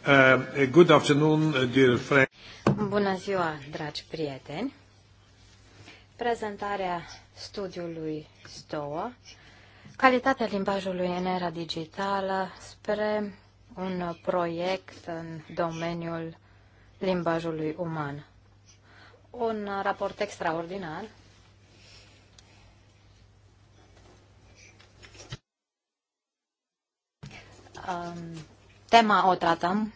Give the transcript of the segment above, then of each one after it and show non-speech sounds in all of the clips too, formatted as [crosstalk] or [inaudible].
Uh, good afternoon, uh, dear Bună ziua, dragi prieteni. Prezentarea studiului STOA, calitatea limbajului în era digitală spre un proiect în domeniul limbajului uman. Un raport extraordinar um, Tema o tratăm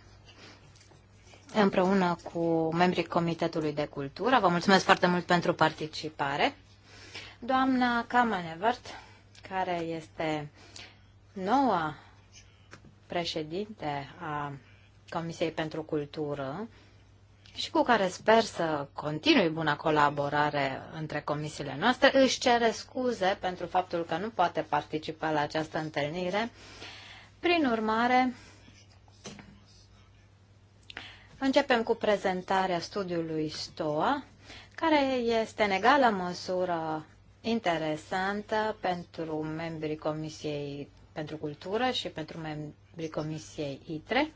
împreună cu membrii Comitetului de Cultură. Vă mulțumesc foarte mult pentru participare. Doamna Kamenevert, care este noua președinte a Comisiei pentru Cultură și cu care sper să continui buna colaborare între comisiile noastre, își cere scuze pentru faptul că nu poate participa la această întâlnire. Prin urmare, Începem cu prezentarea studiului STOA, care este în egală măsură interesantă pentru membrii Comisiei pentru Cultură și pentru membrii Comisiei ITRE,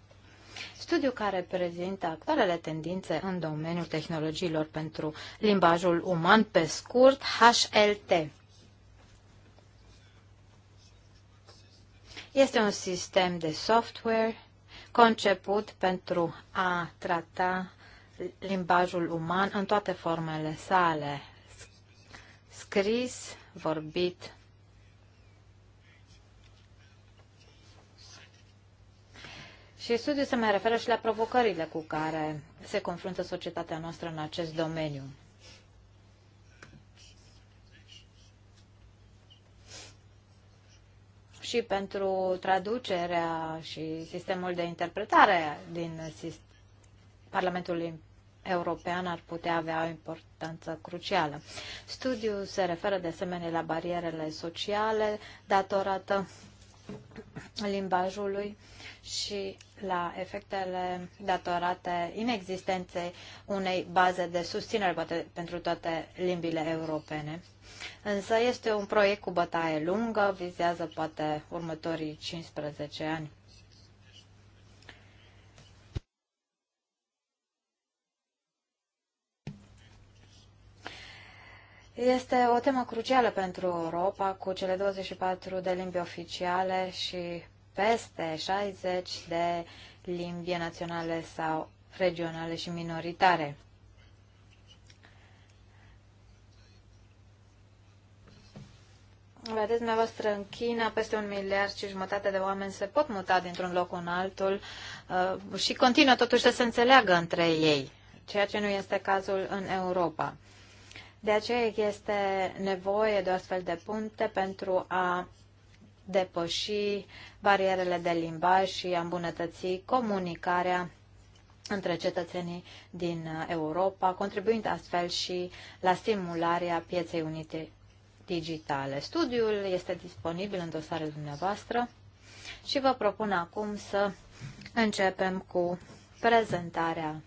studiu care prezintă actualele tendințe în domeniul tehnologiilor pentru limbajul uman, pe scurt HLT. Este un sistem de software conceput pentru a trata limbajul uman în toate formele sale, scris, vorbit. Și studiul se mai referă și la provocările cu care se confruntă societatea noastră în acest domeniu. și pentru traducerea și sistemul de interpretare din Parlamentul European ar putea avea o importanță crucială. Studiul se referă de asemenea la barierele sociale datorată limbajului și la efectele datorate inexistenței unei baze de susținere poate, pentru toate limbile europene. Însă este un proiect cu bătaie lungă, vizează poate următorii 15 ani. Este o temă crucială pentru Europa, cu cele 24 de limbi oficiale și peste 60 de limbi naționale sau regionale și minoritare. Vedeți, dumneavoastră, în China, peste un miliard și jumătate de oameni se pot muta dintr-un loc în altul uh, și continuă totuși să se înțeleagă între ei, ceea ce nu este cazul în Europa. De aceea este nevoie de astfel de puncte pentru a depăși barierele de limbaj și a îmbunătăți comunicarea între cetățenii din Europa, contribuind astfel și la stimularea pieței unite digitale. Studiul este disponibil în dosarele dumneavoastră și vă propun acum să începem cu prezentarea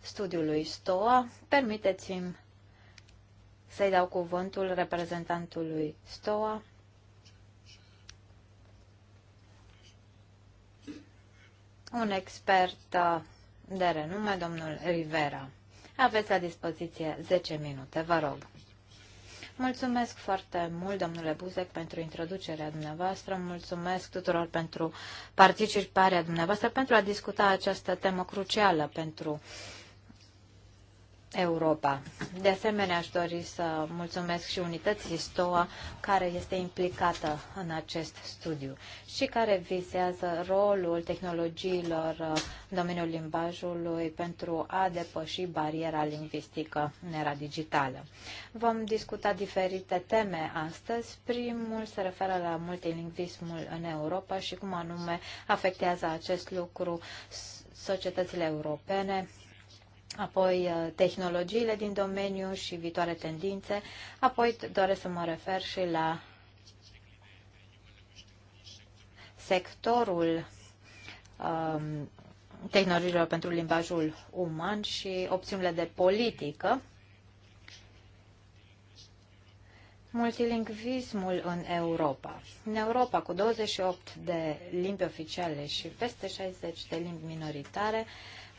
studiului STOA. Permiteți-mi să-i dau cuvântul reprezentantului STOA, un expert uh, de renume, domnul Rivera. Aveți la dispoziție 10 minute, vă rog. Mulțumesc foarte mult, domnule Buzec, pentru introducerea dumneavoastră. Mulțumesc tuturor pentru participarea dumneavoastră, pentru a discuta această temă crucială pentru uh, Europa. De asemenea, aș dori să mulțumesc și unității STOA care este implicată în acest studiu și care vizează rolul tehnologiilor în domeniul limbajului pentru a depăși bariera lingvistică în era digitală. Vom discuta diferite teme astăzi. Primul se referă la multilingvismul în Europa și cum anume afectează acest lucru societățile europene, apoi uh, tehnologiile din domeniu și viitoare tendințe, apoi doresc să mă refer și la sectorul um, tehnologiilor pentru limbajul uman și opțiunile de politică. Multilingvismul în Europa. În Europa, cu 28 de limbi oficiale și peste 60 de limbi minoritare, uh,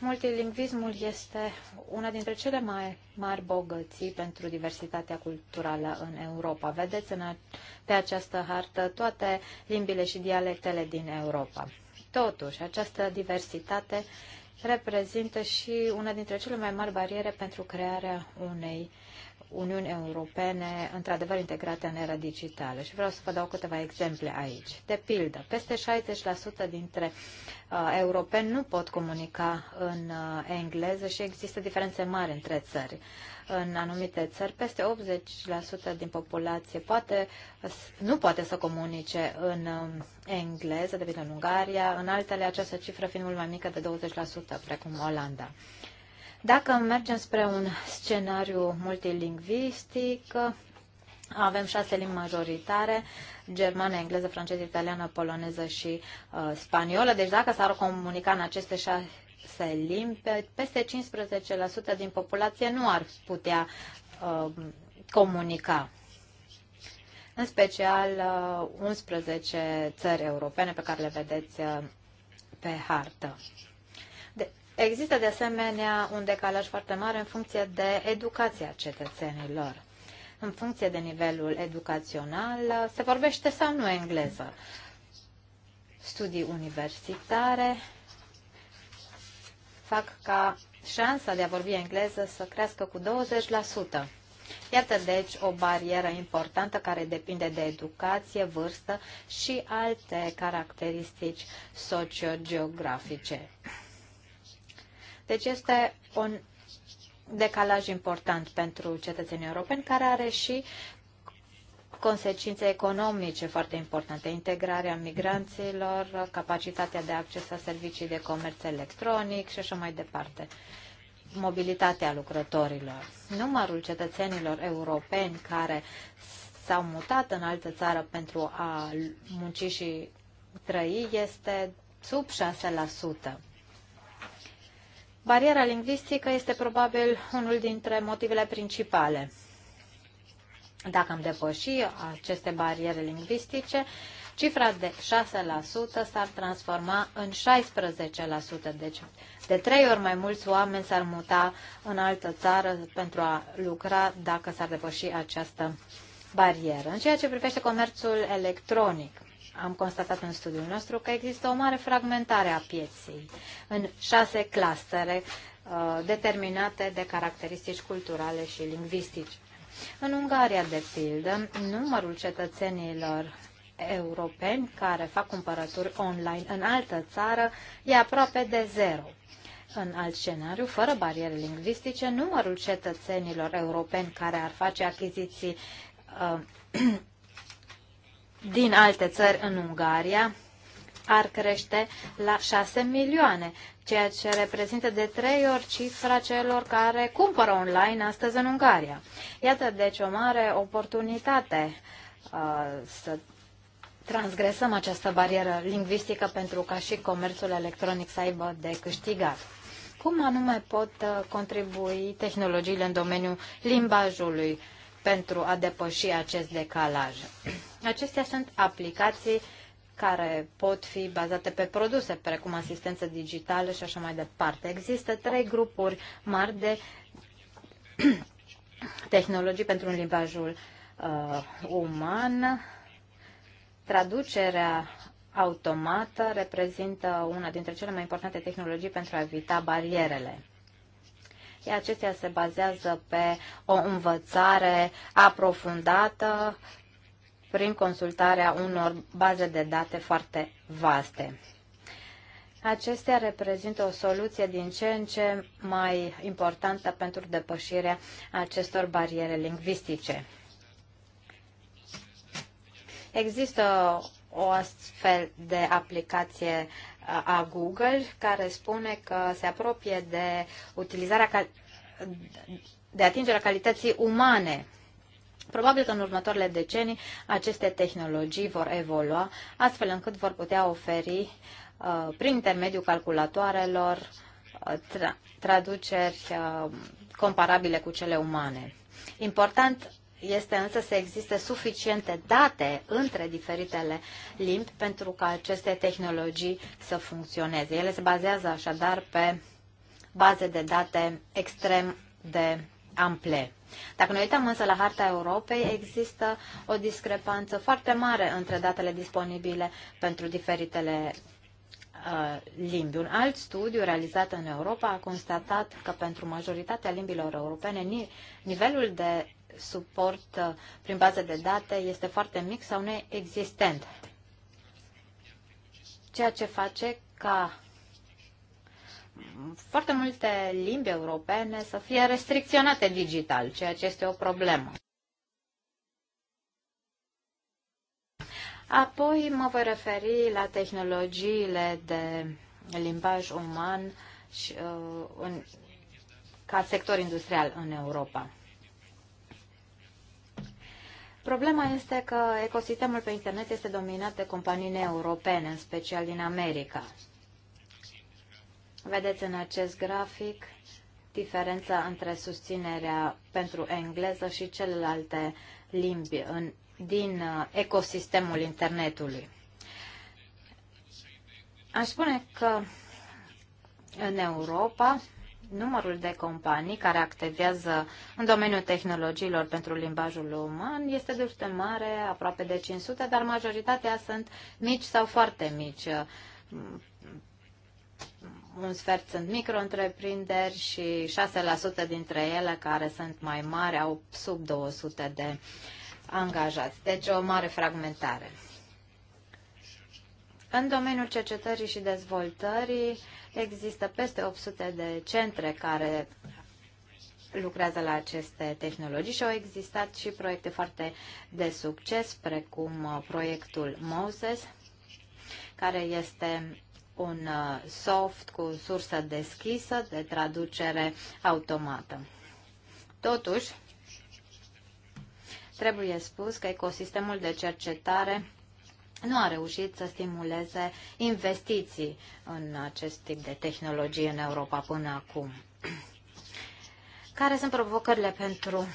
Multilingvismul este una dintre cele mai mari bogății pentru diversitatea culturală în Europa. Vedeți în a, pe această hartă toate limbile și dialectele din Europa. Totuși, această diversitate reprezintă și una dintre cele mai mari bariere pentru crearea unei uh, Uniuni Europene într-adevăr integrate în era digitală. Și vreau să vă dau câteva exemple aici. De pildă, peste 60% dintre uh, europeni nu pot comunica în uh, engleză și există diferențe mari între țări. În anumite țări, peste 80% din populație poate, nu poate să comunice în uh, engleză, de pildă în Ungaria, în altele această cifră fiind mult mai mică de 20%, precum Olanda. Uh, dacă mergem spre un scenariu multilingvistic, avem șase limbi majoritare, germană, engleză, franceză, italiană, poloneză și uh, spaniolă. Deci dacă s-ar comunica în aceste șase limbi, peste 15% din populație nu ar putea uh, comunica. În special uh, 11 țări europene pe care le vedeți uh, pe hartă. Există de asemenea un decalaj foarte mare în funcție de educația cetățenilor. În funcție de nivelul educațional, se vorbește sau nu engleză. Studii universitare fac ca șansa de a vorbi engleză să crească cu 20%. Iată deci o barieră importantă care depinde de educație, vârstă și alte caracteristici sociogeografice. Deci este un decalaj important pentru cetățenii europeni care are și consecințe economice foarte importante, integrarea migranților, capacitatea de acces la servicii de comerț electronic și așa mai departe, mobilitatea lucrătorilor. Numărul cetățenilor europeni care s-au mutat în altă țară pentru a munci și trăi este sub 6%. Bariera lingvistică este probabil unul dintre motivele principale. Dacă am depăși aceste bariere lingvistice, cifra de 6% s-ar transforma în 16%. Deci de trei ori mai mulți oameni s-ar muta în altă țară pentru a lucra dacă s-ar depăși această barieră. În ceea ce privește comerțul electronic, am constatat în studiul nostru că există o mare fragmentare a pieței în șase clastere uh, determinate de caracteristici culturale și lingvistice. În Ungaria, de pildă, numărul cetățenilor europeni care fac cumpărături online în altă țară e aproape de zero. În alt scenariu, fără bariere lingvistice, numărul cetățenilor europeni care ar face achiziții uh, [clears throat] din alte țări în Ungaria ar crește la 6 milioane, ceea ce reprezintă de trei ori cifra celor care cumpără online astăzi în Ungaria. Iată deci o mare oportunitate uh, să transgresăm această barieră lingvistică pentru ca și comerțul electronic să aibă de câștigat. Cum anume pot uh, contribui tehnologiile în domeniul limbajului? Uh, pentru a depăși acest decalaj. Acestea sunt aplicații care pot fi bazate pe produse, precum asistență digitală și așa mai departe. Există trei grupuri mari de [clears throat] tehnologii pentru un limbajul uh, uman. Traducerea automată reprezintă una dintre cele mai importante tehnologii pentru a evita barierele iar acestea se bazează pe o învățare aprofundată prin consultarea unor baze de date foarte vaste. Acestea reprezintă o soluție din ce în ce mai importantă pentru depășirea acestor bariere lingvistice. Există o astfel de aplicație a Google, care spune că se apropie de utilizarea de atingerea calității umane. Probabil că în următoarele decenii aceste tehnologii vor evolua astfel încât vor putea oferi uh, prin intermediul calculatoarelor uh, tra traduceri uh, comparabile cu cele umane. Important este însă să existe suficiente date între diferitele limbi pentru ca aceste tehnologii să funcționeze. Ele se bazează așadar pe baze de date extrem de ample. Dacă ne uităm însă la harta Europei, există o discrepanță foarte mare între datele disponibile pentru diferitele uh, limbi. Un alt studiu realizat în Europa a constatat că pentru majoritatea limbilor europene nivelul de suport uh, prin bază de date este foarte mic sau neexistent. Ceea ce face ca foarte multe limbi europene să fie restricționate digital, ceea ce este o problemă. Apoi mă voi referi la tehnologiile de limbaj uman și, uh, în, ca sector industrial în Europa. Problema este că ecosistemul pe internet este dominat de companii europene, în special din America. Vedeți în acest grafic diferența între susținerea pentru engleză și celelalte limbi în, din uh, ecosistemul internetului. Aș spune că în Europa numărul de companii care activează în domeniul tehnologiilor pentru limbajul uman este destul de mare, aproape de 500, dar majoritatea sunt mici sau foarte mici. Un sfert sunt micro-întreprinderi și 6% dintre ele care sunt mai mari au sub 200 de angajați. Deci o mare fragmentare. În domeniul cercetării și dezvoltării există peste 800 de centre care lucrează la aceste tehnologii și au existat și proiecte foarte de succes, precum uh, proiectul MOSES, care este un uh, soft cu sursă deschisă de traducere automată. Totuși, trebuie spus că ecosistemul de cercetare nu a reușit să stimuleze investiții în acest tip de tehnologie în Europa până acum. [clears throat] Care sunt provocările pentru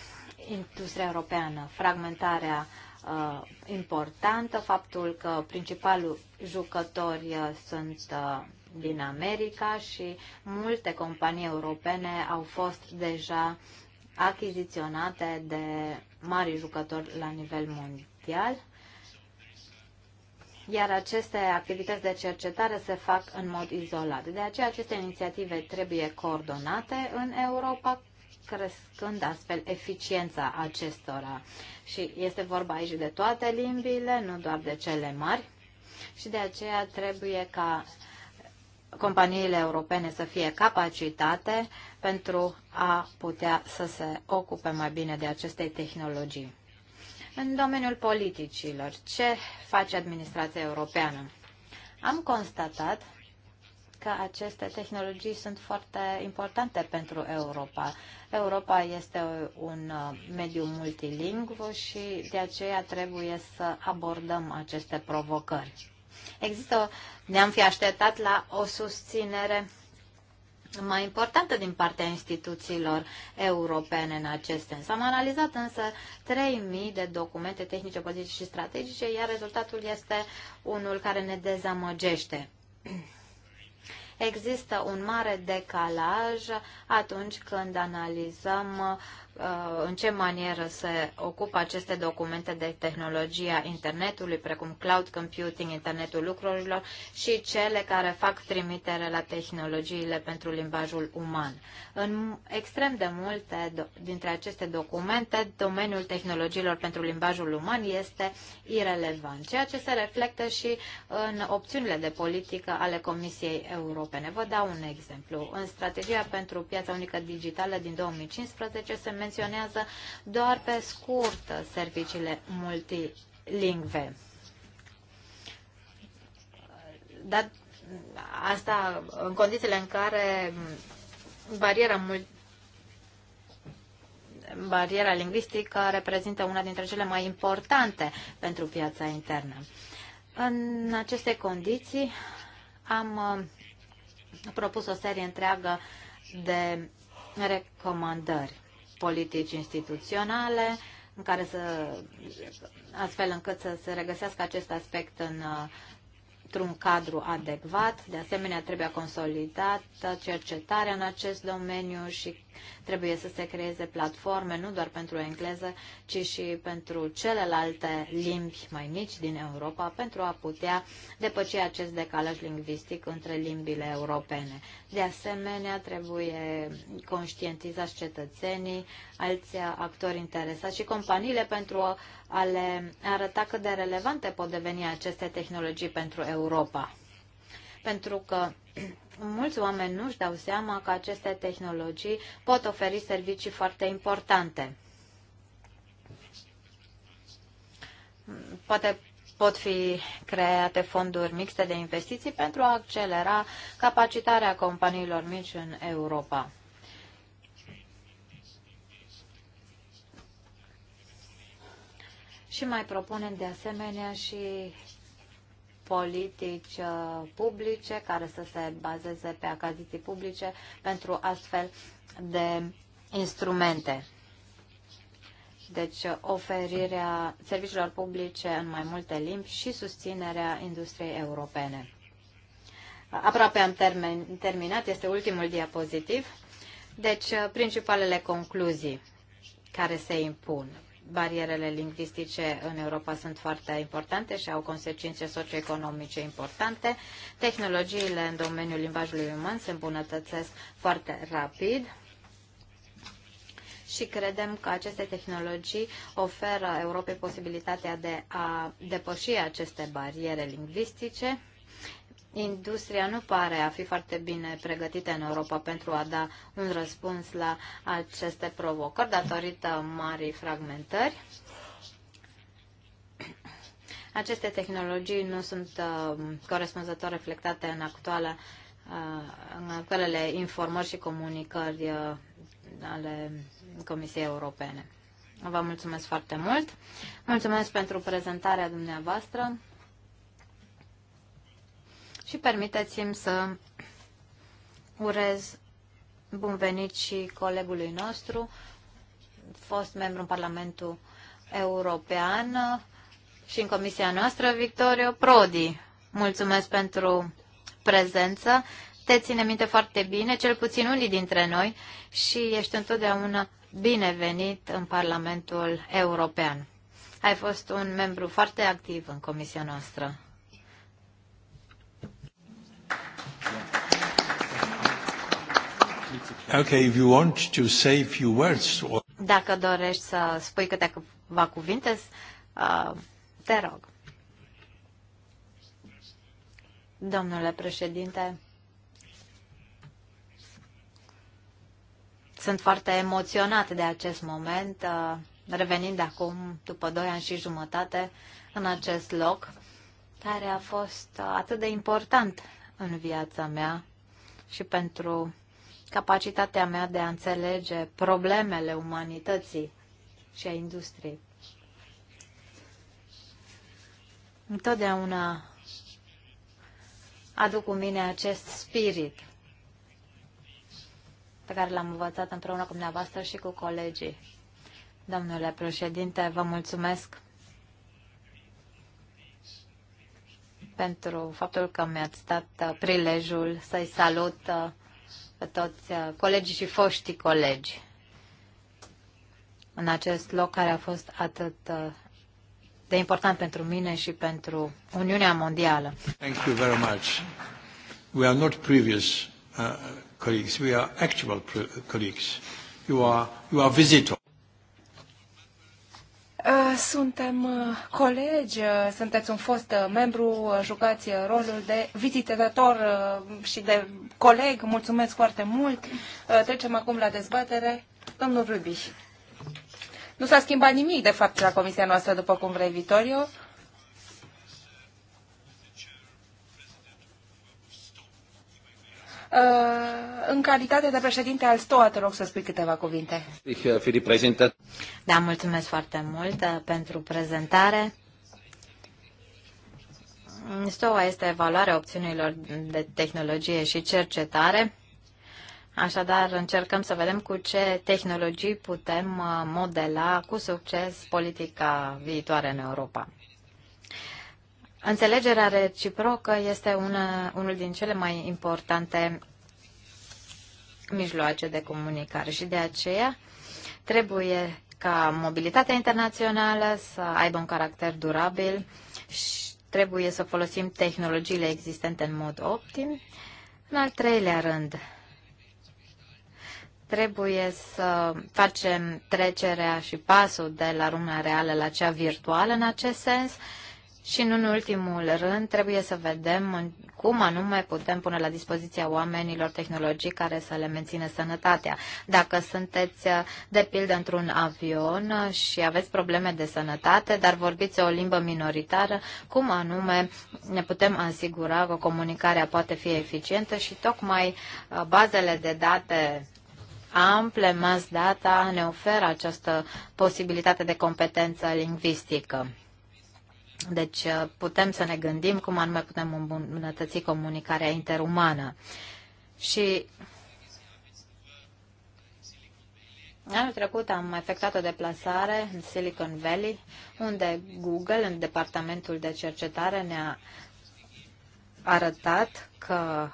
industria europeană? Fragmentarea uh, importantă, faptul că principalul jucători uh, sunt uh, din America și multe companii europene au fost deja achiziționate de mari jucători la nivel mondial iar aceste activități de cercetare se fac în mod izolat. De aceea aceste inițiative trebuie coordonate în Europa, crescând astfel eficiența acestora. Și este vorba aici de toate limbile, nu doar de cele mari, și de aceea trebuie ca companiile europene să fie capacitate pentru a putea să se ocupe mai bine de aceste tehnologii. În domeniul politicilor, ce face administrația europeană? Am constatat că aceste tehnologii sunt foarte importante pentru Europa. Europa este un uh, mediu multilingv și de aceea trebuie să abordăm aceste provocări. Există, ne-am fi așteptat la o susținere mai importantă din partea instituțiilor europene în acest sens. Am analizat însă 3.000 de documente tehnice, politice și strategice, iar rezultatul este unul care ne dezamăgește. Există un mare decalaj atunci când analizăm Uh, în ce manieră se ocupă aceste documente de tehnologia internetului, precum cloud computing, internetul lucrurilor și cele care fac trimitere la tehnologiile pentru limbajul uman. În extrem de multe dintre aceste documente, domeniul tehnologiilor pentru limbajul uman este irelevant, ceea ce se reflectă și în opțiunile de politică ale Comisiei Europene. Vă dau un exemplu. În strategia pentru piața unică digitală din 2015 se menționează doar pe scurt serviciile multilingve. Dar asta în condițiile în care bariera mult bariera lingvistică reprezintă una dintre cele mai importante pentru piața internă. În aceste condiții am uh, propus o serie întreagă de recomandări politici instituționale, în care să, astfel încât să se regăsească acest aspect în într-un cadru adecvat. De asemenea, trebuie consolidată cercetarea în acest domeniu și Trebuie să se creeze platforme nu doar pentru engleză, ci și pentru celelalte limbi mai mici din Europa pentru a putea depăși acest decalaj lingvistic între limbile europene. De asemenea, trebuie conștientizați cetățenii, alți actori interesați și companiile pentru a le arăta cât de relevante pot deveni aceste tehnologii pentru Europa. Pentru că mulți oameni nu-și dau seama că aceste tehnologii pot oferi servicii foarte importante. Poate pot fi create fonduri mixte de investiții pentru a accelera capacitarea companiilor mici în Europa. Și mai propunem de asemenea și politici uh, publice care să se bazeze pe achiziții publice pentru astfel de instrumente. Deci uh, oferirea serviciilor publice în mai multe limbi și susținerea industriei europene. Aproape am termen, terminat, este ultimul diapozitiv. Deci, uh, principalele concluzii care se impun barierele lingvistice în Europa sunt foarte importante și au consecințe socioeconomice importante. Tehnologiile în domeniul limbajului uman se îmbunătățesc foarte rapid și credem că aceste tehnologii oferă Europei posibilitatea de a depăși aceste bariere lingvistice Industria nu pare a fi foarte bine pregătită în Europa pentru a da un răspuns la aceste provocări datorită marii fragmentări. Aceste tehnologii nu sunt uh, corespunzător reflectate în, actuala, uh, în actualele informări și comunicări uh, ale Comisiei Europene. Vă mulțumesc foarte mult. Mulțumesc pentru prezentarea dumneavoastră și permiteți-mi să urez bun venit și colegului nostru, fost membru în Parlamentul European și în comisia noastră, Victorio Prodi. Mulțumesc pentru prezență. Te ține minte foarte bine, cel puțin unii dintre noi, și ești întotdeauna binevenit în Parlamentul European. Ai fost un membru foarte activ în comisia noastră. Okay, if you want to say few words or... Dacă dorești să spui câteva cuvinte, uh, te rog. Domnule președinte, sunt foarte emoționat de acest moment, uh, revenind acum, după doi ani și jumătate, în acest loc, care a fost uh, atât de important în viața mea și pentru capacitatea mea de a înțelege problemele umanității și a industriei. Întotdeauna aduc cu mine acest spirit pe care l-am învățat împreună cu dumneavoastră și cu colegii. Domnule președinte, vă mulțumesc pentru faptul că mi-ați dat prilejul să-i salut pe toți uh, colegii și foștii colegi în acest loc care a fost atât uh, de important pentru mine și pentru Uniunea Mondială. Thank you very much. We are not previous uh, colleagues, we are actual colleagues. You are, you are visitor. Uh, suntem uh, colegi, uh, sunteți un fost membru, jucați rolul de vizitator și de coleg. Mulțumesc foarte mult. Trecem acum la dezbatere. Domnul Rubiș. Nu s-a schimbat nimic, de fapt, la comisia noastră, după cum vrei, Vitorio. Uh, în calitate de președinte al STOA, te rog să spui câteva cuvinte. Uh, da, mulțumesc foarte mult uh, pentru prezentare. STOA este evaluarea opțiunilor de tehnologie și cercetare. Așadar, încercăm să vedem cu ce tehnologii putem modela cu succes politica viitoare în Europa. Înțelegerea reciprocă este una, unul din cele mai importante mijloace de comunicare și de aceea trebuie ca mobilitatea internațională să aibă un caracter durabil și trebuie să folosim tehnologiile existente în mod optim. În al treilea rând, trebuie să facem trecerea și pasul de la lumea reală la cea virtuală în acest sens. Uh, și în ultimul rând, trebuie să vedem cum anume putem pune la dispoziția oamenilor tehnologii care să le mențină sănătatea. Dacă sunteți, uh, de pildă, într-un avion uh, și aveți probleme de sănătate, dar vorbiți o limbă minoritară, cum anume ne putem asigura că comunicarea poate fi eficientă și tocmai uh, bazele de date ample, mass data, ne oferă această posibilitate de competență lingvistică. Deci uh, putem să ne gândim cum anume putem îmbunătăți comunicarea interumană. Și Anul trecut am efectuat o deplasare în Silicon Valley, unde Google, în departamentul de cercetare, ne-a arătat că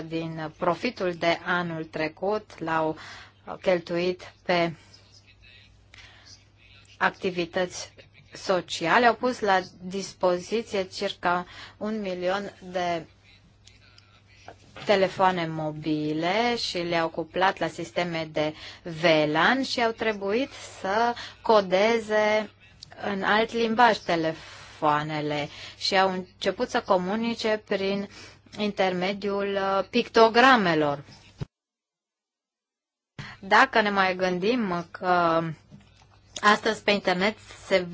1% din profitul de anul trecut l-au cheltuit pe activități sociale au pus la dispoziție circa un milion de telefoane mobile și le-au cuplat la sisteme de VLAN și au trebuit să codeze în alt limbaj telefoanele și au început să comunice prin intermediul uh, pictogramelor. Dacă ne mai gândim că astăzi pe internet se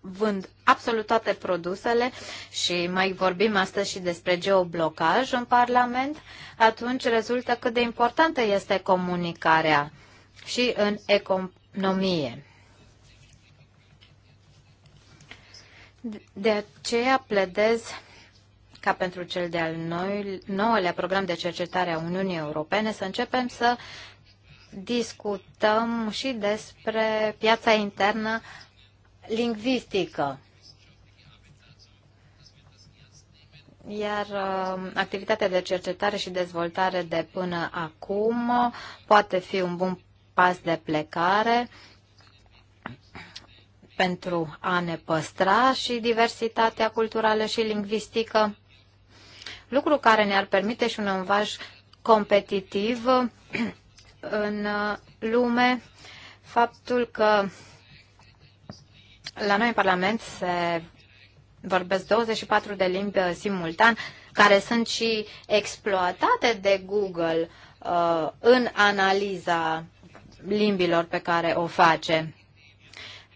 vând absolut toate produsele și mai vorbim astăzi și despre geoblocaj în Parlament, atunci rezultă cât de importantă este comunicarea și în economie. De aceea pledez ca pentru cel de-al nouălea program de cercetare a Uniunii Europene să începem să discutăm și despre piața internă lingvistică. Iar uh, activitatea de cercetare și dezvoltare de până acum poate fi un bun pas de plecare pentru a ne păstra și diversitatea culturală și lingvistică, lucru care ne-ar permite și un învaj competitiv în lume. Faptul că la noi în Parlament se vorbesc 24 de limbi uh, simultan, care sunt și exploatate de Google uh, în analiza limbilor pe care o face.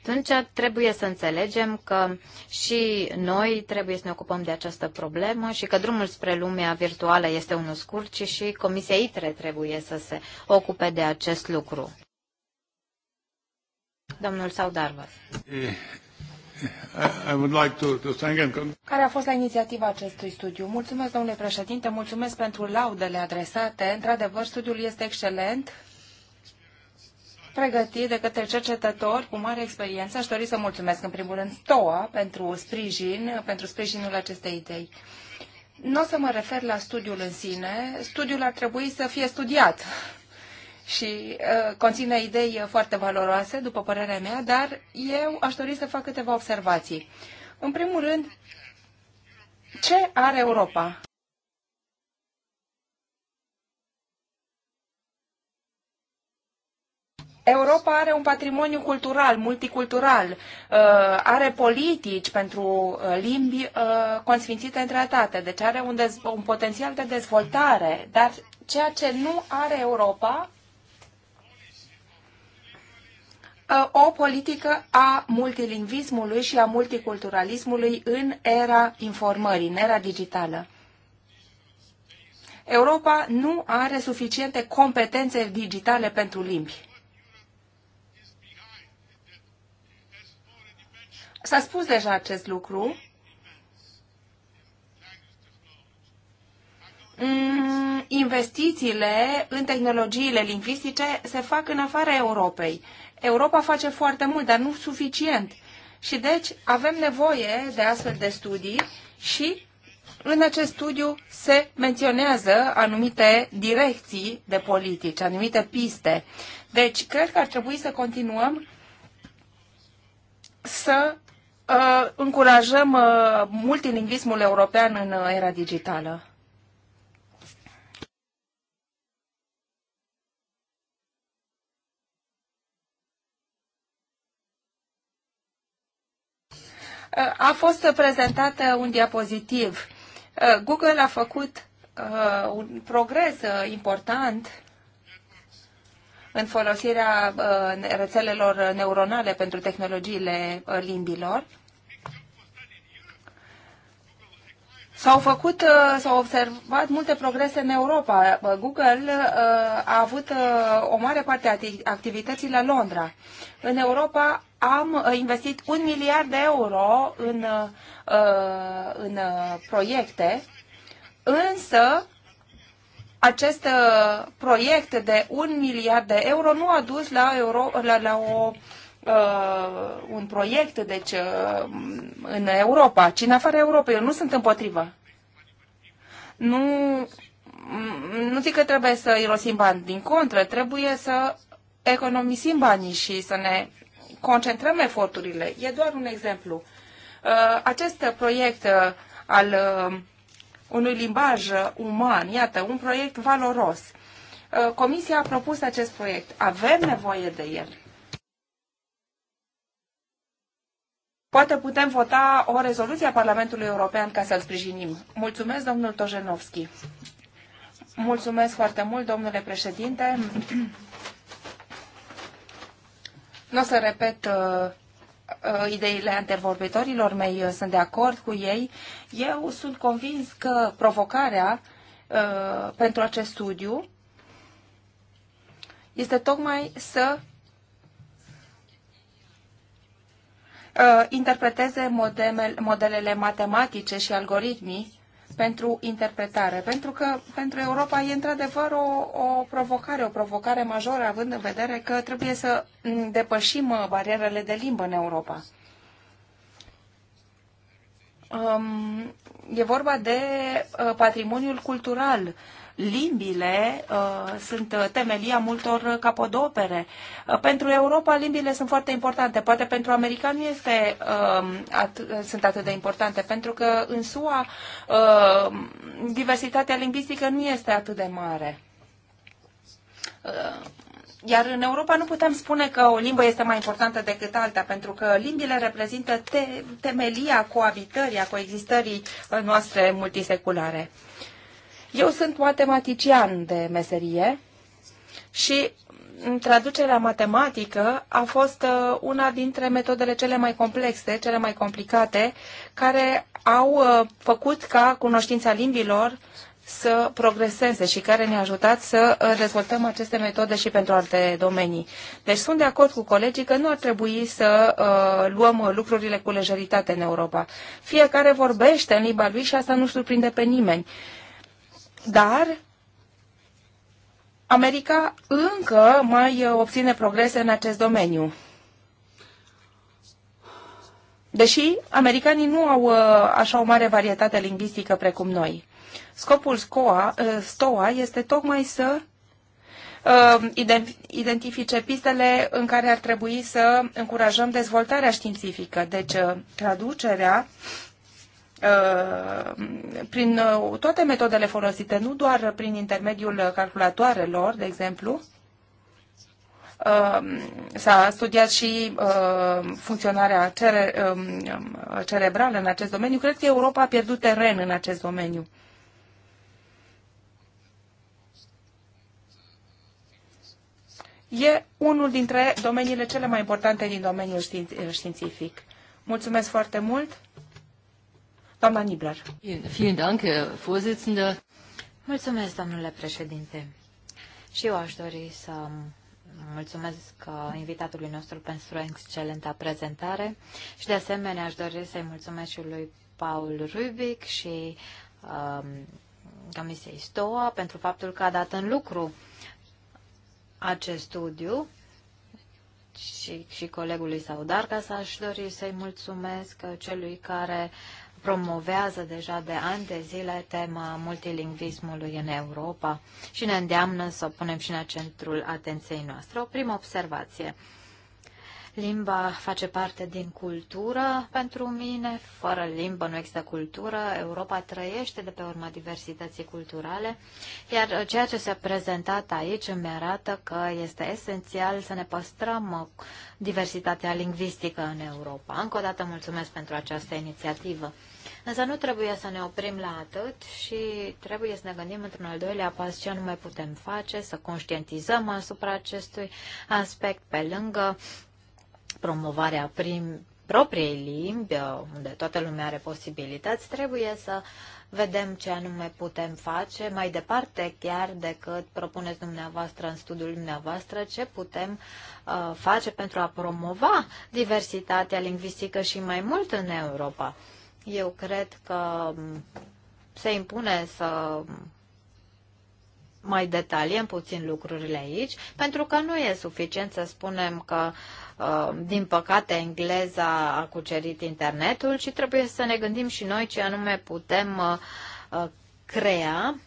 Atunci trebuie să înțelegem că și noi trebuie să ne ocupăm de această problemă și că drumul spre lumea virtuală este unul scurt și și Comisia ITRE trebuie să se ocupe de acest lucru domnul Saudarvas. Eh, I would like to, thank him. Care a fost la inițiativa acestui studiu? Mulțumesc, domnule președinte, mulțumesc pentru laudele adresate. Într-adevăr, studiul este excelent, pregătit de către cercetători cu mare experiență. Aș dori să mulțumesc, în primul rând, STOA pentru sprijin, pentru sprijinul acestei idei. Nu o să mă refer la studiul în sine. Studiul ar trebui să fie studiat și uh, conține idei foarte valoroase, după părerea mea, dar eu aș dori să fac câteva observații. În primul rând, ce are Europa? Europa are un patrimoniu cultural, multicultural, uh, are politici pentru uh, limbi uh, consfințite în tratate, deci are un, un potențial de dezvoltare, dar ceea ce nu are Europa Uh, o politică a multilingvismului și a multiculturalismului în era informării, în era digitală. Europa nu are suficiente competențe digitale pentru limbi. S-a spus deja acest lucru. Mm, investițiile în tehnologiile lingvistice se fac în afara Europei. Europa face foarte mult, dar nu suficient. Și deci avem nevoie de astfel de studii și în acest studiu se menționează anumite direcții de politici, anumite piste. Deci, cred că ar trebui să continuăm să uh, încurajăm uh, multilingvismul european în era digitală. a fost prezentat un diapozitiv. Uh, Google a făcut uh, un progres uh, important în folosirea rețelelor neuronale pentru tehnologiile limbilor. S-au făcut, uh, s-au observat multe progrese în Europa. Google uh, a avut uh, o mare parte a activității la Londra. În Europa am investit un miliard de euro în, în proiecte, însă acest proiect de un miliard de euro nu a dus la, euro, la, la o uh, un proiect deci, uh, în Europa, ci în afara Europei. Eu nu sunt împotrivă. Nu, mm, nu zic că trebuie să irosim bani. Din contră, trebuie să economisim banii și să ne concentrăm eforturile. E doar un exemplu. Uh, acest proiect uh, al uh, unui limbaj uh, uman, iată, un proiect valoros. Uh, Comisia a propus acest proiect. Avem nevoie de el. Poate putem vota o rezoluție a Parlamentului European ca să-l sprijinim. Mulțumesc, domnul Tojenovski. Mulțumesc foarte mult, domnule președinte. Nu o să repet uh, uh ideile antevorbitorilor mei, eu uh, sunt de acord cu ei. Eu sunt convins că provocarea uh, pentru acest studiu este tocmai să Uh, interpreteze modelele matematice și algoritmii pentru interpretare, pentru că pentru Europa e într-adevăr o, o provocare, o provocare majoră, având în vedere că trebuie să depășim uh, barierele de limbă în Europa. Um, e vorba de uh, patrimoniul cultural limbile uh, sunt temelia multor capodopere. Uh, pentru Europa limbile sunt foarte importante, poate pentru americani nu este, uh, at- sunt atât de importante, pentru că în SUA uh, diversitatea lingvistică nu este atât de mare. Uh, iar în Europa nu putem spune că o limbă este mai importantă decât alta, pentru că limbile reprezintă te- temelia coabitării, a coexistării uh, noastre multiseculare. Uh, eu sunt matematician de meserie și mm, traducerea matematică a fost uh, una dintre metodele cele mai complexe, cele mai complicate, care au uh, făcut ca cunoștința limbilor să progreseze și care ne-a ajutat să uh, dezvoltăm aceste metode și pentru alte domenii. Deci sunt de acord cu colegii că nu ar trebui să uh, luăm lucrurile cu lejeritate în Europa. Fiecare vorbește în limba lui și asta nu surprinde pe nimeni. Uh, dar America încă mai obține progrese în acest domeniu. Deși americanii nu au uh, așa o mare varietate lingvistică precum noi. Scopul SCOA, uh, STOA este tocmai să uh, identifice pistele în care ar trebui să încurajăm dezvoltarea științifică. Deci, traducerea Uh, prin uh, toate metodele folosite, nu doar prin intermediul calculatoarelor, de exemplu, uh, s-a studiat și funcționarea cere, um, um, cerebrală în acest domeniu. Cred că Europa a pierdut teren în acest domeniu. E unul dintre domeniile cele mai importante din domeniul științific. Mulțumesc foarte mult! Doamna Vielen Dank, Mulțumesc, domnule președinte. Și eu aș dori să mulțumesc uh, invitatului nostru pentru excelenta prezentare și de asemenea aș dori să-i mulțumesc și lui Paul Rubic și um, Comisiei STOA pentru faptul că a dat în lucru acest studiu și, și colegului Saudar ca să aș dori să-i mulțumesc uh, celui care uh, promovează deja de ani de zile tema multilingvismului în Europa și ne îndeamnă să o punem și în centrul atenției noastre. O primă observație. Limba face parte din cultură pentru mine. Fără limbă nu există cultură. Europa trăiește de pe urma diversității culturale. Iar ceea ce s-a prezentat aici îmi arată că este esențial să ne păstrăm diversitatea lingvistică în Europa. Încă o dată mulțumesc pentru această inițiativă. Însă nu trebuie să ne oprim la atât și trebuie să ne gândim într-un al doilea pas ce nu mai putem face, să conștientizăm asupra acestui aspect pe lângă promovarea prim, propriei limbi, unde toată lumea are posibilități, trebuie să vedem ce anume putem face mai departe chiar decât propuneți dumneavoastră în studiul dumneavoastră ce putem uh, face pentru a promova diversitatea lingvistică și mai mult în Europa. Eu cred că se impune să mai detaliem puțin lucrurile aici, pentru că nu e suficient să spunem că, uh, din păcate, engleza a cucerit internetul, ci trebuie să ne gândim și noi ce anume putem uh, uh, crea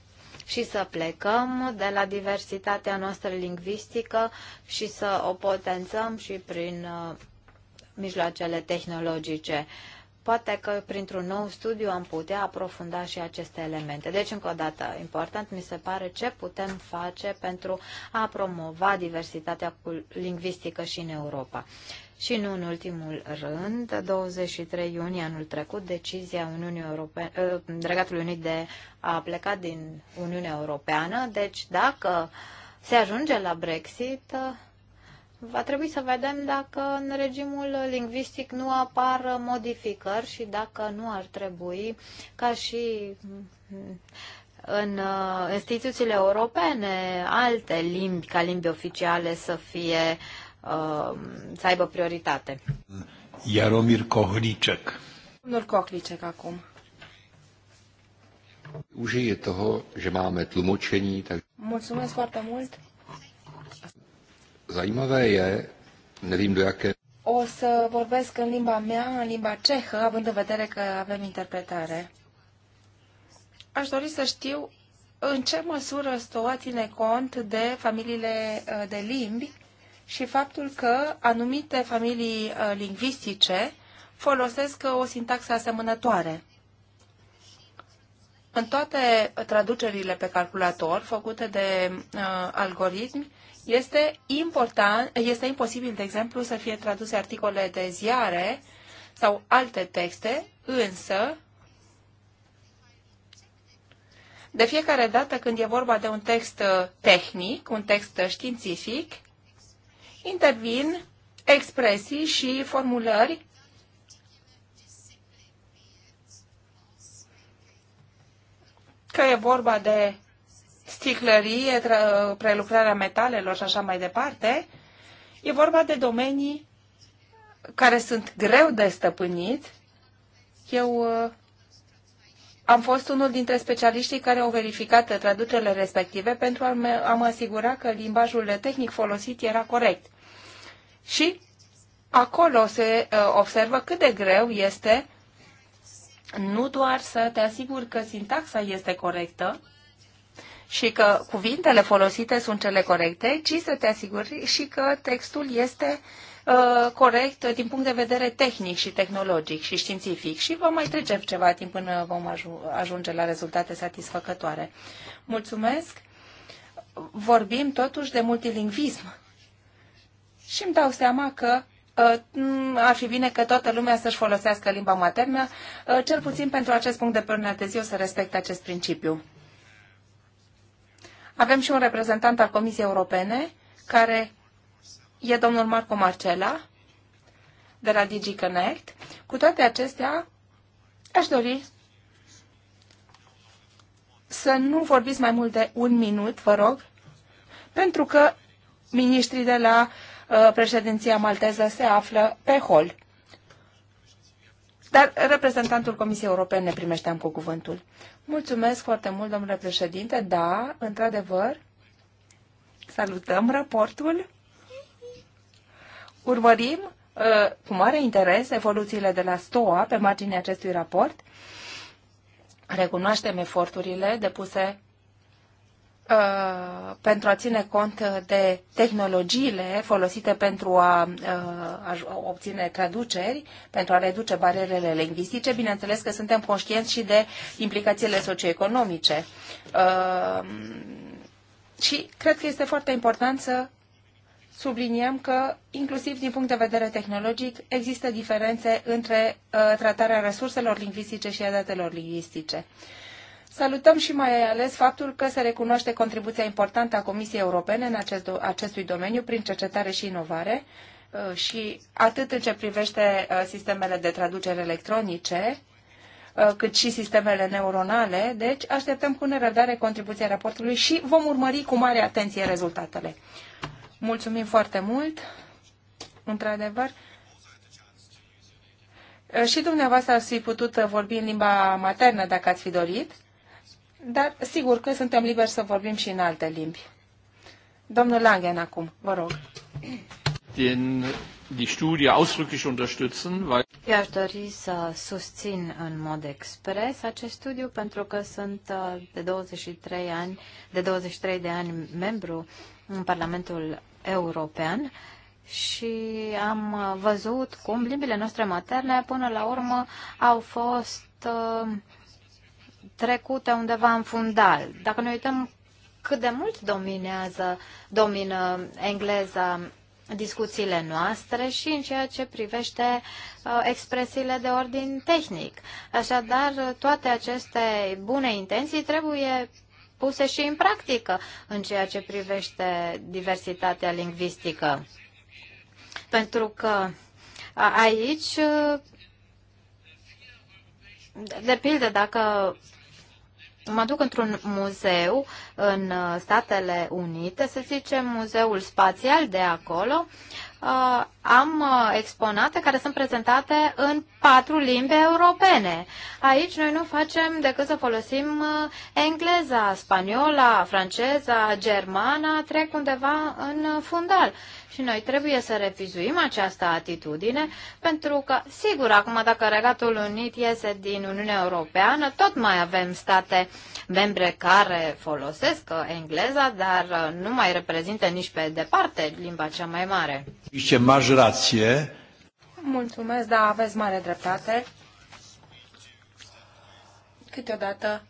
și să plecăm de la diversitatea noastră lingvistică și să o potențăm și prin mijloacele tehnologice. Uh, Poate că printr-un nou studiu am putea aprofunda și aceste elemente. Deci, încă o dată, important mi se pare ce putem face pentru a promova diversitatea lingvistică și în Europa. Și nu în ultimul rând, 23 iunie anul trecut, decizia Uniunii Europene, eh, Regatului Unit de a pleca din Uniunea Europeană. Deci, dacă se ajunge la Brexit, Va trebui să vedem dacă în regimul lingvistic nu apar modificări și dacă nu ar trebui ca și mm, în uh, instituțiile europene alte limbi ca limbi oficiale să fie uh, să aibă prioritate. Iaromir Kohlicek. Domnul Kohlicek acum. Užije toho, že máme tlumočení. Tak... Mulțumesc foarte mult. Zajímavé je, nevím do jaké... O să vorbesc în limba mea, în limba cehă, având în vedere că avem interpretare. Aș dori să știu în ce măsură STOA ține cont de familiile uh, de limbi și faptul că anumite familii uh, lingvistice folosesc uh, o sintaxă asemănătoare. În toate traducerile pe calculator făcute de uh, algoritmi, este, important, este imposibil, de exemplu, să fie traduse articole de ziare sau alte texte, însă de fiecare dată când e vorba de un text uh, tehnic, un text uh, științific, intervin expresii și formulări că e vorba de sticlărie, prelucrarea metalelor și așa mai departe. E vorba de domenii care sunt greu de stăpânit. Eu uh, am fost unul dintre specialiștii care au verificat traducerile respective pentru a mă, a mă asigura că limbajul tehnic folosit era corect. Și acolo se uh, observă cât de greu este nu doar să te asiguri că sintaxa este corectă, și că cuvintele folosite sunt cele corecte, ci să te asiguri și că textul este uh, corect din punct de vedere tehnic și tehnologic și științific și vom mai trece ceva timp până vom ajunge la rezultate satisfăcătoare. Mulțumesc! Vorbim totuși de multilingvism și îmi dau seama că uh, ar fi bine că toată lumea să-și folosească limba maternă, uh, cel puțin pentru acest punct de până de zi o să respecte acest principiu. Avem și un reprezentant al Comisiei Europene, care e domnul Marco Marcela, de la DigiConnect. Cu toate acestea, aș dori să nu vorbiți mai mult de un minut, vă rog, pentru că miniștrii de la uh, președinția malteză se află pe hol. Dar reprezentantul Comisiei Europene primește am cu cuvântul. Mulțumesc foarte mult, domnule președinte. Da, într-adevăr, salutăm raportul. Urmărim uh, cu mare interes evoluțiile de la STOA pe marginea acestui raport. Recunoaștem eforturile depuse Uh, pentru a ține cont de tehnologiile folosite pentru a, uh, obține traduceri, pentru a reduce barierele lingvistice, bineînțeles că suntem conștienți și de implicațiile socioeconomice. Uh, și cred că este foarte important să subliniem că, inclusiv din punct de vedere tehnologic, există diferențe între tratarea resurselor lingvistice și a datelor lingvistice. Salutăm și mai ales faptul că se recunoaște contribuția importantă a Comisiei Europene în acest, acestui domeniu prin cercetare și inovare uh, și atât în ce privește uh, sistemele de traducere electronice, uh, cât și sistemele neuronale, deci așteptăm cu nerăbdare contribuția raportului și vom urmări cu mare atenție rezultatele. Mulțumim foarte mult, într-adevăr. Și dumneavoastră ați fi putut vorbi în limba maternă dacă ați fi dorit. Dar sigur că suntem liberi să vorbim și în alte limbi. Domnul Langen acum, vă rog. Din die Studie ausdrücklich unterstützen, weil i aș dori să susțin în mod expres acest studiu pentru că sunt uh, de 23 ani, de 23 de ani membru în Parlamentul European și am uh, văzut cum limbile noastre materne până la urmă au fost uh, trecute undeva în fundal. Dacă ne uităm cât de mult dominează, domină engleza discuțiile noastre și în ceea ce privește uh, expresiile de ordin tehnic. Așadar, toate aceste bune intenții trebuie puse și în practică în ceea ce privește diversitatea lingvistică. Pentru că aici, uh, de pildă, dacă mă duc într-un muzeu în uh, Statele Unite, să zicem muzeul spațial de acolo, uh, am uh, exponate care sunt prezentate în patru limbi europene. Aici noi nu facem decât să folosim engleza, spaniola, franceza, germana, trec undeva în fundal. Și noi trebuie să refizuim această atitudine pentru că, sigur, acum dacă Regatul Unit iese din Uniunea Europeană, tot mai avem state membre care folosesc uh, engleza, dar uh, nu mai reprezintă nici pe departe limba cea mai mare. Ce majorație! Mulțumesc, da, aveți mare dreptate. Câteodată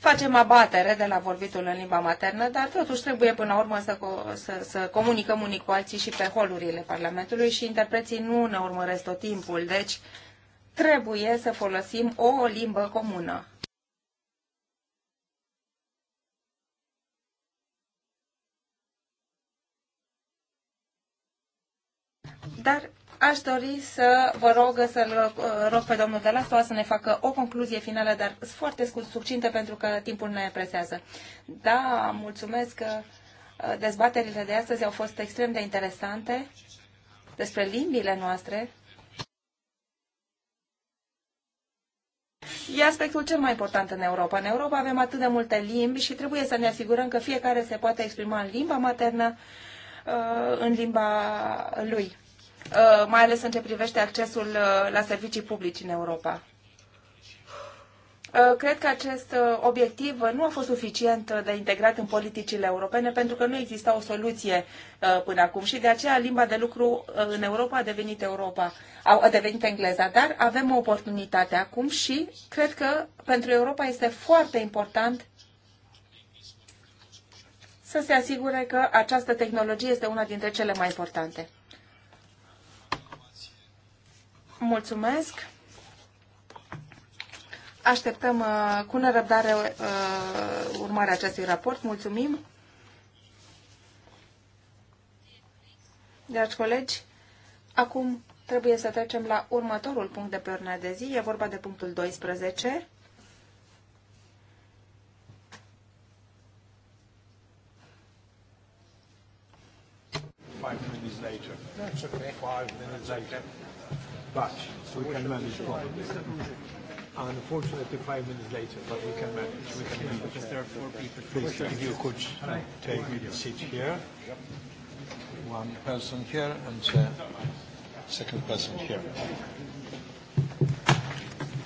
facem abatere de la vorbitul în limba maternă, dar totuși trebuie până la urmă să, să, să comunicăm unii cu alții și pe holurile Parlamentului și interpreții nu ne urmăresc tot timpul, deci trebuie să folosim o limbă comună. Dar Aș dori să vă rog să uh, rog pe domnul de la Stoa să ne facă o concluzie finală, dar foarte succintă pentru că timpul ne presează. Da, mulțumesc că uh, dezbaterile de astăzi au fost extrem de interesante despre limbile noastre. E aspectul cel mai important în Europa. În Europa avem atât de multe limbi și trebuie să ne asigurăm că fiecare se poate exprima în limba maternă, uh, în limba lui. Uh, mai ales în ce privește accesul uh, la servicii publici în Europa. Uh, cred că acest obiectiv nu a fost suficient de integrat în politicile europene pentru că nu exista o soluție până acum și de aceea limba de lucru în Europa a devenit Europa, a devenit engleza, dar avem o oportunitate acum și cred că pentru Europa este foarte important să se asigure că această tehnologie este una dintre cele mai importante. Mulțumesc! Așteptăm uh, cu nerăbdare uh, urmarea acestui raport. Mulțumim! Dragi colegi, acum trebuie să trecem la următorul punct de pe ordinea de zi. E vorba de punctul 12. Five minutes later. That's okay. Five minutes later batch, so we can manage properly. Unfortunately, five minutes later, but we can manage. We can manage. Because there are four people. Please, if you could take a seat here. One person here and uh, second person here.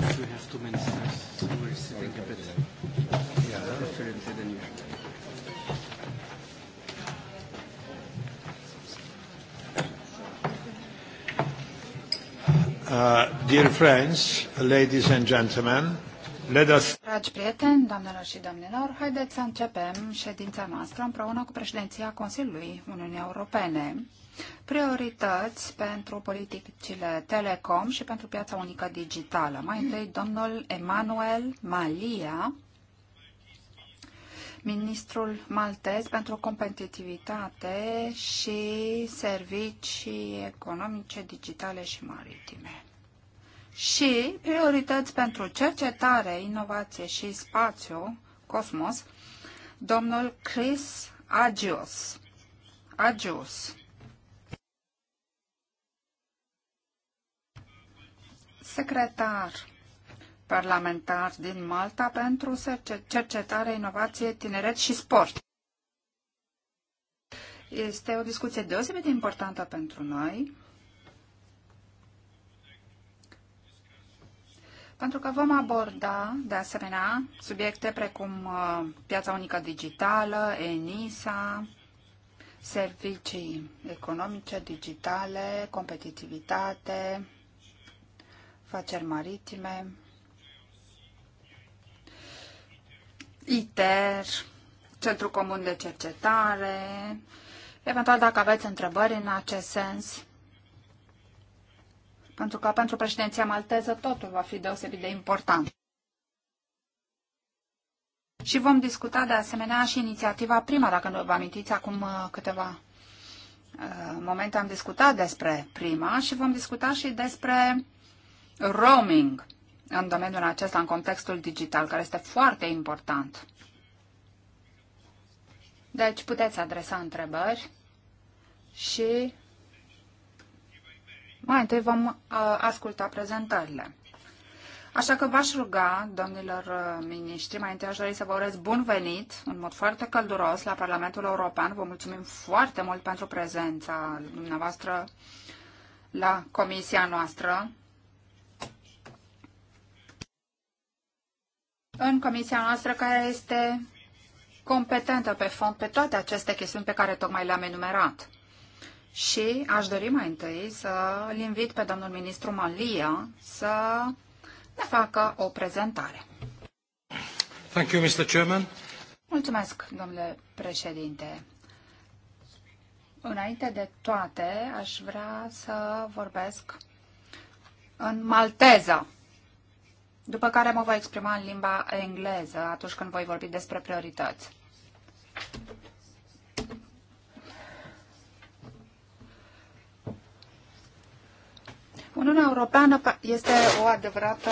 We have two ministers, so we're sitting a bit yeah. differently than usual. Uh, dear friends, ladies and gentlemen, let us... Dragi prieteni, doamnelor și domnilor, haideți să începem ședința noastră împreună cu președinția Consiliului Uniunii Europene. Priorități pentru politicile telecom și pentru piața unică digitală. Mai întâi, domnul Emanuel Malia, ministrul maltez pentru competitivitate și servicii economice, digitale și maritime. Și priorități pentru cercetare, inovație și spațiu, cosmos, domnul Chris Agios. Agios. Secretar Parlamentar din Malta pentru cercetare, inovație, tineret și sport. Este o discuție deosebit de importantă pentru noi, pentru că vom aborda, de asemenea, subiecte precum uh, piața unică digitală, ENISA, servicii economice, digitale, competitivitate, afaceri maritime, ITER, Centrul Comun de Cercetare, eventual dacă aveți întrebări în acest sens. Pentru că pentru președinția malteză totul va fi deosebit de important. Și vom discuta de asemenea și inițiativa prima, dacă nu vă amintiți, acum uh, câteva uh, momente am discutat despre prima și vom discuta și despre roaming în domeniul acesta, în contextul digital, care este foarte important. Deci puteți adresa întrebări și mai întâi vom uh, asculta prezentările. Așa că v-aș ruga, domnilor uh, miniștri, mai întâi aș dori să vă urez bun venit, în mod foarte călduros, la Parlamentul European. Vă mulțumim foarte mult pentru prezența dumneavoastră la comisia noastră. în comisia noastră care este competentă pe fond pe toate aceste chestiuni pe care tocmai le-am enumerat. Și aș dori mai întâi să îl invit pe domnul ministru Malia să ne facă o prezentare. Thank you, Mr. Chairman. Mulțumesc, domnule președinte. Înainte de toate, aș vrea să vorbesc în malteză după care mă voi exprima în limba engleză atunci când voi vorbi despre priorități. Uniunea Europeană este o adevărată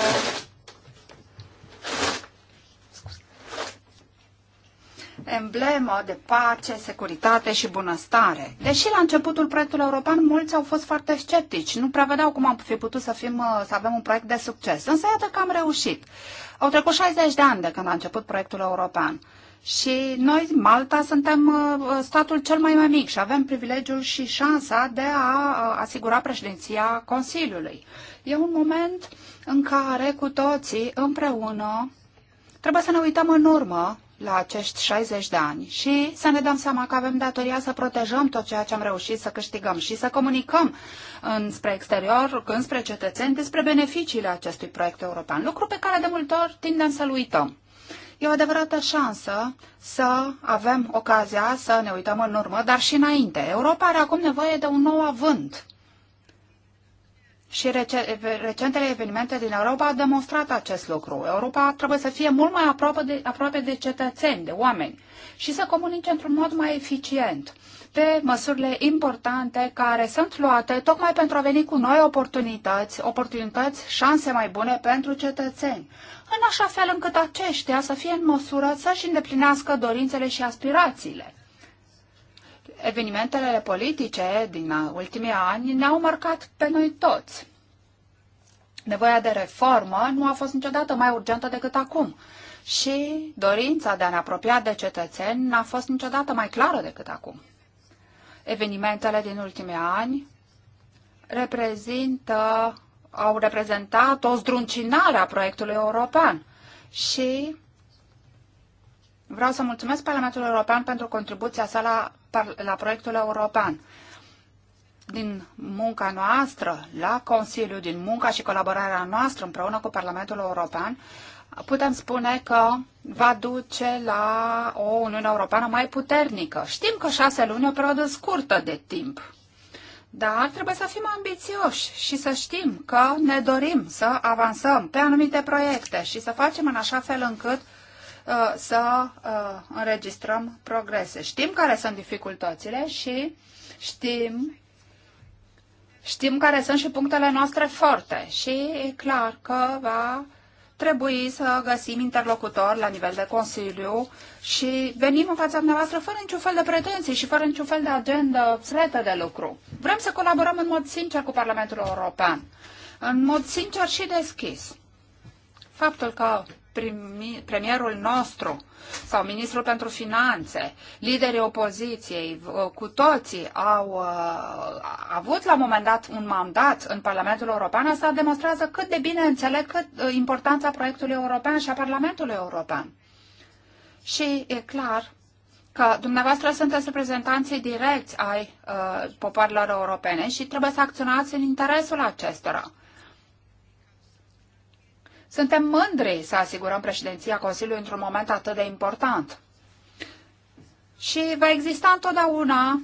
emblemă de pace, securitate și bunăstare. Deși la începutul proiectului european mulți au fost foarte sceptici, nu prevedeau cum am fi putut să, fim, uh, să avem un proiect de succes, însă iată că am reușit. Au trecut 60 de ani de când a început proiectul european. Și noi, Malta, suntem uh, statul cel mai, mai mic și avem privilegiul și șansa de a uh, asigura președinția Consiliului. E un moment în care cu toții, împreună, trebuie să ne uităm în urmă la acești 60 de ani și să ne dăm seama că avem datoria să protejăm tot ceea ce am reușit să câștigăm și să comunicăm înspre exterior, înspre cetățeni, despre beneficiile acestui proiect european, lucru pe care de multe ori tindem să-l uităm. E o adevărată șansă să avem ocazia să ne uităm în urmă, dar și înainte. Europa are acum nevoie de un nou avânt. Și recentele evenimente din Europa au demonstrat acest lucru. Europa trebuie să fie mult mai aproape de, aproape de cetățeni, de oameni și să comunice într-un mod mai eficient pe măsurile importante care sunt luate tocmai pentru a veni cu noi oportunități, oportunități, șanse mai bune pentru cetățeni, în așa fel încât aceștia să fie în măsură să-și îndeplinească dorințele și aspirațiile evenimentele politice din ultimii ani ne-au marcat pe noi toți. Nevoia de reformă nu a fost niciodată mai urgentă decât acum și dorința de a ne apropia de cetățeni n-a fost niciodată mai clară decât acum. Evenimentele din ultimii ani reprezintă, au reprezentat o zdruncinare a proiectului european și Vreau să mulțumesc Parlamentului European pentru contribuția sa la, la proiectul european. Din munca noastră la Consiliu, din munca și colaborarea noastră împreună cu Parlamentul European, putem spune că va duce la o Uniune Europeană mai puternică. Știm că șase luni e o perioadă scurtă de timp. Dar trebuie să fim ambițioși și să știm că ne dorim să avansăm pe anumite proiecte și să facem în așa fel încât Uh, să uh, înregistrăm progrese. Știm care sunt dificultățile și știm Știm care sunt și punctele noastre forte și e clar că va trebui să găsim interlocutori la nivel de Consiliu și venim în fața dumneavoastră fără niciun fel de pretenții și fără niciun fel de agenda fretă de lucru. Vrem să colaborăm în mod sincer cu Parlamentul European, în mod sincer și deschis. Faptul că primi, premierul nostru sau ministrul pentru finanțe, liderii opoziției, cu toții au uh, avut la un moment dat un mandat în Parlamentul European, asta demonstrează cât de bine înțeleg cât, uh, importanța proiectului european și a Parlamentului European. Și e clar că dumneavoastră sunteți reprezentanții direcți ai uh, popoarelor europene și trebuie să acționați în interesul acestora. Suntem mândri să asigurăm președinția Consiliului într-un moment atât de important. Și va exista întotdeauna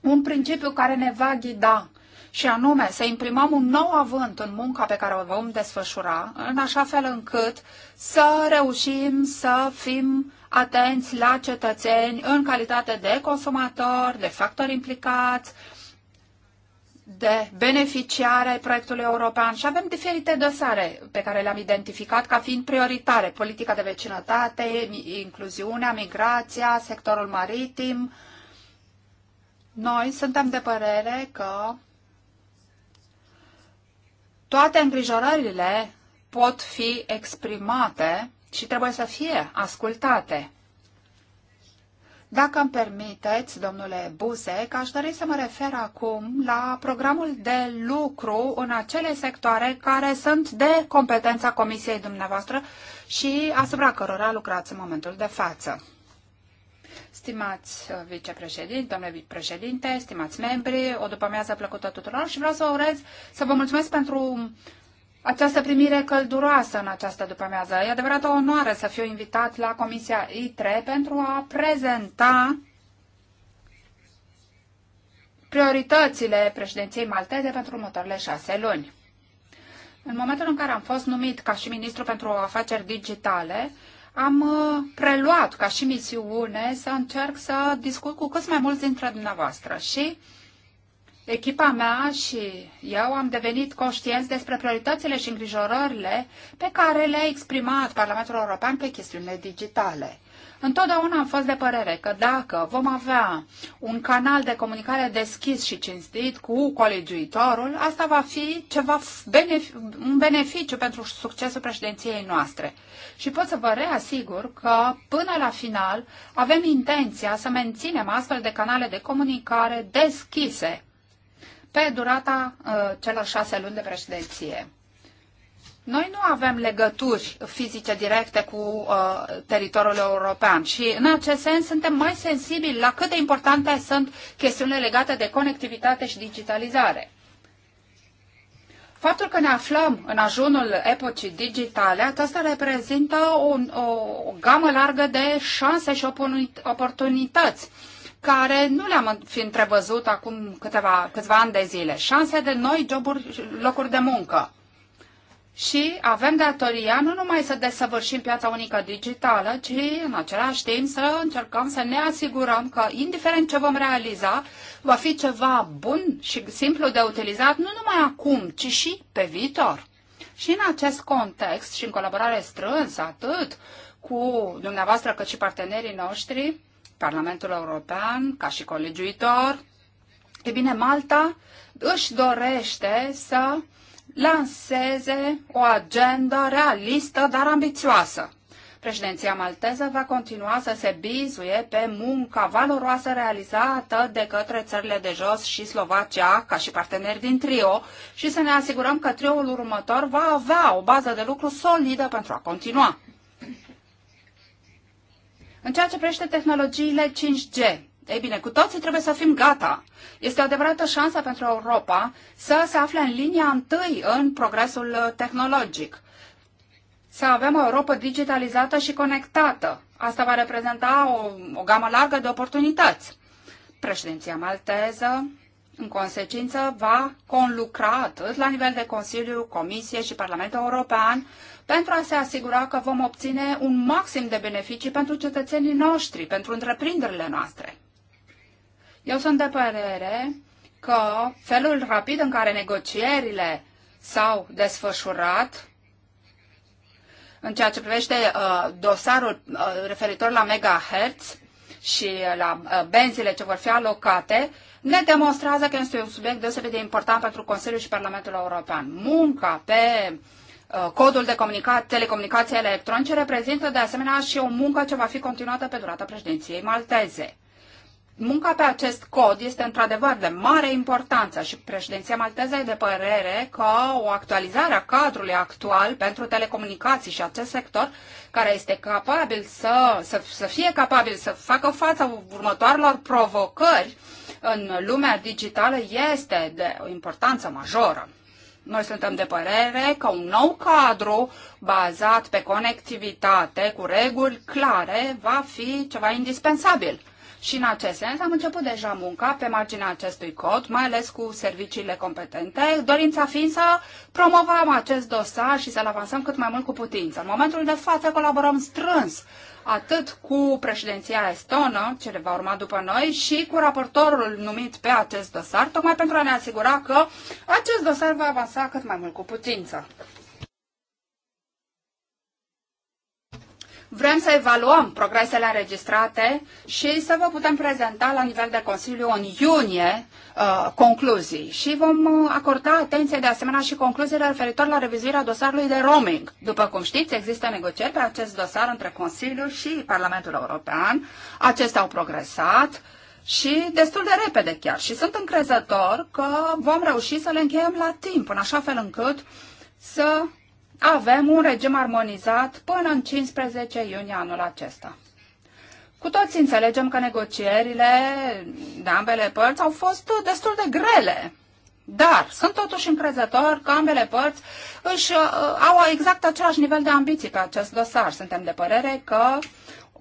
un principiu care ne va ghida și anume să imprimăm un nou avânt în munca pe care o vom desfășura, în așa fel încât să reușim să fim atenți la cetățeni în calitate de consumatori, de factori implicați, de beneficiare ai proiectului european și avem diferite dosare pe care le-am identificat ca fiind prioritare. Politica de vecinătate, incluziunea, migrația, sectorul maritim. Noi suntem de părere că toate îngrijorările pot fi exprimate și trebuie să fie ascultate. Dacă îmi permiteți, domnule Busec, aș dori să mă refer acum la programul de lucru în acele sectoare care sunt de competența comisiei dumneavoastră și asupra cărora lucrați în momentul de față. Stimați vicepreședinte, domnule președinte, stimați membri, o după-amiază plăcută tuturor și vreau să urez să vă mulțumesc pentru această primire călduroasă în această după-amiază. E adevărat o onoare să fiu invitat la Comisia I3 pentru a prezenta prioritățile președinției malteze pentru următoarele șase luni. În momentul în care am fost numit ca și ministru pentru afaceri digitale, am uh, preluat ca și misiune să încerc să discut cu cât mai mulți dintre dumneavoastră și Echipa mea și eu am devenit conștienți despre prioritățile și îngrijorările pe care le-a exprimat Parlamentul European pe chestiunile digitale. Întotdeauna am fost de părere că dacă vom avea un canal de comunicare deschis și cinstit cu colegiuitorul, asta va fi ceva benefic, un beneficiu pentru succesul președinției noastre. Și pot să vă reasigur că până la final avem intenția să menținem astfel de canale de comunicare deschise pe durata uh, celor șase luni de președinție. Noi nu avem legături fizice directe cu uh, teritoriul european și în acest sens suntem mai sensibili la cât de importante sunt chestiunile legate de conectivitate și digitalizare. Faptul că ne aflăm în ajunul epocii digitale, aceasta reprezintă un, o, o gamă largă de șanse și oportunități care nu le-am fi întrevăzut acum câteva, câțiva ani de zile. Șanse de noi joburi, locuri de muncă. Și avem datoria nu numai să desăvârșim piața unică digitală, ci în același timp să încercăm să ne asigurăm că, indiferent ce vom realiza, va fi ceva bun și simplu de utilizat nu numai acum, ci și pe viitor. Și în acest context și în colaborare strânsă atât cu dumneavoastră cât și partenerii noștri, Parlamentul European, ca și colegiuitor, e bine, Malta își dorește să lanseze o agendă realistă, dar ambițioasă. Președinția malteză va continua să se bizuie pe munca valoroasă realizată de către țările de jos și Slovacia ca și parteneri din trio și să ne asigurăm că trioul următor va avea o bază de lucru solidă pentru a continua. În ceea ce privește tehnologiile 5G, ei bine, cu toții trebuie să fim gata. Este o adevărată șansă pentru Europa să se afle în linia întâi în progresul uh, tehnologic. Să avem o Europa digitalizată și conectată. Asta va reprezenta o, o gamă largă de oportunități. Președinția malteză, în consecință, va conlucra atât la nivel de Consiliu, Comisie și Parlamentul European pentru a se asigura că vom obține un maxim de beneficii pentru cetățenii noștri, pentru întreprinderile noastre. Eu sunt de părere că felul rapid în care negocierile s-au desfășurat în ceea ce privește uh, dosarul uh, referitor la megahertz și la uh, benzile ce vor fi alocate, ne demonstrează că este un subiect deosebit de important pentru Consiliul și Parlamentul European. Munca pe uh, Uh, codul de telecomunicații electronice reprezintă de asemenea și o muncă ce va fi continuată pe durata președinției malteze. Munca pe acest cod este într-adevăr de mare importanță și președinția malteză e de părere că o actualizare a cadrului actual pentru telecomunicații și acest sector, care este capabil să, să, să fie capabil să facă față următoarelor provocări în lumea digitală, este de o importanță majoră. Noi suntem de părere că un nou cadru bazat pe conectivitate cu reguli clare va fi ceva indispensabil. Și în acest sens am început deja munca pe marginea acestui cod, mai ales cu serviciile competente, dorința fiind să promovăm acest dosar și să-l avansăm cât mai mult cu putință. În momentul de față colaborăm strâns atât cu președinția estonă, ce le va urma după noi, și cu raportorul numit pe acest dosar, tocmai pentru a ne asigura că acest dosar va avansa cât mai mult cu putință. Vrem să evaluăm progresele înregistrate și să vă putem prezenta la nivel de Consiliu în iunie uh, concluzii. Și vom uh, acorda atenție de asemenea și concluziile referitor la revizuirea dosarului de roaming. După cum știți, există negocieri pe acest dosar între Consiliu și Parlamentul European. Acestea au progresat și destul de repede chiar. Și sunt încrezător că vom reuși să le încheiem la timp, în așa fel încât să avem un regim armonizat până în 15 iunie anul acesta. Cu toți înțelegem că negocierile de ambele părți au fost destul de grele, dar sunt totuși încrezător că ambele părți își uh, au exact același nivel de ambiții pe acest dosar. Suntem de părere că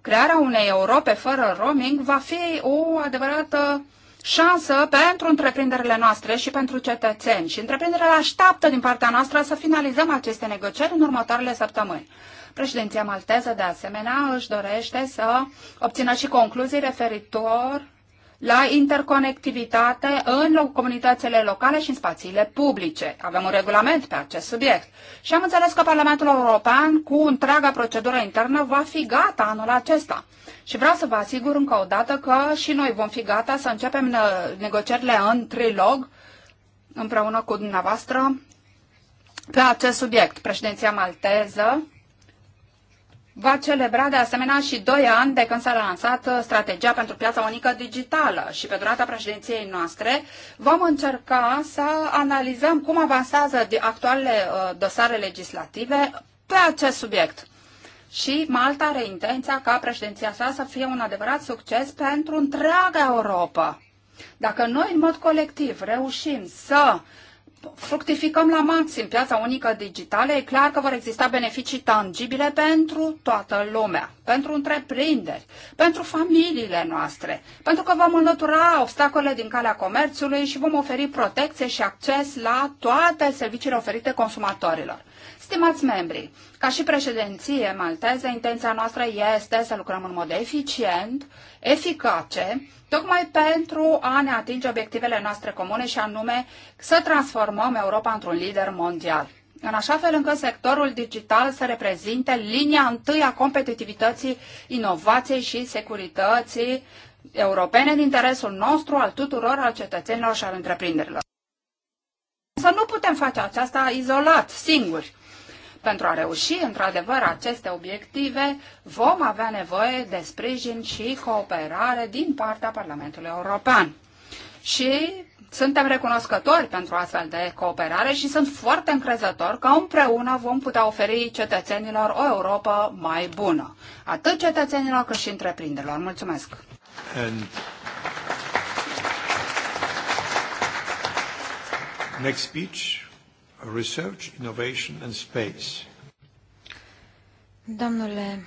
crearea unei Europe fără roaming va fi o adevărată uh, șansă pentru întreprinderile noastre și pentru cetățeni. Și întreprinderile așteaptă din partea noastră să finalizăm aceste negocieri în următoarele săptămâni. Președinția malteză, de asemenea, își dorește să obțină și concluzii referitor la interconectivitate în comunitățile locale și în spațiile publice. Avem un regulament pe acest subiect. Și am înțeles că Parlamentul European, cu întreaga procedură internă, va fi gata anul acesta. Și vreau să vă asigur încă o dată că și noi vom fi gata să începem uh, negocierile în trilog împreună cu dumneavoastră pe acest subiect. Președinția malteză va celebra de asemenea și doi ani de când s-a lansat uh, strategia pentru piața unică digitală și pe durata președinției noastre vom încerca să analizăm cum avansează actualele uh, dosare legislative pe acest subiect și Malta are intenția ca președinția sa să fie un adevărat succes pentru întreaga Europa. Dacă noi, în mod colectiv, reușim să fructificăm la maxim piața unică digitală, e clar că vor exista beneficii tangibile pentru toată lumea, pentru întreprinderi, pentru familiile noastre, pentru că vom înlătura obstacole din calea comerțului și vom oferi protecție și acces la toate serviciile oferite consumatorilor. Stimați membri, ca și președinție malteză, intenția noastră este să lucrăm în mod eficient, eficace, tocmai pentru a ne atinge obiectivele noastre comune și anume să transformăm Europa într-un lider mondial în așa fel încât sectorul digital să reprezinte linia întâi a competitivității, inovației și securității europene în interesul nostru, al tuturor, al cetățenilor și al întreprinderilor. Să nu putem face aceasta izolat, singuri. Pentru a reuși, într-adevăr, aceste obiective, vom avea nevoie de sprijin și cooperare din partea Parlamentului European. Și suntem recunoscători pentru astfel de cooperare și sunt foarte încrezător că împreună vom putea oferi cetățenilor o Europa mai bună, atât cetățenilor cât și întreprinderilor. Mulțumesc! And... Next speech Research, Innovation and Space. Domnule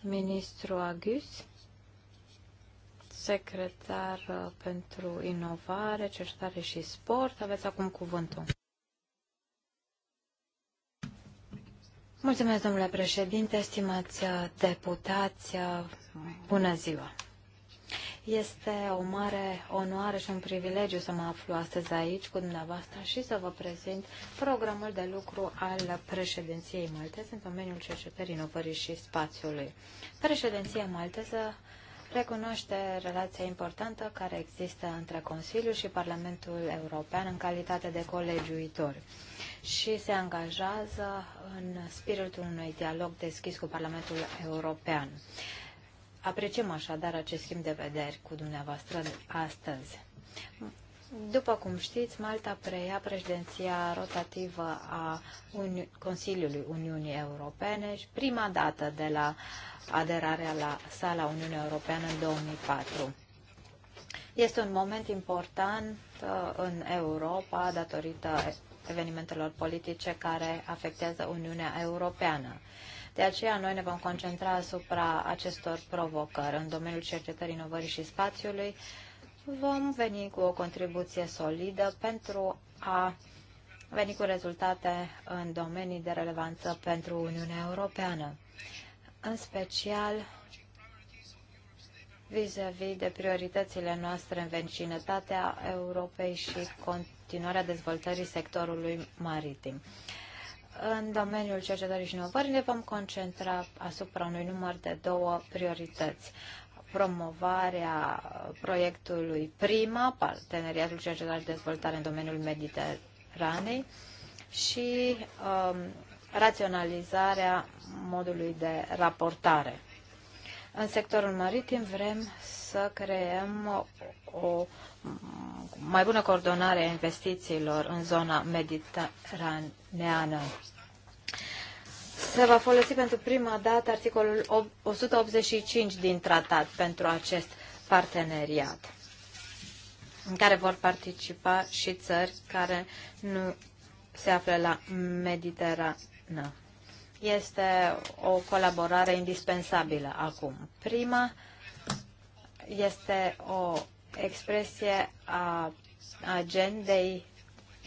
ministru Agus, secretar uh, pentru inovare, cercetare și sport, aveți acum cuvântul. Mulțumesc, domnule președinte, stimați uh, deputați, uh, bună ziua! Este o mare onoare și un privilegiu să mă aflu astăzi aici cu dumneavoastră și să vă prezint programul de lucru al președinției malteze în domeniul cercetării, inovării și spațiului. Președinția malteză recunoaște relația importantă care există între Consiliu și Parlamentul European în calitate de colegiuitor și se angajează în spiritul unui dialog deschis cu Parlamentul European. Apreciem așadar acest schimb de vederi cu dumneavoastră astăzi. După cum știți, Malta preia președinția rotativă a Uni- Consiliului Uniunii Europene și prima dată de la aderarea la sala Uniunii Europeană în 2004. Este un moment important uh, în Europa datorită evenimentelor politice care afectează Uniunea Europeană. De aceea noi ne vom concentra asupra acestor provocări în domeniul cercetării, inovării și spațiului. Vom veni cu o contribuție solidă pentru a veni cu rezultate în domenii de relevanță pentru Uniunea Europeană, în special vis-a-vis -vis de prioritățile noastre în vecinătatea Europei și continuarea dezvoltării sectorului maritim. În domeniul cercetării și inovării ne vom concentra asupra unui număr de două priorități promovarea proiectului PRIMA, Parteneriatul Cercetare și Dezvoltare în domeniul Mediteranei și um, raționalizarea modului de raportare. În sectorul maritim vrem să creăm o, o mai bună coordonare a investițiilor în zona mediteraneană. Se va folosi pentru prima dată articolul 185 din tratat pentru acest parteneriat, în care vor participa și țări care nu se află la Mediterană. Este o colaborare indispensabilă acum. Prima este o expresie a agendei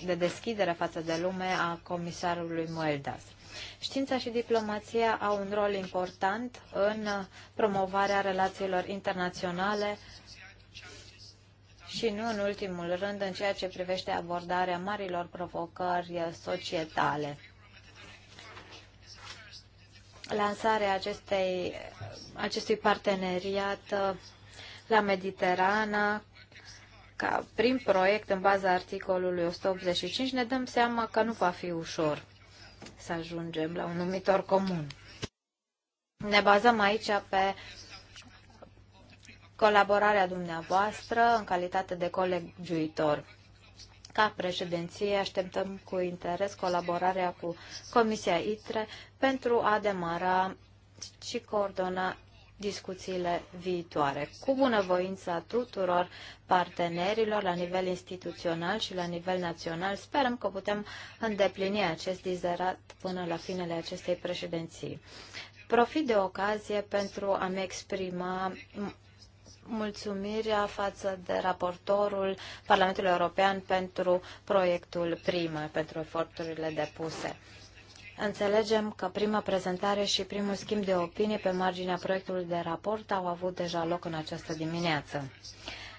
de deschidere față de lume a comisarului Moeldas. Știința și diplomația au un rol important în promovarea relațiilor internaționale și nu în ultimul rând în ceea ce privește abordarea marilor provocări societale. Lansarea acestei, acestui parteneriat la Mediterana, ca prim proiect în baza articolului 185, ne dăm seama că nu va fi ușor să ajungem la un numitor comun. Ne bazăm aici pe colaborarea dumneavoastră în calitate de colegiuitor. Ca președinție așteptăm cu interes colaborarea cu Comisia ITRE pentru a demara și coordona discuțiile viitoare, cu bunăvoința tuturor partenerilor la nivel instituțional și la nivel național. Sperăm că putem îndeplini acest dizerat până la finele acestei președinții. Profit de ocazie pentru a-mi exprima mulțumirea față de raportorul Parlamentului European pentru proiectul primă, pentru eforturile depuse. Înțelegem că prima prezentare și primul schimb de opinie pe marginea proiectului de raport au avut deja loc în această dimineață.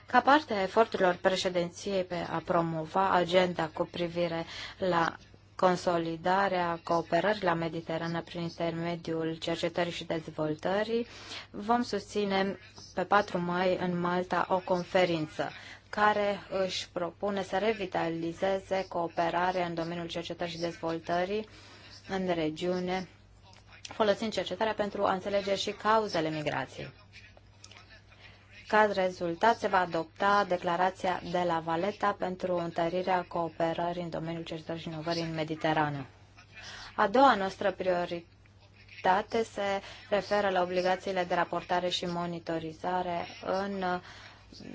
Ca parte a eforturilor președinției pe a promova agenda cu privire la consolidarea cooperării la Mediterană prin intermediul cercetării și dezvoltării, vom susține pe 4 mai în Malta o conferință care își propune să revitalizeze cooperarea în domeniul cercetării și dezvoltării în regiune, folosind cercetarea pentru a înțelege și cauzele migrației. Ca rezultat, se va adopta declarația de la Valeta pentru întărirea cooperării în domeniul cercetării și inovării în Mediterană. A doua noastră prioritate se referă la obligațiile de raportare și monitorizare în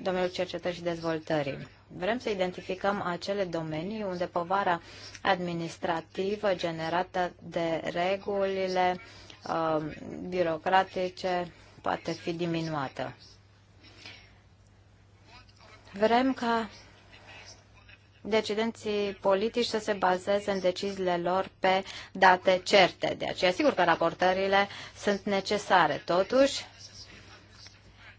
domeniul cercetării și dezvoltării. Vrem să identificăm acele domenii unde povara administrativă generată de regulile uh, birocratice poate fi diminuată. Vrem ca decidenții politici să se bazeze în deciziile lor pe date certe. De aceea, sigur că raportările sunt necesare. Totuși,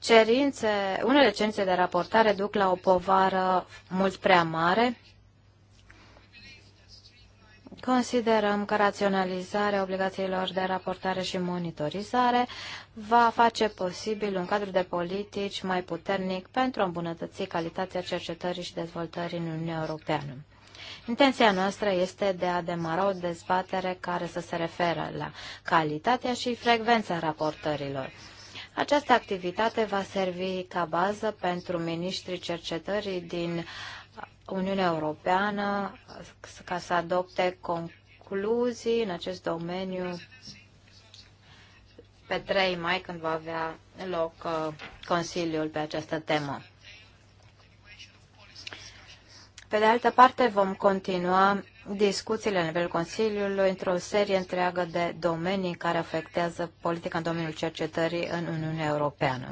Cerințe, unele cerințe de raportare duc la o povară mult prea mare. Considerăm că raționalizarea obligațiilor de raportare și monitorizare va face posibil un cadru de politici mai puternic pentru a îmbunătăți calitatea cercetării și dezvoltării în Uniunea Europeană. Intenția noastră este de a demara o dezbatere care să se referă la calitatea și frecvența raportărilor. Această activitate va servi ca bază pentru ministrii cercetării din Uniunea Europeană ca să adopte concluzii în acest domeniu pe 3 mai când va avea loc uh, Consiliul pe această temă. Pe de altă parte, vom continua discuțiile la nivelul Consiliului într-o serie întreagă de domenii care afectează politica în domeniul cercetării în Uniunea Europeană.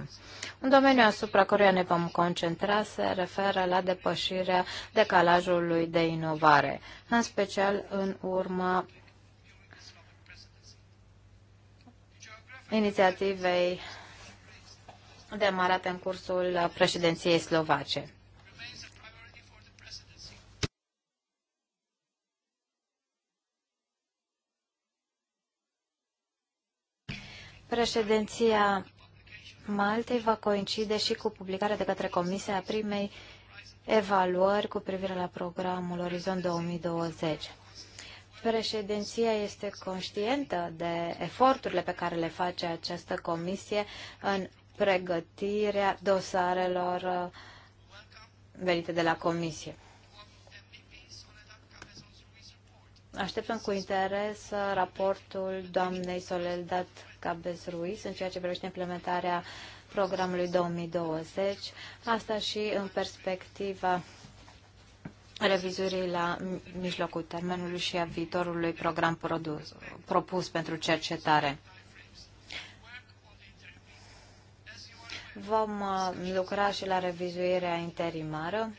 Un domeniu asupra căruia ne vom concentra se referă la depășirea decalajului de inovare, în special în urma inițiativei demarate în cursul președinției slovace. Președinția Maltei va coincide și cu publicarea de către Comisia a primei evaluări cu privire la programul Orizont 2020. Președinția este conștientă de eforturile pe care le face această comisie în pregătirea dosarelor uh, venite de la comisie. Așteptăm cu interes uh, raportul doamnei Soledad Cabez Ruiz în ceea ce privește implementarea programului 2020, asta și în perspectiva revizuirii la mijlocul termenului și a viitorului program produs, propus pentru cercetare. Vom uh, lucra și la revizuirea interimară.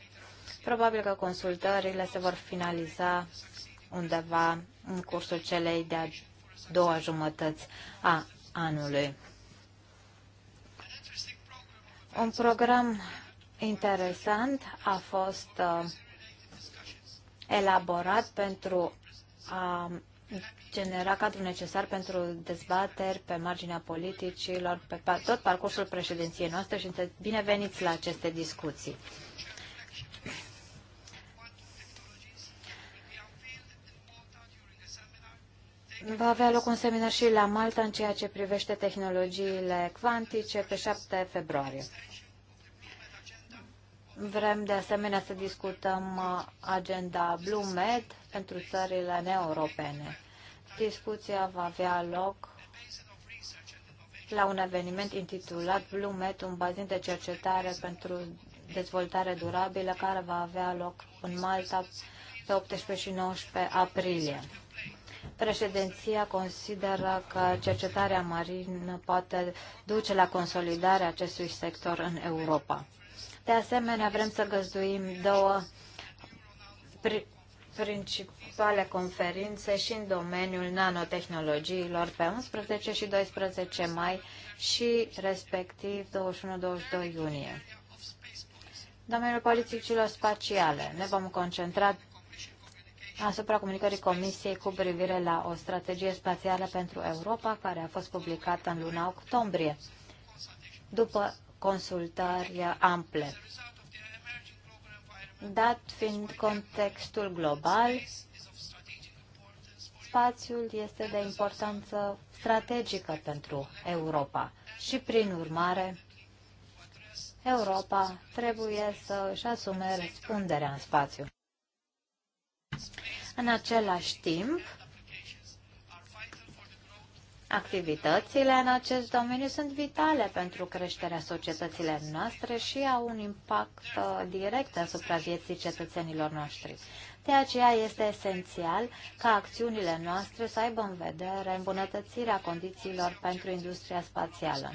Probabil că consultările se vor finaliza undeva în cursul celei de-a doua jumătăți a anului. Un program interesant a fost uh, elaborat pentru a genera cadrul necesar pentru dezbateri pe marginea politicilor, pe tot parcursul președinției noastre și bineveniți la aceste discuții. Va avea loc un seminar și la Malta în ceea ce privește tehnologiile cuantice pe 7 februarie. Vrem de asemenea să discutăm uh, agenda BlueMed pentru țările neeuropene. Discuția va avea loc la un eveniment intitulat BlueMed, un bazin de cercetare pentru dezvoltare durabilă, care va avea loc în Malta pe 18 și 19 aprilie. Președinția consideră că cercetarea marină poate duce la consolidarea acestui sector în Europa. De asemenea, vrem să găzduim două pri principale conferințe și în domeniul nanotehnologiilor pe 11 și 12 mai și respectiv 21-22 iunie. Domeniul politicilor spațiale. Ne vom concentra asupra comunicării Comisiei cu privire la o strategie spațială pentru Europa, care a fost publicată în luna octombrie, după consultări ample. Dat fiind contextul global, spațiul este de importanță strategică pentru Europa și, prin urmare, Europa trebuie să își asume răspunderea în spațiu. În același timp, Activitățile în acest domeniu sunt vitale pentru creșterea societățile noastre și au un impact uh, direct asupra vieții cetățenilor noștri. De aceea este esențial ca acțiunile noastre să aibă în vedere îmbunătățirea condițiilor pentru industria spațială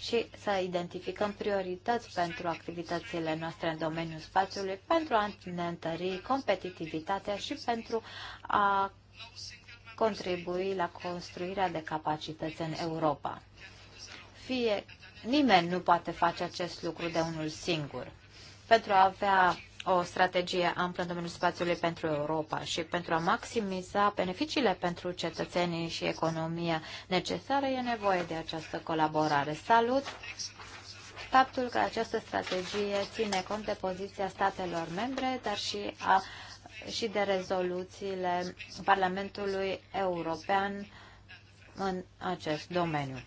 și să identificăm priorități pentru activitățile noastre în domeniul spațiului, pentru a ne întări competitivitatea și pentru a contribui la construirea de capacități în Europa. Fie nimeni nu poate face acest lucru de unul singur. Pentru a avea o strategie amplă în domeniul spațiului pentru Europa și pentru a maximiza beneficiile pentru cetățenii și economia necesară e nevoie de această colaborare. Salut! Faptul că această strategie ține cont de poziția statelor membre, dar și, a, și de rezoluțiile Parlamentului European în acest domeniu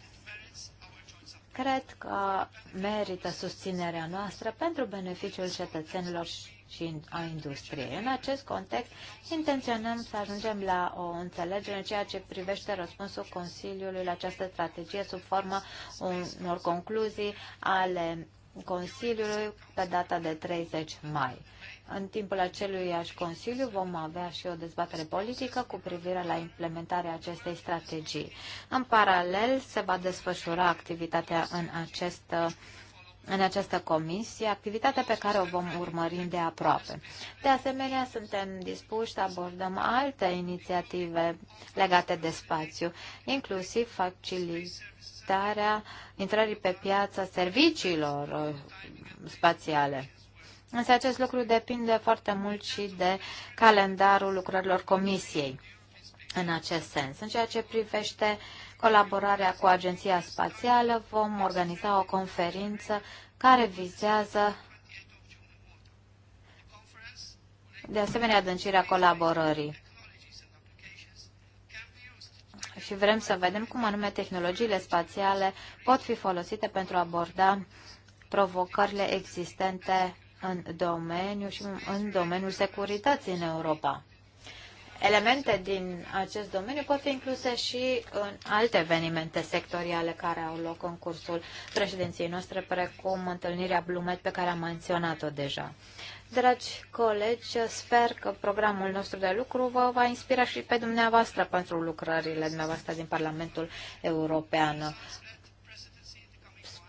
cred că merită susținerea noastră pentru beneficiul cetățenilor și a industriei. În acest context, intenționăm să ajungem la o înțelegere în ceea ce privește răspunsul Consiliului la această strategie sub forma unor concluzii ale Consiliului pe data de 30 mai. În timpul acelui Consiliu vom avea și o dezbatere politică cu privire la implementarea acestei strategii. În paralel, se va desfășura activitatea în acest în această comisie, activitatea pe care o vom urmări de aproape. De asemenea, suntem dispuși să abordăm alte inițiative legate de spațiu, inclusiv facilitarea intrării pe piață serviciilor uh, spațiale. Însă acest lucru depinde foarte mult și de calendarul lucrărilor comisiei în acest sens. În ceea ce privește colaborarea cu Agenția Spațială, vom organiza o conferință care vizează de asemenea adâncirea colaborării. Și vrem să vedem cum anume tehnologiile spațiale pot fi folosite pentru a aborda provocările existente în domeniu și în domeniul securității în Europa. Elemente din acest domeniu pot fi incluse și în alte evenimente sectoriale care au loc în cursul președinției noastre, precum întâlnirea Blumet pe care am menționat-o deja. Dragi colegi, sper că programul nostru de lucru vă va inspira și pe dumneavoastră pentru lucrările dumneavoastră din Parlamentul European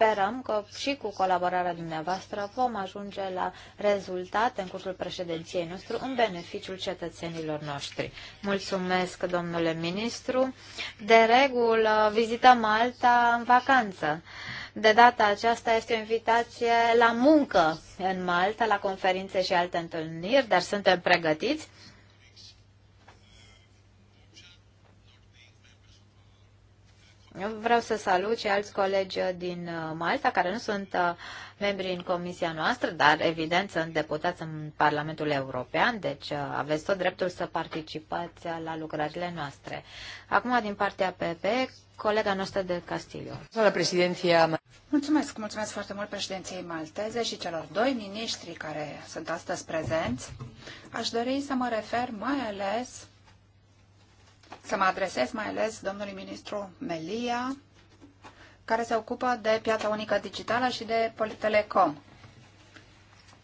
sperăm că și cu colaborarea dumneavoastră vom ajunge la rezultate în cursul președinției nostru în beneficiul cetățenilor noștri. Mulțumesc, domnule ministru. De regulă, vizităm Malta în vacanță. De data aceasta este o invitație la muncă în Malta, la conferințe și alte întâlniri, dar suntem pregătiți. Vreau să salut și alți colegi din uh, Malta care nu sunt uh, membri în comisia noastră, dar evident sunt deputați în Parlamentul European, deci uh, aveți tot dreptul să participați la lucrările noastre. Acum, din partea PP, colega noastră de Castillo. La Mulțumesc, mulțumesc foarte mult președinției malteze și celor doi miniștri care sunt astăzi prezenți. Aș dori să mă refer mai ales să mă adresez mai ales domnului ministru Melia, care se ocupă de piața unică digitală și de Politelecom.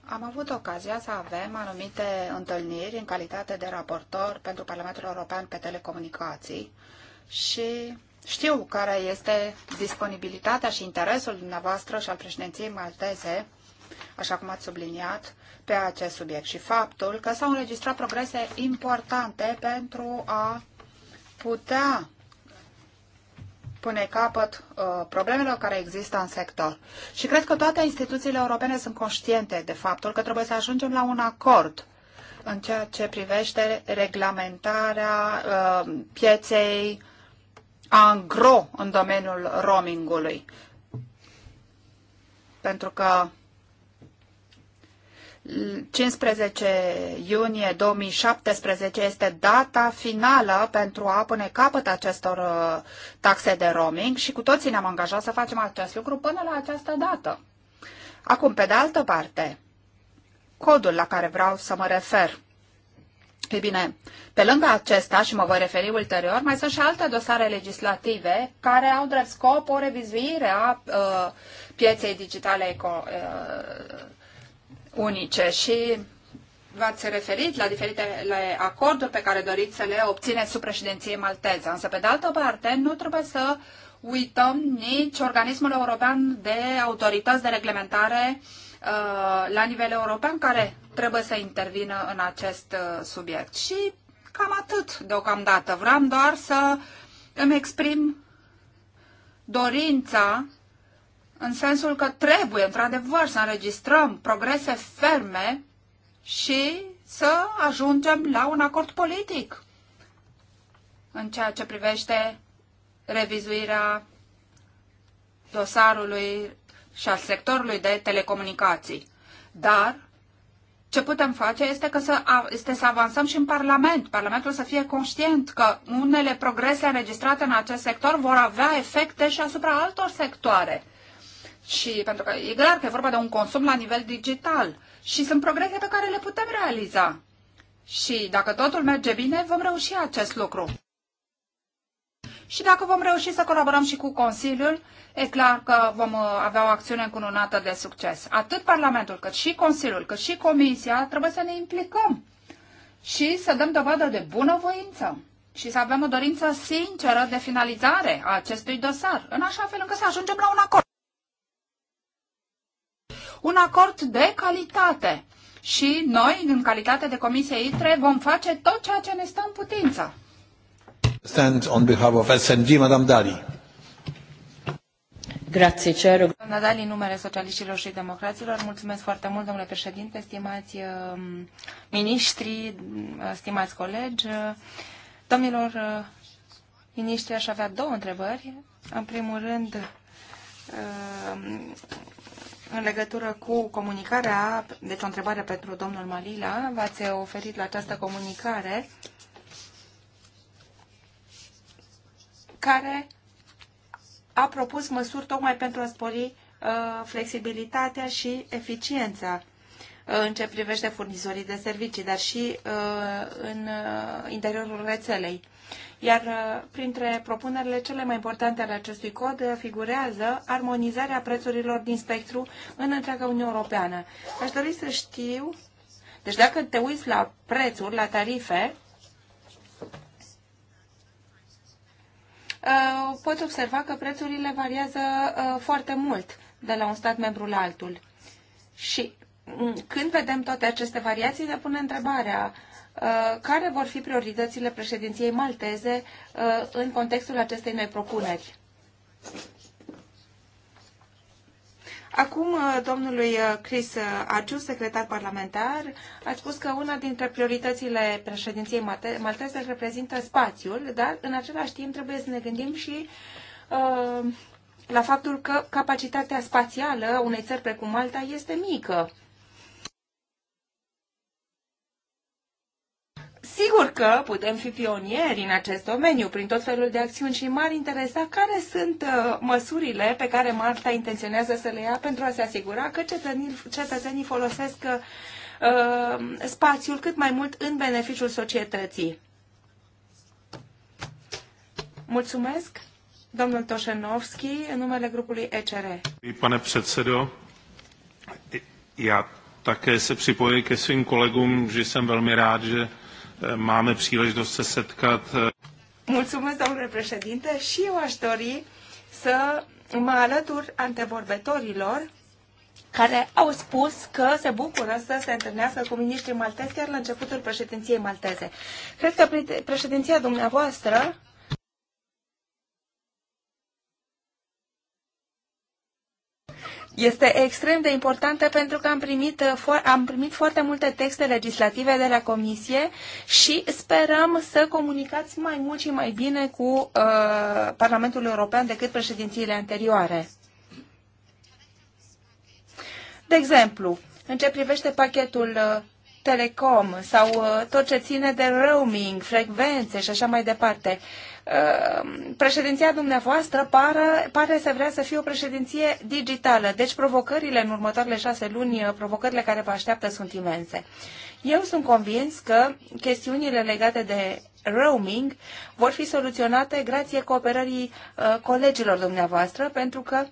Am avut ocazia să avem anumite întâlniri în calitate de raportor pentru Parlamentul European pe telecomunicații și știu care este disponibilitatea și interesul dumneavoastră și al președinției malteze, așa cum ați subliniat, pe acest subiect și faptul că s-au înregistrat progrese importante pentru a putea pune capăt uh, problemelor care există în sector. Și cred că toate instituțiile europene sunt conștiente de faptul că trebuie să ajungem la un acord în ceea ce privește reglementarea uh, pieței angro în domeniul roamingului. Pentru că 15 iunie 2017 este data finală pentru a pune capăt acestor uh, taxe de roaming și cu toții ne-am angajat să facem acest lucru până la această dată. Acum, pe de altă parte, codul la care vreau să mă refer. E bine, pe lângă acesta, și mă voi referi ulterior, mai sunt și alte dosare legislative care au drept scop o revizuire a uh, pieței digitale eco, uh, unice și v-ați referit la diferitele acorduri pe care doriți să le obțineți sub președinție malteză. Însă, pe de altă parte, nu trebuie să uităm nici organismul european de autorități de reglementare uh, la nivel european care trebuie să intervină în acest uh, subiect. Și cam atât deocamdată. Vreau doar să îmi exprim dorința în sensul că trebuie, într-adevăr, să înregistrăm progrese ferme și să ajungem la un acord politic în ceea ce privește revizuirea dosarului și al sectorului de telecomunicații. Dar ce putem face este, că să, este să avansăm și în Parlament. Parlamentul să fie conștient că unele progrese înregistrate în acest sector vor avea efecte și asupra altor sectoare. Și pentru că e clar că e vorba de un consum la nivel digital și sunt progrese pe care le putem realiza. Și dacă totul merge bine, vom reuși acest lucru. Și dacă vom reuși să colaborăm și cu Consiliul, e clar că vom uh, avea o acțiune încununată de succes. Atât Parlamentul, cât și Consiliul, cât și Comisia trebuie să ne implicăm și să dăm dovadă de bunăvoință și să avem o dorință sinceră de finalizare a acestui dosar, în așa fel încât să ajungem la un acord un acord de calitate. Și noi, în calitate de Comisie ITRE, vom face tot ceea ce ne stă în putință. Stand on behalf of SND, Madame Dali. Grazie, Cero. Doamna Dali, numele socialiștilor și democraților, mulțumesc foarte mult, domnule președinte, stimați um, uh, miniștri, stimați colegi. domnilor uh, miniștri, aș avea două întrebări. În primul rând, uh, în legătură cu comunicarea, deci o întrebare pentru domnul Malila, v-ați oferit la această comunicare care a propus măsuri tocmai pentru a spori uh, flexibilitatea și eficiența uh, în ce privește furnizorii de servicii, dar și uh, în uh, interiorul rețelei. Iar uh, printre propunerile cele mai importante ale acestui cod uh, figurează armonizarea prețurilor din spectru în întreaga Uniune Europeană. Aș dori să știu, deci dacă te uiți la prețuri, la tarife, uh, poți observa că prețurile variază foarte mult de la un stat membru la altul. Și mm, când vedem toate aceste variații, se pune întrebarea Uh, care vor fi prioritățile președinției malteze uh, în contextul acestei noi propuneri. Acum, uh, domnului Chris Agiu, secretar parlamentar, a spus că una dintre prioritățile președinției malteze reprezintă spațiul, dar în același timp trebuie să ne gândim și uh, la faptul că capacitatea spațială unei țări precum Malta este mică Sigur că putem fi pionieri în acest domeniu prin tot felul de acțiuni și m-ar interesa care sunt uh, măsurile pe care Marta intenționează să le ia pentru a se asigura că cetățenii, cetățenii folosesc uh, spațiul cât mai mult în beneficiul societății. Mulțumesc, domnul Toșenovski, în numele grupului ECR. Pane předsedo, já také se připojuji ke svým kolegům, že jsem velmi rád, že máme příležitost setkat. Eh, Mulțumesc, domnule președinte, și eu aș dori să mă alătur antevorbetorilor care au spus că se bucură să se întâlnească cu ministrii maltezi chiar la începutul președinției malteze. Cred că președinția dumneavoastră este extrem de importantă pentru că am primit, uh, am primit foarte multe texte legislative de la Comisie și sperăm să comunicați mai mult și mai bine cu uh, Parlamentul European decât președințiile anterioare. De exemplu, în ce privește pachetul uh, telecom sau uh, tot ce ține de roaming, frecvențe și așa mai departe. Uh, Ehm, președinția dumneavoastră pare, pare să vrea să fie o președinție digitală, deci provocările în următoarele șase luni, eh, provocările care vă așteaptă sunt imense. Eu sunt convins că chestiunile legate de roaming vor fi soluționate grație cooperării uh, colegilor dumneavoastră, pentru că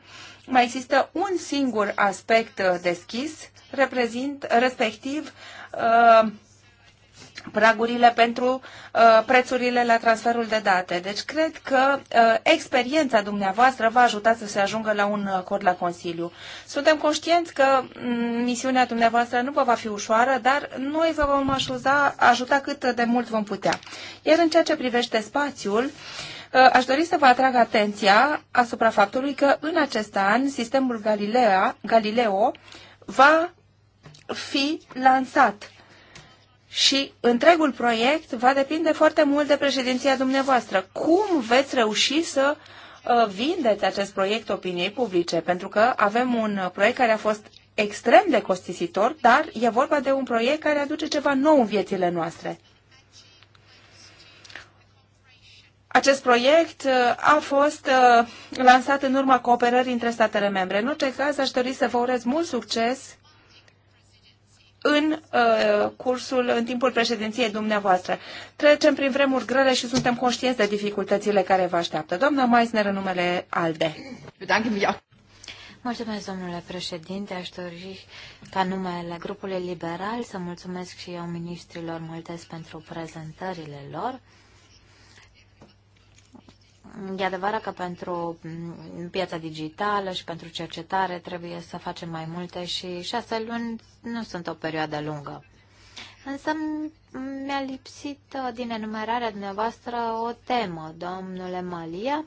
mai există un singur aspect uh, deschis, reprezint, respectiv uh, pragurile pentru uh, prețurile la transferul de date. Deci cred că uh, experiența dumneavoastră va ajuta să se ajungă la un acord la Consiliu. Suntem conștienți că um, misiunea dumneavoastră nu vă va fi ușoară, dar noi vă vom ajuta, ajuta cât de mult vom putea. Iar în ceea ce privește spațiul, uh, Aș dori să vă atrag atenția asupra faptului că în acest an sistemul Galilea, Galileo va fi lansat și întregul proiect va depinde foarte mult de președinția dumneavoastră. Cum veți reuși să uh, vindeți acest proiect opiniei publice? Pentru că avem un proiect care a fost extrem de costisitor, dar e vorba de un proiect care aduce ceva nou în viețile noastre. Acest proiect uh, a fost uh, lansat în urma cooperării între statele membre. În orice caz, aș dori să vă urez mult succes în uh, cursul, în timpul președinției dumneavoastră. Trecem prin vremuri grele și suntem conștienți de dificultățile care vă așteaptă. Doamna Meisner, în numele ALDE. Mulțumesc, domnule președinte. Aș dori ca numele grupului liberal să mulțumesc și eu ministrilor multes pentru prezentările lor. E adevărat că pentru mm, piața digitală și pentru cercetare trebuie să facem mai multe și șase luni nu sunt o perioadă lungă. Însă mi-a lipsit uh, din enumerarea dumneavoastră o temă, domnule Malia.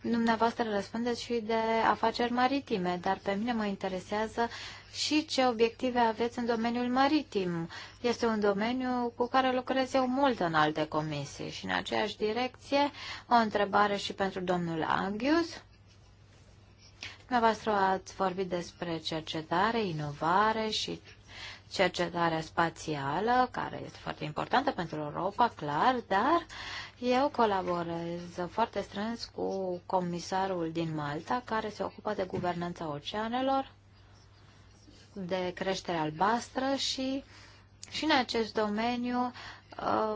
Dumneavoastră răspundeți și de afaceri maritime, dar pe mine mă interesează și ce obiective aveți în domeniul maritim. Este un domeniu cu care lucrez eu mult în alte comisii și în aceeași direcție o întrebare și pentru domnul Agius. Dumneavoastră ați vorbit despre cercetare, inovare și cercetarea spațială, care este foarte importantă pentru Europa, clar, dar eu colaborez foarte strâns cu comisarul din Malta, care se ocupă de guvernanța oceanelor, de creștere albastră și, și în acest domeniu uh,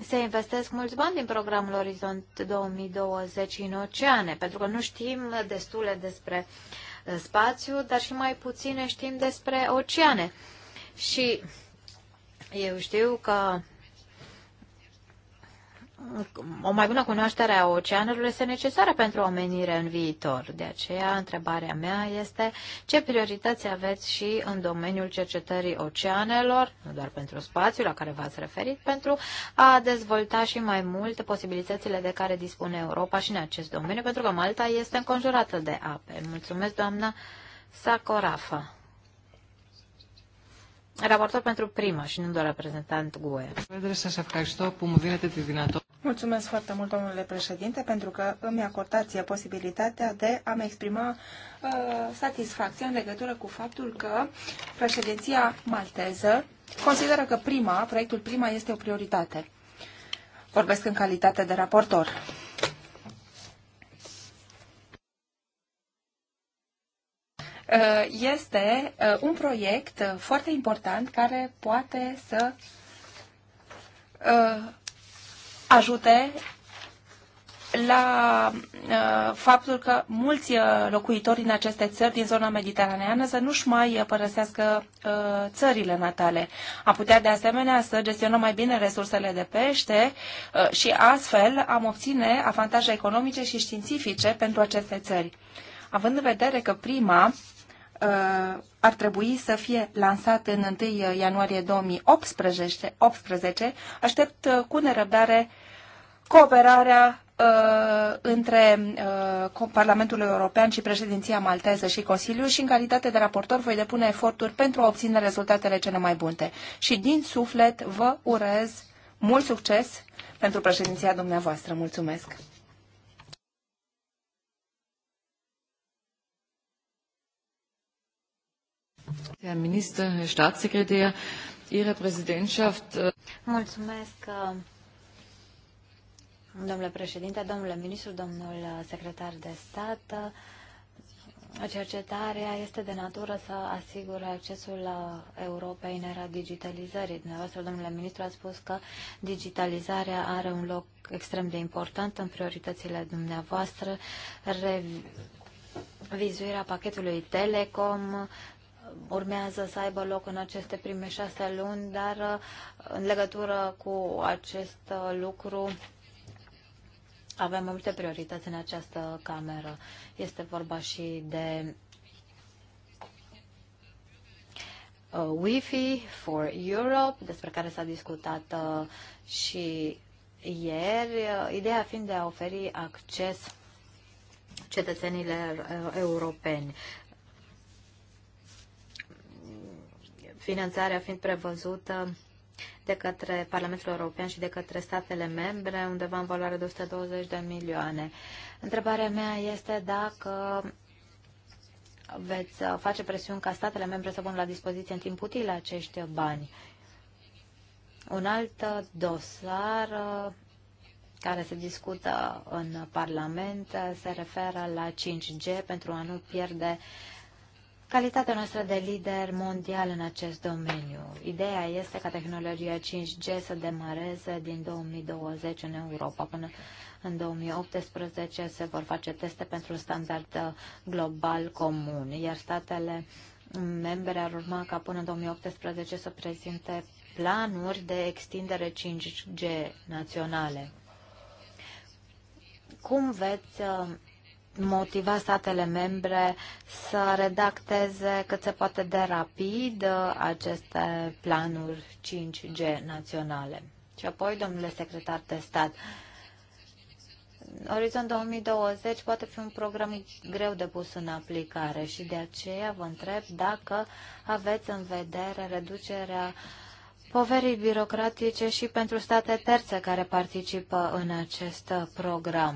se investesc mulți bani din programul Orizont 2020 în oceane, pentru că nu știm destule despre uh, spațiu, dar și mai puține știm despre oceane. Și eu știu că o mai bună cunoaștere a oceanelor este necesară pentru omenire în viitor. De aceea, întrebarea mea este ce priorități aveți și în domeniul cercetării oceanelor, nu doar pentru spațiul la care v-ați referit, pentru a dezvolta și mai mult posibilitățile de care dispune Europa și în acest domeniu, pentru că Malta este înconjurată de ape. Mulțumesc, doamna Sacorafa. Raportor pentru primă și nu doar reprezentant GUE. Să vă să που μου δίνετε τη δυνατότητα. Mulțumesc foarte mult, domnule președinte, pentru că îmi acordați posibilitatea de a-mi exprima uh, satisfacția în legătură cu faptul că președinția malteză consideră că prima, proiectul prima este o prioritate. Vorbesc în calitate de raportor. Uh, este uh, un proiect uh, foarte important care poate să ajute la uh, faptul că mulți uh, locuitori din aceste țări din zona mediteraneană să nu-și mai părăsească uh, țările natale. Am putea de asemenea să gestionăm mai bine resursele de pește uh, și astfel am obține avantaje economice și științifice pentru aceste țări. Având în vedere că prima Uh, ar trebui să fie lansat în 1 uh, ianuarie 2018. 18. Aștept uh, cu nerăbdare cooperarea între Parlamentul European și președinția malteză și Consiliu și în calitate de raportor voi depune eforturi pentru a obține rezultatele cele mai bune. Și din suflet vă urez mult succes pentru președinția dumneavoastră. Mulțumesc! Herr Minister, Herr Staatssekretär, Ihre Präsidentschaft. Äh, Mulțumesc, uh, domnule președinte, domnule ministru, domnul uh, secretar de stat. Uh, cercetarea este de natură să asigure accesul la Europa în era digitalizării. Dumneavoastră, domnule ministru, a spus că digitalizarea are un loc extrem de important în prioritățile dumneavoastră, Vizuirea pachetului Telecom, urmează să aibă loc în aceste prime șase luni, dar uh, în legătură cu acest uh, lucru avem multe priorități în această cameră. Este vorba și de uh, Wi-Fi for Europe, despre care s-a discutat și ieri, ideea fiind de a oferi acces cetățenilor europeni. finanțarea fiind prevăzută de către Parlamentul European și de către statele membre, undeva în valoare de 120 de milioane. Întrebarea mea este dacă veți face presiuni ca statele membre să pună la dispoziție în timp util acești bani. Un alt dosar uh, care se discută în Parlament uh, se referă la 5G pentru a nu pierde uh, calitatea noastră de lider mondial în acest domeniu. Ideea este ca tehnologia 5G să demareze din 2020 în Europa. Până în 2018 se vor face teste pentru un standard uh, global comun, iar statele membre ar urma ca până în 2018 să prezinte planuri de extindere 5G naționale. Cum veți uh, motiva statele membre să redacteze cât se poate de rapid uh, aceste planuri 5G naționale. Și apoi, domnule secretar de stat, Orizont 2020 poate fi un program greu de pus în aplicare și de aceea vă întreb dacă aveți în vedere reducerea uh, poverii birocratice și pentru state terțe care participă în acest program.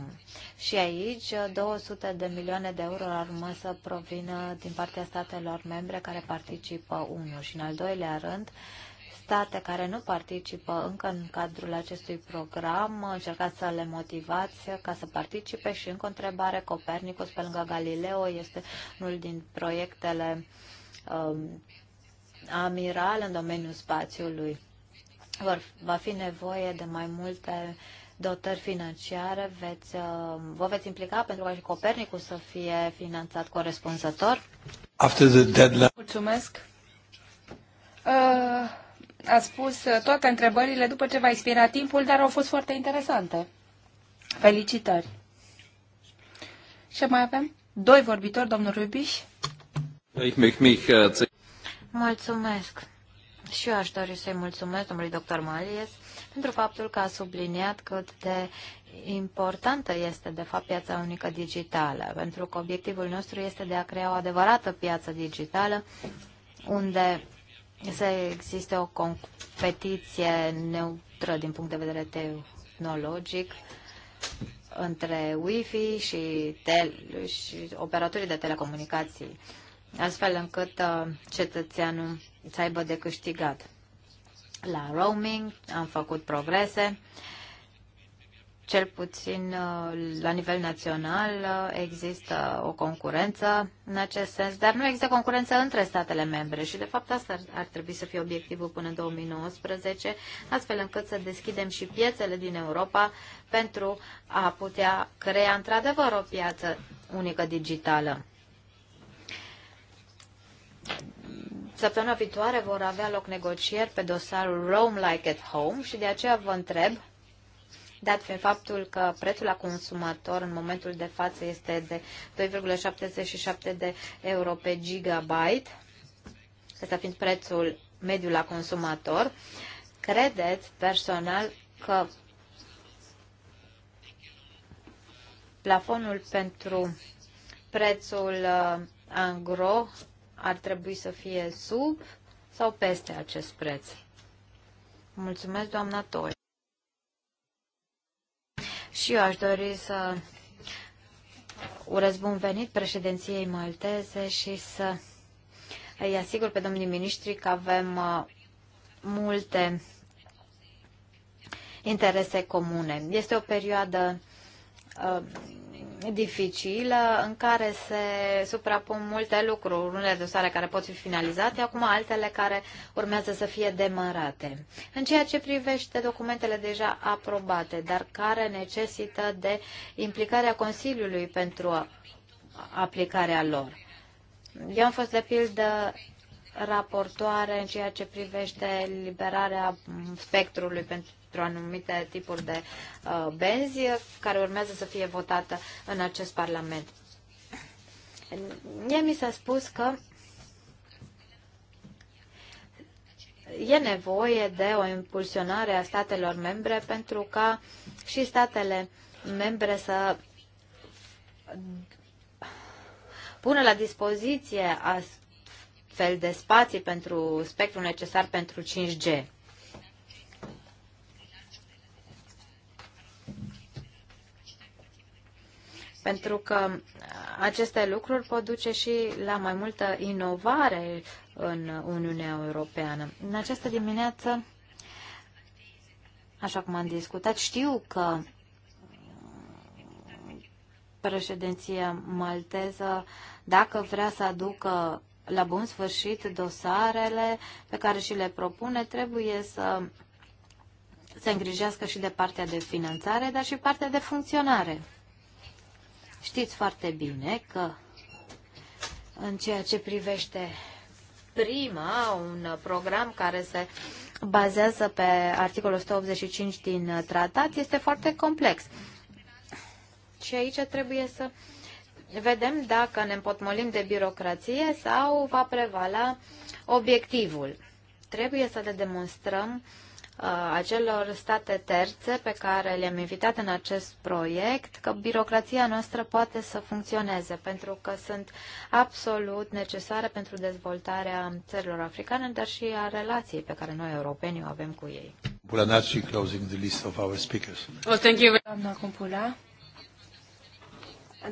Și aici 200 de milioane de euro ar urmă să provină din partea statelor membre care participă unul și în al doilea rând state care nu participă încă în cadrul acestui program, încercați să le motivați ca să participe și încă o întrebare, Copernicus pe lângă Galileo este unul din proiectele um, amiral în domeniul spațiului. Vor, va fi nevoie de mai multe dotări financiare. Veți, uh, vă veți implica pentru ca și Copernicul să fie finanțat corespunzător? After the deadline. Mulțumesc. Uh, a spus toate întrebările după ce va expira timpul, dar au fost foarte interesante. Felicitări. Ce mai avem doi vorbitori, domnul Rubiș. Mulțumesc! Și eu aș dori să-i mulțumesc domnului doctor Malies pentru faptul că a subliniat cât de importantă este, de fapt, piața unică digitală, pentru că obiectivul nostru este de a crea o adevărată piață digitală unde să existe o competiție neutră din punct de vedere tehnologic între Wi-Fi și, tel- și operatorii de telecomunicații astfel încât uh, cetățeanul să aibă de câștigat. La roaming am făcut progrese, cel puțin uh, la nivel național uh, există o concurență în acest sens, dar nu există concurență între statele membre și de fapt asta ar trebui să fie obiectivul până în 2019, astfel încât să deschidem și piețele din Europa pentru a putea crea într-adevăr o piață unică digitală săptămâna viitoare vor avea loc negocieri pe dosarul Rome Like at Home și de aceea vă întreb, dat fiind faptul că prețul la consumator în momentul de față este de 2,77 de euro pe gigabyte, acesta fiind prețul mediu la consumator, credeți personal că plafonul pentru prețul uh, angro ar trebui să fie sub sau peste acest preț? Mulțumesc, doamna Toi. Și eu aș dori să urez bun venit președinției malteze și să îi asigur pe domnii ministri că avem uh, multe interese comune. Este o perioadă uh, dificilă în care se suprapun multe lucruri, unele dosare care pot fi finalizate, acum altele care urmează să fie demarate. În ceea ce privește documentele deja aprobate, dar care necesită de implicarea Consiliului pentru aplicarea lor. Eu am fost, de pildă, raportoare în ceea ce privește liberarea spectrului pentru anumite tipuri de uh, benzi care urmează să fie votată în acest Parlament. Mie mi s-a spus că e nevoie de o impulsionare a statelor membre pentru ca și statele membre să pună la dispoziție fel de spații pentru spectrul necesar pentru 5G. Pentru că aceste lucruri pot duce și la mai multă inovare în Uniunea Europeană. În această dimineață, așa cum am discutat, știu că președinția malteză, dacă vrea să aducă la bun sfârșit dosarele pe care și le propune trebuie să se îngrijească și de partea de finanțare, dar și partea de funcționare. Știți foarte bine că în ceea ce privește prima, un program care se bazează pe articolul 185 din tratat, este foarte complex. Și aici trebuie să vedem dacă ne împotmolim de birocrație sau va prevala obiectivul. Trebuie să le demonstrăm uh, acelor state terțe pe care le-am invitat în acest proiect că birocrația noastră poate să funcționeze pentru că sunt absolut necesare pentru dezvoltarea țărilor africane, dar și a relației pe care noi europenii o avem cu ei. Well, thank you. Doamna Cumpula,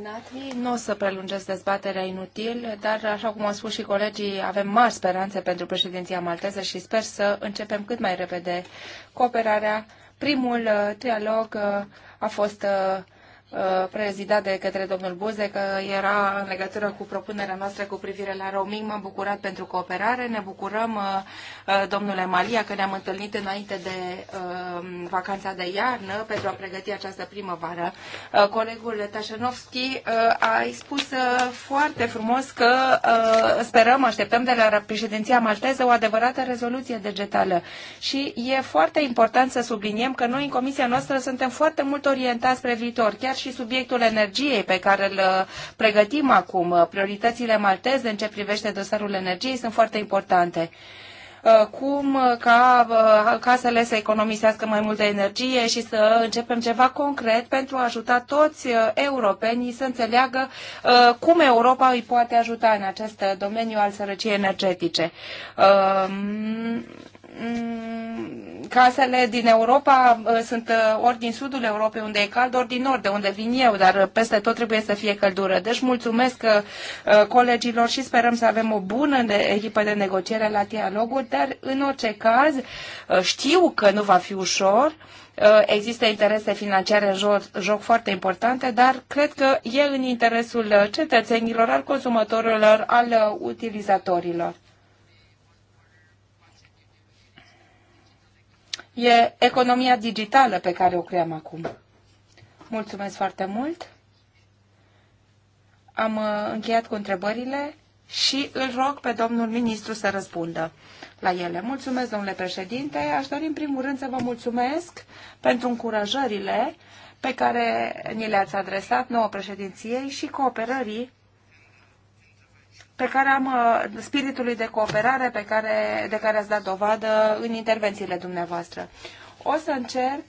Nati, nu o să prelungesc dezbaterea inutil, dar, așa cum au spus și colegii, avem mari speranțe pentru președinția malteză și sper să începem cât mai repede cooperarea. Primul uh, trialog uh, a fost uh, Uh, prezidat de către domnul Buze, că era în legătură cu propunerea noastră cu privire la roaming. M-am bucurat pentru cooperare. Ne bucurăm, uh, uh, domnule Malia, că ne-am întâlnit înainte de vacanța de iarnă pentru a pregăti această primăvară. Colegul Tașenovski a spus foarte frumos că sperăm, așteptăm de la președinția malteză o adevărată rezoluție degetală. Și e foarte important să subliniem că noi în comisia noastră suntem foarte mult orientați spre viitor, chiar și subiectul energiei pe care îl uh, pregătim acum. Prioritățile malteze în ce privește dosarul energiei sunt foarte importante uh, cum uh, ca casele să economisească mai multă energie și să începem ceva concret pentru a ajuta toți europenii să înțeleagă cum Europa îi poate ajuta în acest domeniu al sărăciei energetice. Mm, casele din Europa uh, sunt uh, ori din sudul Europei unde e cald, ori din nord de unde vin eu, dar uh, peste tot trebuie să fie căldură. Deci mulțumesc colegilor și sperăm să avem o bună echipă de negociere la dialoguri, dar în orice caz știu că nu va fi ușor, există interese financiare în joc, joc foarte importante, dar cred că e în interesul cetățenilor, al consumatorilor, al utilizatorilor. e economia digitală pe care o creăm acum. Mulțumesc foarte mult! Am uh, încheiat cu întrebările și îl rog pe domnul ministru să răspundă la ele. Mulțumesc, domnule președinte. Aș dori în primul rând să vă mulțumesc pentru încurajările pe care ni le-ați adresat nouă președinției și cooperării pe care am, uh, spiritului de cooperare pe care, de care ați dat dovadă în intervențiile dumneavoastră. O să încerc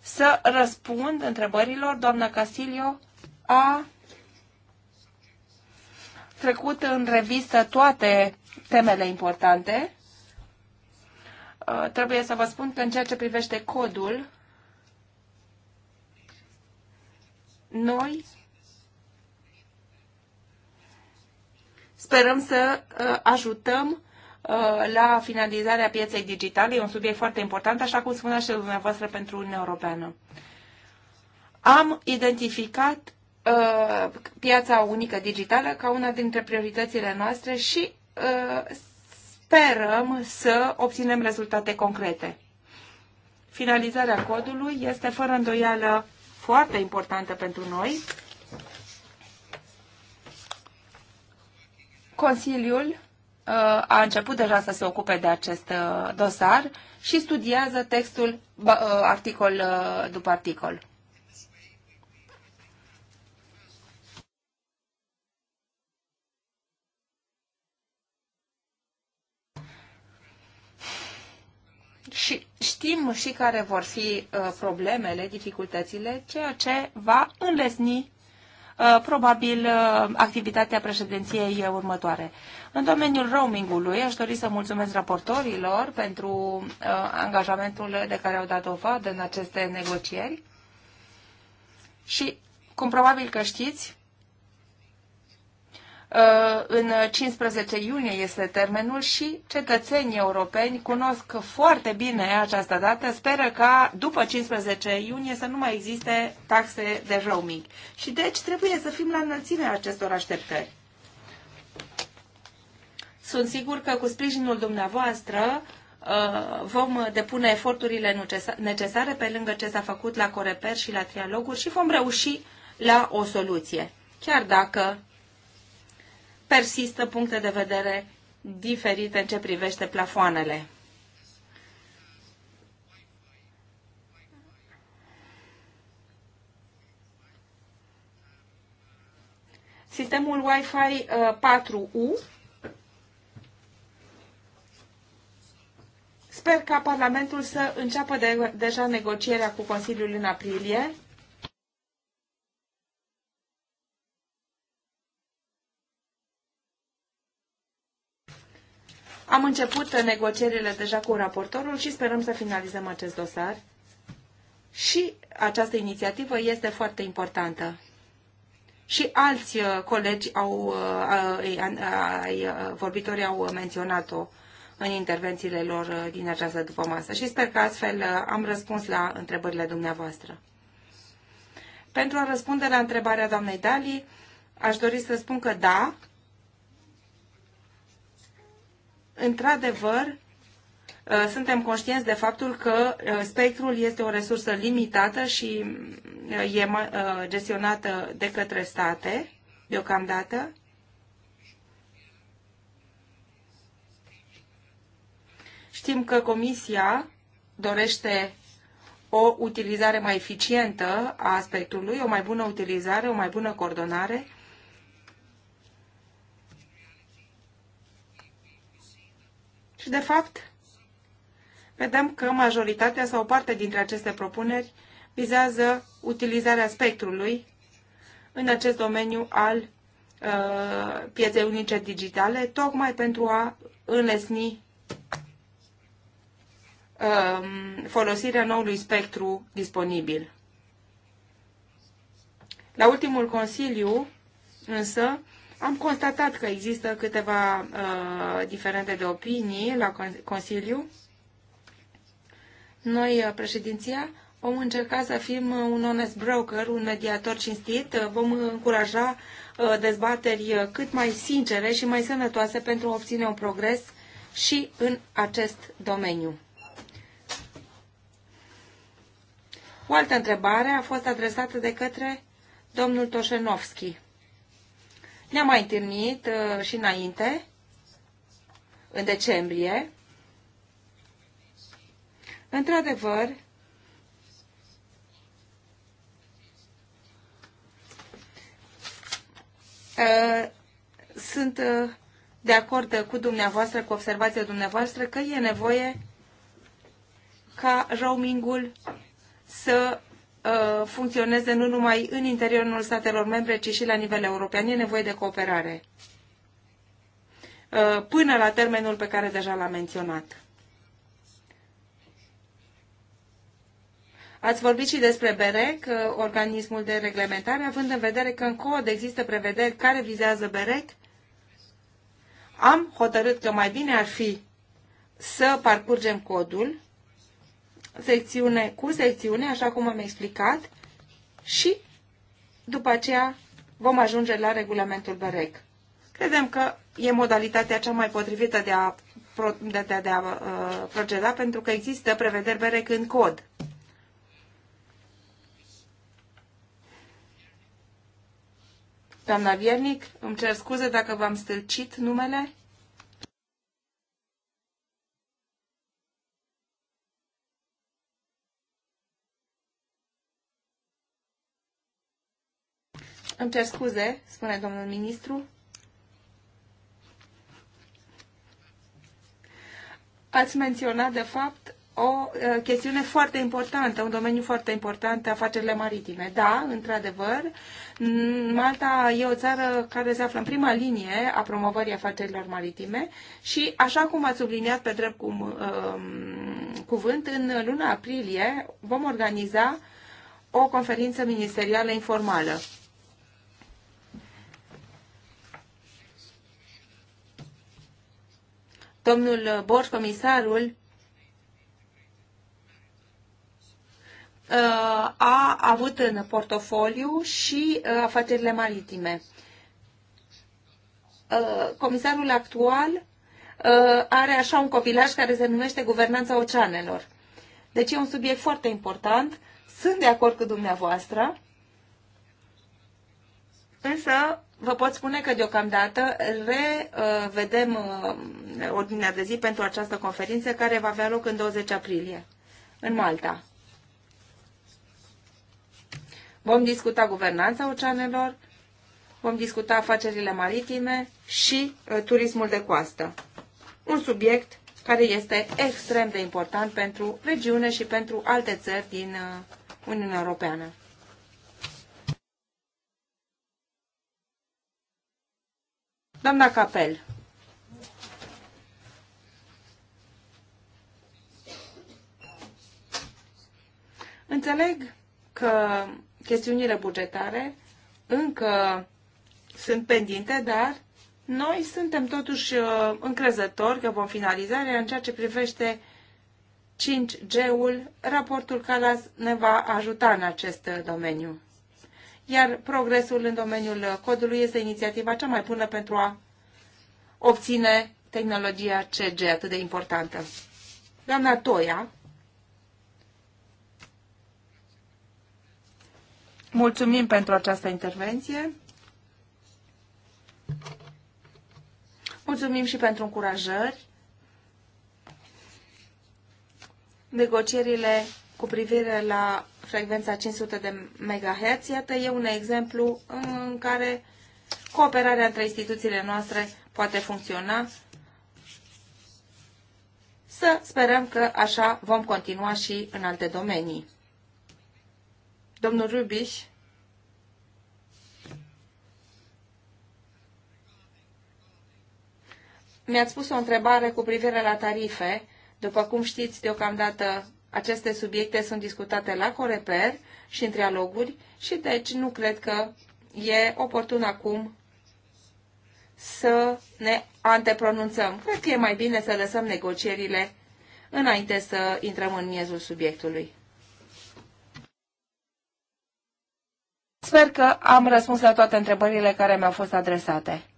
să răspund întrebărilor. Doamna Casilio a trecut în revistă toate temele importante. Uh, trebuie să vă spun că în ceea ce privește codul, noi Sperăm să uh, ajutăm uh, la finalizarea pieței digitale. E un subiect foarte important, așa cum spunea și dumneavoastră, pentru Uniunea Europeană. Am identificat uh, piața unică digitală ca una dintre prioritățile noastre și sperăm să obținem rezultate concrete. Finalizarea codului este fără îndoială foarte importantă pentru noi Consiliul uh, a început deja să se ocupe de acest uh, dosar și studiază textul uh, articol după articol. Și știm și care vor fi problemele, dificultățile, ceea ce va înlesni Uh, probabil uh, activitatea președinției următoare. În domeniul roamingului aș dori să mulțumesc raportorilor pentru uh, angajamentul de care au dat dovadă în aceste negocieri și, cum probabil că știți, Uh, în 15 iunie este termenul și cetățenii europeni cunosc foarte bine această dată. Speră ca după 15 iunie să nu mai existe taxe de roaming. Și deci trebuie să fim la înălțimea acestor așteptări. Sunt sigur că cu sprijinul dumneavoastră uh, vom depune eforturile necesare pe lângă ce s-a făcut la Coreper și la trialoguri și vom reuși la o soluție. Chiar dacă persistă puncte de vedere diferite în ce privește plafoanele. Sistemul Wi-Fi 4U uh, Sper ca Parlamentul să înceapă de, deja negocierea cu Consiliul în aprilie Am început negocierile deja cu raportorul și sperăm să finalizăm acest dosar. Și această inițiativă este foarte importantă. Și alți uh, colegi au, uh, ai, uh, vorbitorii au menționat-o în intervențiile lor din această dupămasă și sper că astfel am răspuns la întrebările dumneavoastră. Pentru a răspunde la întrebarea doamnei Dali, aș dori să spun că da, într-adevăr, uh, suntem conștienți de faptul că uh, spectrul este o resursă limitată și uh, e gestionată de către state deocamdată. Știm că Comisia dorește o utilizare mai eficientă a spectrului, o mai bună utilizare, o mai bună coordonare Și, de fapt, vedem că majoritatea sau o parte dintre aceste propuneri vizează utilizarea spectrului în acest domeniu al uh, pieței unice digitale, tocmai pentru a înlesni uh, folosirea noului spectru disponibil. La ultimul Consiliu, însă, am constatat că există câteva uh, diferente de opinii la Consiliu. Noi, uh, președinția, vom încerca să fim uh, un honest broker, un mediator cinstit. Uh, vom încuraja dezbateri cât mai sincere și mai sănătoase pentru a obține un progres și în acest domeniu. O altă întrebare a fost adresată de către domnul Toșenovski. Ne-am mai întâlnit uh, și înainte, în decembrie. Într-adevăr, uh, sunt uh, de acord cu dumneavoastră, cu observația dumneavoastră, că e nevoie ca roamingul să Uh, funcționeze nu numai în interiorul statelor membre, ci și la nivel european. E nevoie de cooperare uh, până la termenul pe care deja l-am menționat. Ați vorbit și despre BEREC, uh, organismul de reglementare, având în vedere că în cod există prevederi care vizează BEREC. Am hotărât că mai bine ar fi să parcurgem codul secțiune cu secțiune, așa cum am explicat, și după aceea vom ajunge la regulamentul BEREC. Credem că e modalitatea cea mai potrivită de a, de, de, de a uh, proceda pentru că există prevederi BEREC în cod. Doamna Viernic, îmi cer scuze dacă v-am stâlcit numele. Îmi cer scuze, spune domnul ministru. Ați menționat, de fapt, o uh, chestiune foarte importantă, un domeniu foarte important, afacerile maritime. Da, într-adevăr, Malta e o țară care se află în prima linie a promovării afacerilor maritime și, așa cum ați subliniat pe drept cum, um, cuvânt, în luna aprilie vom organiza o conferință ministerială informală Domnul Borș, comisarul, uh, a avut în portofoliu și uh, afacerile maritime. Uh, comisarul actual are așa un copilaj care se numește Guvernanța Oceanelor. Deci e un subiect foarte important. Sunt de acord cu dumneavoastră Însă vă pot spune că deocamdată revedem uh, ordinea de zi pentru această conferință care va avea loc în 20 aprilie, în Malta. Vom discuta guvernanța oceanelor, vom discuta afacerile maritime și uh, turismul de coastă. Un subiect care este extrem de important pentru regiune și pentru alte țări din uh, Uniunea Europeană. Doamna Capel. Înțeleg că chestiunile bugetare încă sunt pendinte, dar noi suntem totuși uh, încrezători că vom finaliza în ceea ce privește 5G-ul. Raportul Calas ne va ajuta în acest domeniu iar progresul în domeniul codului este inițiativa cea mai bună pentru a obține tehnologia CG atât de importantă. Doamna Toia, mulțumim pentru această intervenție. Mulțumim și pentru încurajări. Negocierile cu privire la frecvența 500 de MHz. Iată, e un exemplu în care cooperarea între instituțiile noastre poate funcționa. Să sperăm că așa vom continua și în alte domenii. Domnul Rubiș mi-ați pus o întrebare cu privire la tarife. După cum știți, deocamdată aceste subiecte sunt discutate la Coreper și în trialoguri și deci nu cred că e oportun acum să ne antepronunțăm. Cred că e mai bine să lăsăm negocierile înainte să intrăm în miezul subiectului. Sper că am răspuns la toate întrebările care mi-au fost adresate.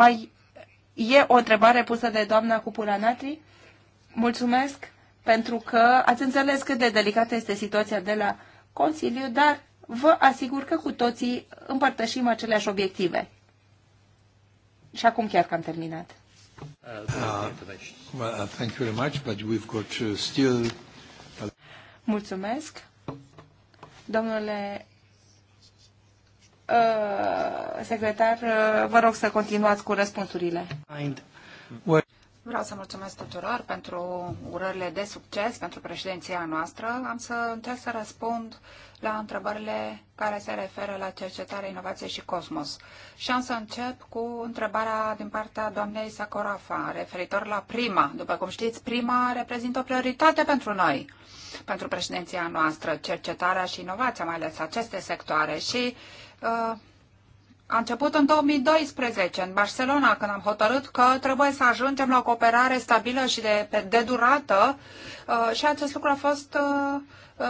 Mai e o întrebare pusă de doamna Cupula Natri. Mulțumesc pentru că ați înțeles cât de delicată este situația de la Consiliu, dar vă asigur că cu toții împărtășim aceleași obiective. Și acum chiar că am terminat. Uh, uh, uh, Mulțumesc. Domnule Uh, secretar, uh, vă rog să continuați cu răspunsurile. Vreau să mulțumesc tuturor pentru urările de succes pentru președinția noastră. Am să încerc să răspund la întrebările care se referă la cercetare, inovație și cosmos. Și am să încep cu întrebarea din partea doamnei Sacorafa, referitor la prima. După cum știți, prima reprezintă o prioritate pentru noi, pentru președinția noastră, cercetarea și inovația, mai ales aceste sectoare. Și Uh, a început în 2012 în Barcelona, când am hotărât că trebuie să ajungem la o cooperare stabilă și de, de durată uh, și acest lucru a fost uh,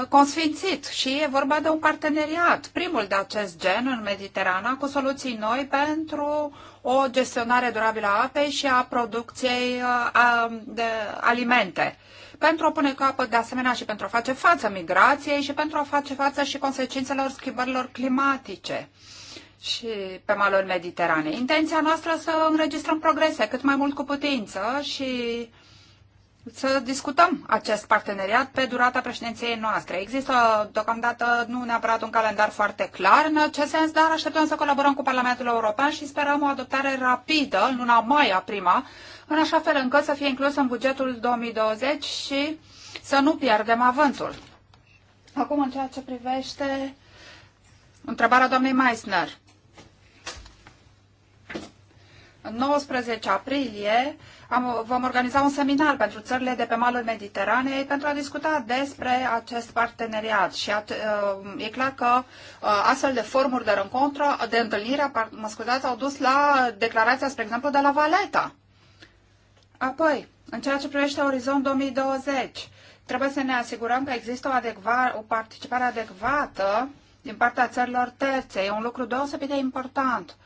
consfințit și e vorba de un parteneriat, primul de acest gen în Mediterana, cu soluții noi pentru o gestionare durabilă a apei și a producției de alimente pentru a pune capăt de asemenea și pentru a face față migrației și pentru a face față și consecințelor schimbărilor climatice și pe malul Mediteranei. Intenția noastră să înregistrăm progrese cât mai mult cu putință și să discutăm acest parteneriat pe durata președinției noastre. Există deocamdată nu neapărat un calendar foarte clar în acest sens, dar așteptăm să colaborăm cu Parlamentul European și sperăm o adoptare rapidă, în luna mai a prima, în așa fel încât să fie inclus în bugetul 2020 și să nu pierdem avântul. Acum, în ceea ce privește întrebarea doamnei Meissner, în 19 aprilie am, vom organiza un seminar pentru țările de pe malul Mediteranei pentru a discuta despre acest parteneriat și at, uh, e clar că uh, astfel de formuri de rencontră, de întâlnire, mă scuzați, au dus la declarația, spre exemplu, de la Valeta. Apoi, în ceea ce privește Orizont 2020, trebuie să ne asigurăm că există o, adecva, o participare adecvată din partea țărilor terțe. E un lucru deosebit de important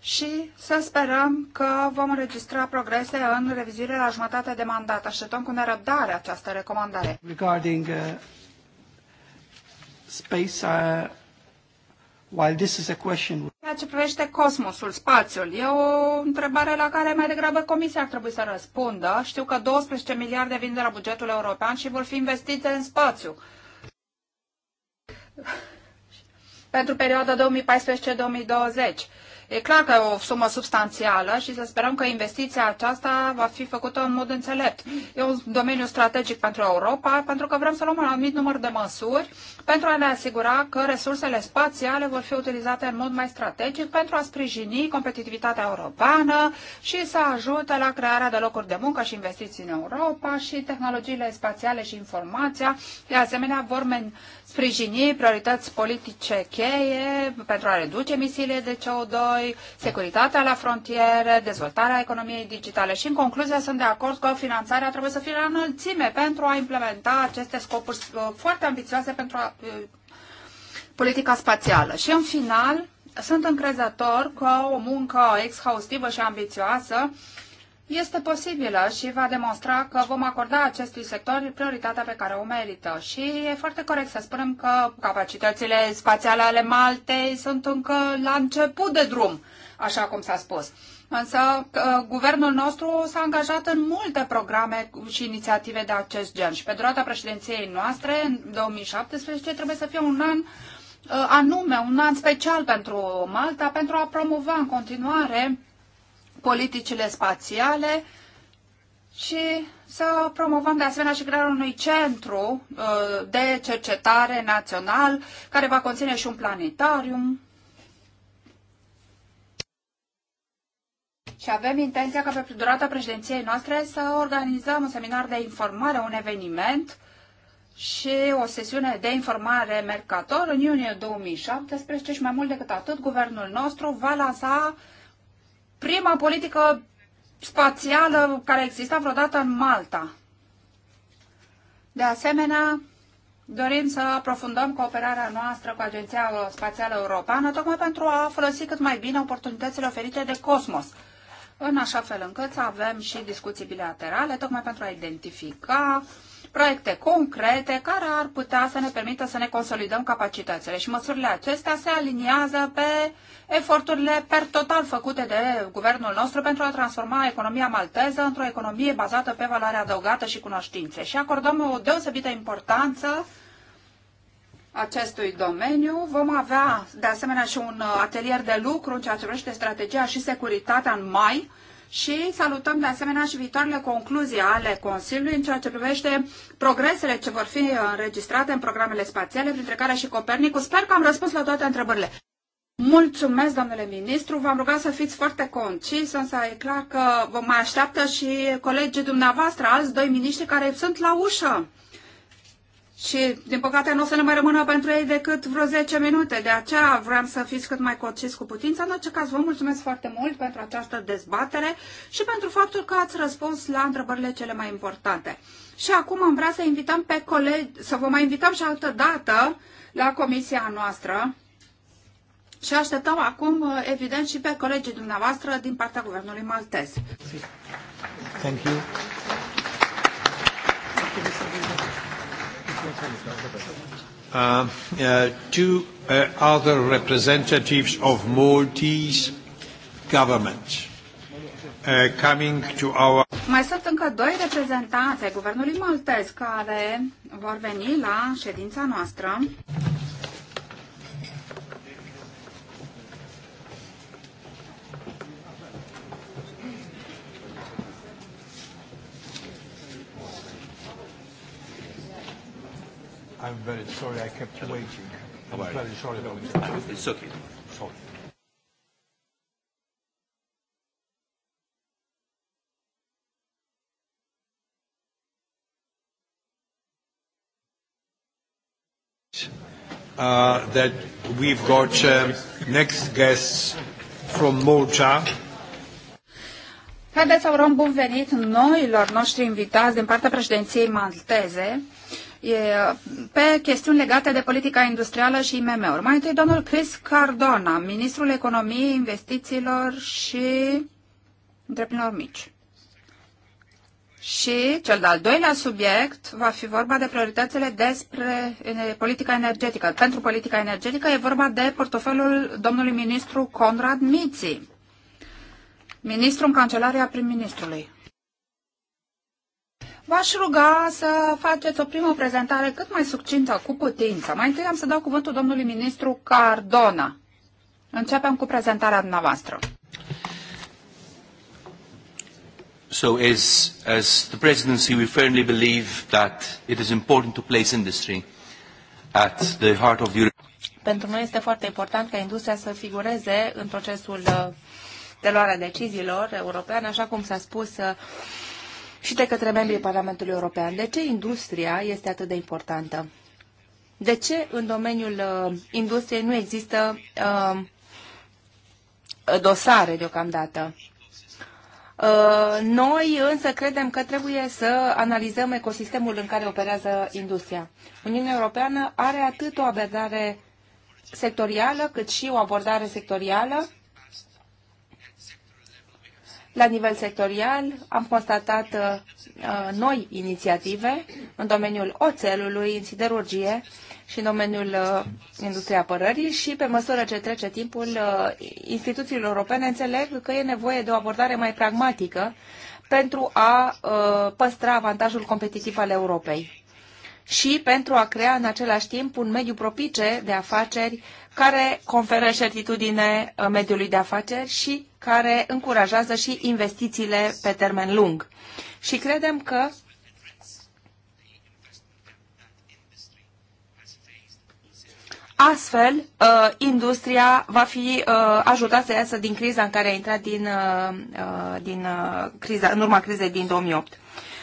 și să sperăm că vom înregistra progrese în revizuirea la jumătate de mandat. Așteptăm cu nerăbdare această recomandare. Regarding uh, space, uh, while this is a question... Ceea ce privește cosmosul, spațiul, e o întrebare la care mai degrabă Comisia ar trebui să răspundă. Știu că 12 miliarde vin de la bugetul european și vor fi investite în spațiu. pentru perioada 2014-2020 E clar că e o sumă substanțială și să sperăm că investiția aceasta va fi făcută în mod înțelept. E un domeniu strategic pentru Europa, pentru că vrem să luăm un anumit număr de măsuri pentru a ne asigura că resursele spațiale vor fi utilizate în mod mai strategic pentru a sprijini competitivitatea europeană și să ajute la crearea de locuri de muncă și investiții în Europa și tehnologiile spațiale și informația. De asemenea, vor men- sprijini priorități politice cheie pentru a reduce emisiile de CO2, securitatea la frontiere, dezvoltarea economiei digitale și, în concluzie, sunt de acord că finanțarea trebuie să fie la înălțime pentru a implementa aceste scopuri uh, foarte ambițioase pentru a, uh, politica spațială. Și, în final, sunt încrezător că o muncă exhaustivă și ambițioasă este posibilă și va demonstra că vom acorda acestui sector prioritatea pe care o merită. Și e foarte corect să spunem că capacitățile spațiale ale Maltei sunt încă la început de drum, așa cum s-a spus. Însă guvernul nostru s-a angajat în multe programe și inițiative de acest gen și pe durata președinției noastre, în 2017, trebuie să fie un an ă, anume, un an special pentru Malta, pentru a promova în continuare politicile spațiale și să promovăm de asemenea și crearea unui centru uh, de cercetare național care va conține și un planetarium. Și avem intenția ca pe durata președinției noastre să organizăm un seminar de informare, un eveniment și o sesiune de informare Mercator în iunie 2017 și mai mult decât atât, guvernul nostru va lansa prima politică spațială care exista vreodată în Malta. De asemenea, dorim să aprofundăm cooperarea noastră cu Agenția Spațială Europeană, tocmai pentru a folosi cât mai bine oportunitățile oferite de Cosmos, în așa fel încât să avem și discuții bilaterale, tocmai pentru a identifica uh, proiecte concrete care ar putea să ne permită să ne consolidăm capacitățile și măsurile acestea se aliniază pe eforturile per total făcute de guvernul nostru pentru a transforma economia malteză într-o economie bazată pe valoare adăugată și cunoștințe și acordăm o deosebită importanță acestui domeniu. Vom avea de asemenea și un atelier de lucru în ceea ce privește strategia și securitatea în mai și salutăm de asemenea și viitoarele concluzii ale Consiliului în ceea ce privește progresele ce vor fi înregistrate în programele spațiale, printre care și Copernicus. Sper că am răspuns la toate întrebările. Mulțumesc, domnule ministru. V-am rugat să fiți foarte concis, însă e clar că vă mai așteaptă și colegii dumneavoastră, alți doi miniștri care sunt la ușă. Și, din păcate, nu o să ne mai rămână pentru ei decât vreo 10 minute. De aceea vreau să fiți cât mai conciși cu putință. În orice caz, vă mulțumesc foarte mult pentru această dezbatere și pentru faptul că ați răspuns la întrebările cele mai importante. Și acum am vrea să invităm pe colegi, să vă mai invităm și altă dată la comisia noastră. Și așteptăm acum, evident, și pe colegii dumneavoastră din partea Guvernului Maltez. Thank you. Uh, uh, two uh, other representatives of Maltese government uh, coming to our... Mai sunt încă doi reprezentanți ai Guvernului Maltez care vor veni la ședința noastră. I'm very sorry I kept you waiting. I'm very sorry about this. It's okay. Sorry. Uh, that we've got uh, next guests from Malta. Haideți să urăm bun venit noilor noștri invitați din partea președinției malteze pe chestiuni legate de politica industrială și IMM-uri. Mai întâi, domnul Chris Cardona, ministrul economiei, investițiilor și întreprinderilor mici. Și cel de-al doilea subiect va fi vorba de prioritățile despre politica energetică. Pentru politica energetică e vorba de portofelul domnului ministru Conrad Miții, ministru în cancelarea prim-ministrului. V-aș ruga să faceți o primă prezentare cât mai succintă, cu putință. Mai întâi am să dau cuvântul domnului ministru Cardona. Începem cu prezentarea dumneavoastră. So as, as the presidency, we firmly believe that it is important to place industry at the heart of Europe. Pentru noi este foarte important ca industria să figureze în procesul uh, de luare deciziilor europene, așa cum s-a spus uh, și de către membrii Parlamentului European. De ce industria este atât de importantă? De ce în domeniul uh, industriei nu există uh, dosare deocamdată? Uh, noi însă credem că trebuie să analizăm ecosistemul în care operează industria. Uniunea Europeană are atât o abordare sectorială cât și o abordare sectorială la nivel sectorial am constatat uh, uh, noi inițiative în domeniul oțelului, în siderurgie și în domeniul uh, industriei apărării și pe măsură ce trece timpul, instituțiile europene înțeleg că e nevoie de o abordare mai pragmatică pentru a păstra avantajul competitiv al Europei și pentru a crea în același timp un mediu propice de afaceri care conferă certitudine uh, mediului de afaceri și care încurajează și investițiile pe termen lung. Și credem că Astfel, uh, industria va fi uh, ajutată să iasă din criza în care a intrat din, din criza, în urma crizei din 2008.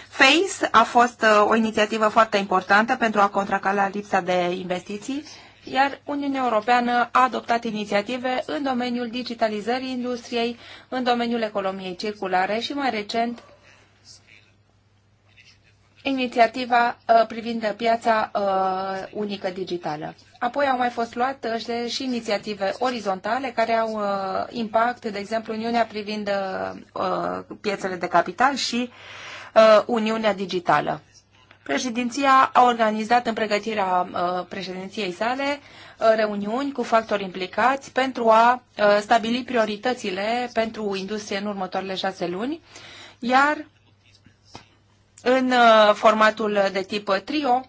FACE a fost o inițiativă foarte importantă pentru a contracala lipsa de investiții iar Uniunea Europeană a adoptat inițiative în domeniul digitalizării industriei, în domeniul economiei circulare și, mai recent, inițiativa uh, privind piața uh, unică digitală. Apoi au mai fost luate și inițiative orizontale care au uh, impact, de exemplu, Uniunea privind piețele de capital și Uniunea digitală. Președinția a organizat în pregătirea uh, președinției sale uh, reuniuni cu factori implicați pentru a uh, stabili prioritățile pentru industrie în următoarele șase luni, iar în formatul de tip trio,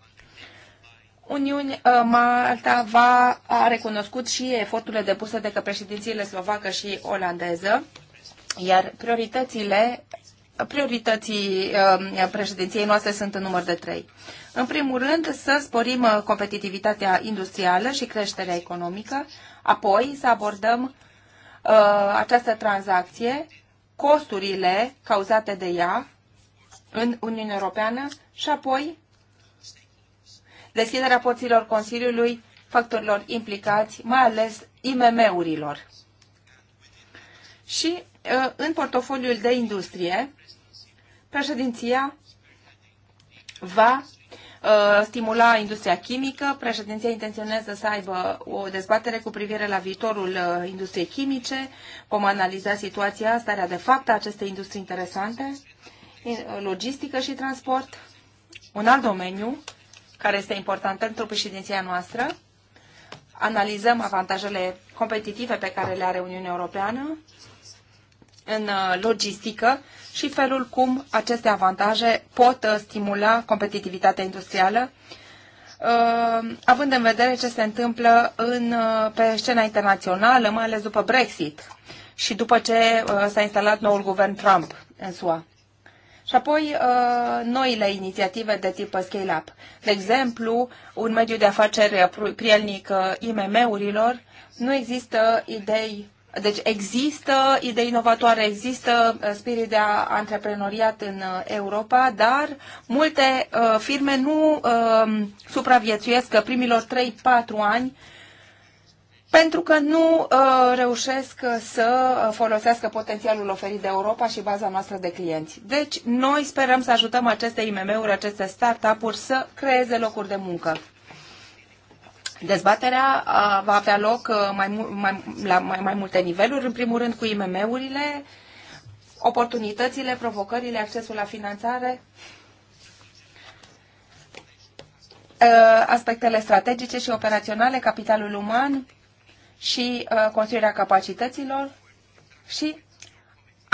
Uniuni Malta va, a recunoscut și eforturile depuse de că președințiile slovacă și olandeză, iar prioritățile priorității um, președinției noastre sunt în număr de trei. În primul rând, să sporim uh, competitivitatea industrială și creșterea economică, apoi să abordăm uh, această tranzacție, costurile cauzate de ea în Uniunea Europeană și apoi deschiderea porților Consiliului factorilor implicați, mai ales IMM-urilor. Și uh, în portofoliul de industrie Președinția va uh, stimula industria chimică. Președinția intenționează să aibă o dezbatere cu privire la viitorul uh, industriei chimice. cum analiza situația, starea de fapt a acestei industrii interesante, uh, logistică și transport. Un alt domeniu care este important pentru președinția noastră. Analizăm avantajele competitive pe care le are Uniunea Europeană în uh, logistică și felul cum aceste avantaje pot uh, stimula competitivitatea industrială, uh, având în vedere ce se întâmplă în, pe scena internațională, mai ales după Brexit și după ce s-a instalat noul guvern Trump în SUA. Și apoi noile inițiative de tip scale-up. De exemplu, un mediu de afaceri prielnic IMM-urilor, nu există idei deci există idei inovatoare, există uh, spirit de antreprenoriat în uh, Europa, dar multe uh, firme nu um, supraviețuiesc primilor 3-4 ani pentru că nu reușesc să folosească potențialul oferit de Europa și baza noastră de clienți. Deci noi sperăm să ajutăm aceste IMM-uri, aceste start-up-uri să creeze locuri de muncă. Dezbaterea va avea loc mai, mai, la mai, mai multe niveluri, în primul rând cu IMM-urile, oportunitățile, provocările, accesul la finanțare, aspectele strategice și operaționale, capitalul uman și construirea capacităților și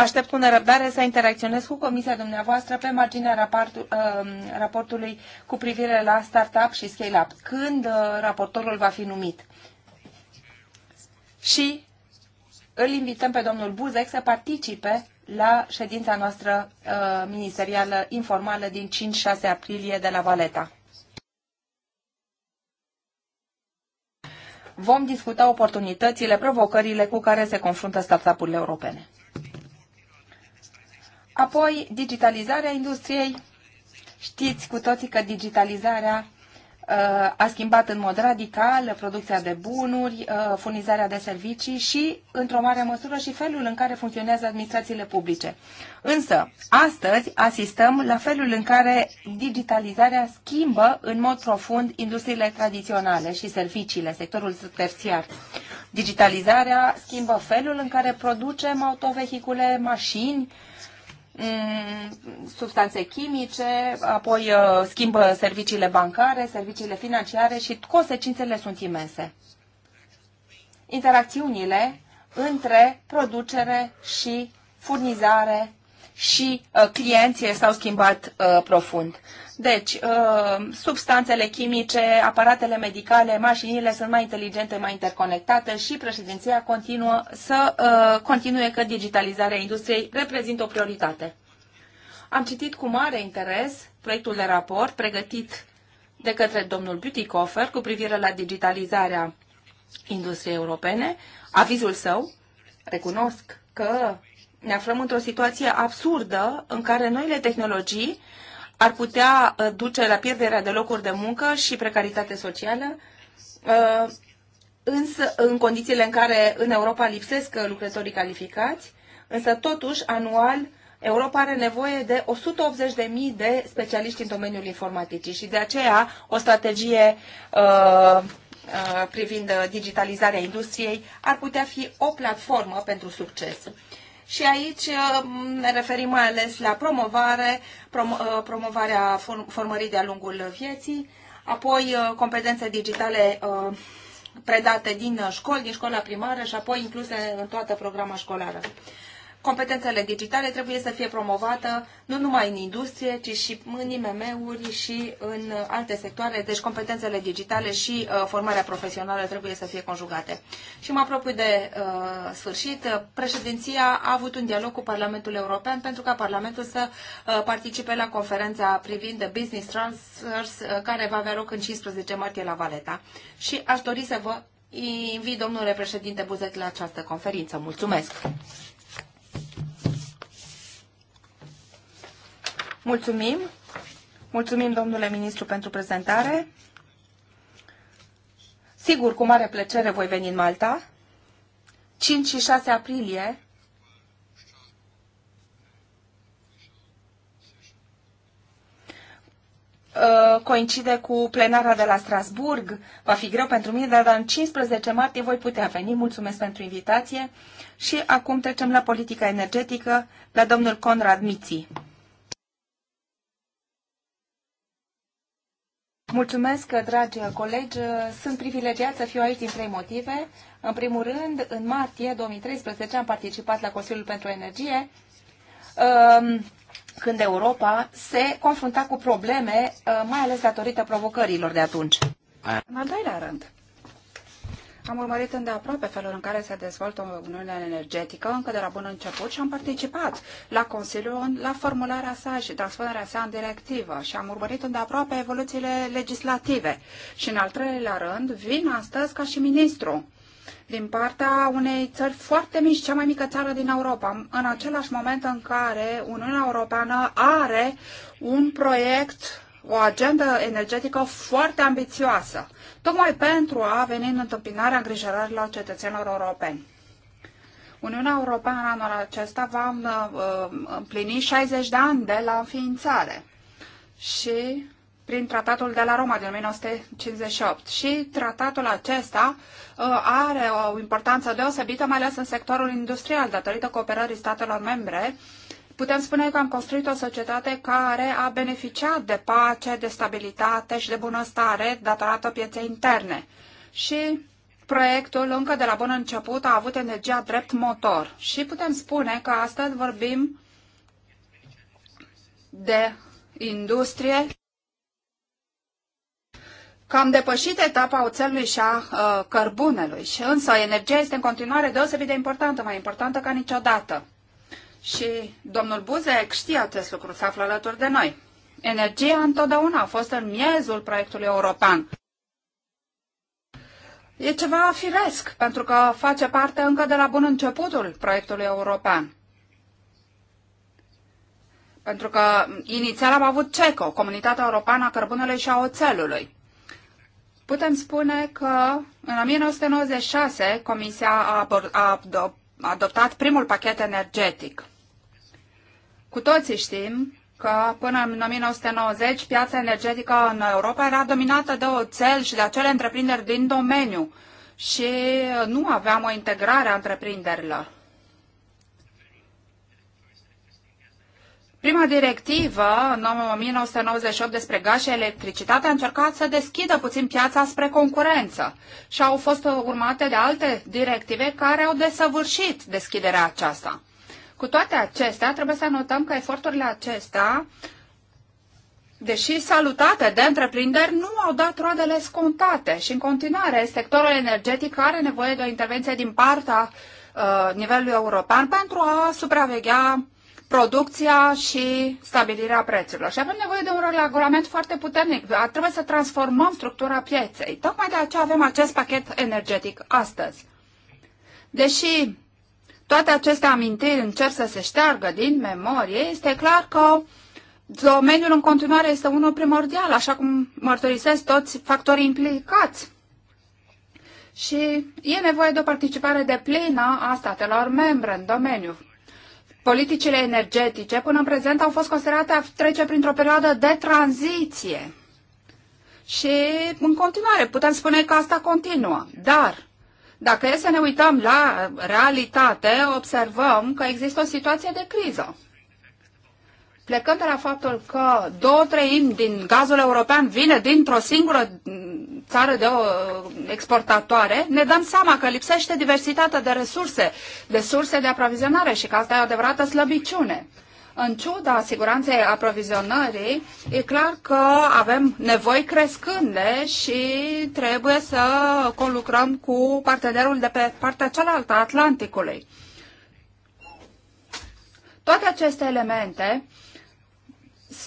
Aștept cu nerăbdare să interacționez cu comisia dumneavoastră pe marginea raportul, um, raportului cu privire la startup și scale-up, când uh, raportorul va fi numit. Și îl invităm pe domnul Buzec să participe la ședința noastră uh, ministerială informală din 5-6 aprilie de la Valeta. Vom discuta oportunitățile, provocările cu care se confruntă startup-urile europene. Apoi, digitalizarea industriei. Știți cu toții că digitalizarea uh, a schimbat în mod radical producția de bunuri, uh, furnizarea de servicii și, într-o mare măsură, și felul în care funcționează administrațiile publice. Însă, astăzi asistăm la felul în care digitalizarea schimbă în mod profund industriile tradiționale și serviciile, sectorul terțiar. Digitalizarea schimbă felul în care producem autovehicule, mașini, Mm, substanțe chimice, apoi uh, schimbă serviciile bancare, serviciile financiare și consecințele sunt imense. Interacțiunile între producere și furnizare și uh, clienții s-au schimbat uh, profund. Deci, uh, substanțele chimice, aparatele medicale, mașinile sunt mai inteligente, mai interconectate și președinția continuă să uh, continue că digitalizarea industriei reprezintă o prioritate. Am citit cu mare interes proiectul de raport pregătit de către domnul Butikofer cu privire la digitalizarea industriei europene, avizul său, recunosc că ne aflăm într-o situație absurdă în care noile tehnologii ar putea uh, duce la pierderea de locuri de muncă și precaritate socială, uh, însă în condițiile în care în Europa lipsesc uh, lucrătorii calificați, însă totuși anual Europa are nevoie de 180.000 de specialiști în domeniul informaticii și de aceea o strategie privind digitalizarea industriei ar putea fi o platformă pentru succes și aici uh, ne referim mai ales la promovare, prom- uh, promovarea formării de-a lungul vieții, apoi uh, competențe digitale predate din școli, din școala primară și apoi incluse în toată programa școlară competențele digitale trebuie să fie promovată nu numai în industrie, ci și în IMM-uri și în alte sectoare. Deci competențele digitale și uh, formarea profesională trebuie să fie conjugate. Și mă apropii de uh, sfârșit. Președinția a avut un dialog cu Parlamentul European pentru ca Parlamentul să uh, participe la conferința privind the business transfers uh, care va avea loc în 15 martie la Valeta. Și aș dori să vă invit, domnule președinte Buzet, la această conferință. Mulțumesc! Mulțumim! Mulțumim, domnule ministru, pentru prezentare. Sigur, cu mare plăcere voi veni în Malta. 5 și 6 aprilie uh, coincide cu plenara de la Strasburg. Va fi greu pentru mine, dar în 15 martie voi putea veni. Mulțumesc pentru invitație. Și acum trecem la politica energetică, la domnul Conrad Miții. Mulțumesc, dragi colegi. Sunt privilegiat să fiu aici din trei motive. În primul rând, în martie 2013 am participat la Consiliul pentru Energie, um, când Europa se confrunta cu probleme, uh, mai ales datorită provocărilor de atunci. În al doilea rând, am urmărit îndeaproape felul în care se dezvoltă Uniunea Energetică încă de la bun început și am participat la Consiliu la formularea sa și transpunerea sa în directivă și am urmărit îndeaproape evoluțiile legislative. Și în al treilea rând vin astăzi ca și ministru din partea unei țări foarte mici, cea mai mică țară din Europa, în același moment în care Uniunea Europeană are un proiect o agendă energetică foarte ambițioasă, tocmai pentru a veni în întâmpinarea îngrijorărilor cetățenilor europeni. Uniunea Europeană anul acesta va uh, uh, împlini 60 de ani de la înființare și prin tratatul de la Roma din 1958. Și tratatul acesta uh, are o importanță deosebită, mai ales în sectorul industrial, datorită cooperării statelor membre Putem spune că am construit o societate care a beneficiat de pace, de stabilitate și de bunăstare datorată pieței interne. Și proiectul, încă de la bun început, a avut energia drept motor. Și putem spune că astăzi vorbim de industrie că am depășit etapa oțelului și a uh, cărbunelui. Și însă energia este în continuare deosebit de importantă, mai importantă ca niciodată. Și domnul Buzek știe acest lucru, s-a află alături de noi. Energia întotdeauna a fost în miezul proiectului european. E ceva firesc, pentru că face parte încă de la bun începutul proiectului european. Pentru că inițial am avut CECO, Comunitatea Europeană a Cărbunelui și a Oțelului. Putem spune că în 1996 Comisia a, a adoptat primul pachet energetic. Cu toții știm că până în 1990 piața energetică în Europa era dominată de oțel și de acele întreprinderi din domeniu și nu aveam o integrare a întreprinderilor. Prima directivă, în 1998, despre gaz și electricitate a încercat să deschidă puțin piața spre concurență și au fost urmate de alte directive care au desăvârșit deschiderea aceasta. Cu toate acestea, trebuie să notăm că eforturile acestea, deși salutate de întreprinderi, nu au dat roadele scontate și în continuare sectorul energetic are nevoie de o intervenție din partea uh, nivelului european pentru a supraveghea uh, producția și stabilirea prețurilor. Și avem nevoie de un regulament foarte puternic. Trebuie să transformăm structura pieței. Tocmai de aceea avem acest pachet energetic astăzi. Deși toate aceste amintiri încerc să se șteargă din memorie, este clar că domeniul în continuare este unul primordial, așa cum mărturisesc toți factorii implicați. Și e nevoie de o participare de plină a statelor membre în domeniu. Politicile energetice până în prezent au fost considerate a trece printr-o perioadă de tranziție. Și în continuare putem spune că asta continuă. Dar dacă e să ne uităm la realitate, observăm că există o situație de criză. Plecând de la faptul că două treimi din gazul european vine dintr-o singură țară de o uh, exportatoare, ne dăm seama că lipsește diversitatea de resurse, de surse de aprovizionare și că asta e o adevărată slăbiciune. În ciuda siguranței aprovizionării, e clar că avem nevoi crescânde și trebuie să conlucrăm cu partenerul de pe partea cealaltă a Atlanticului. Toate aceste elemente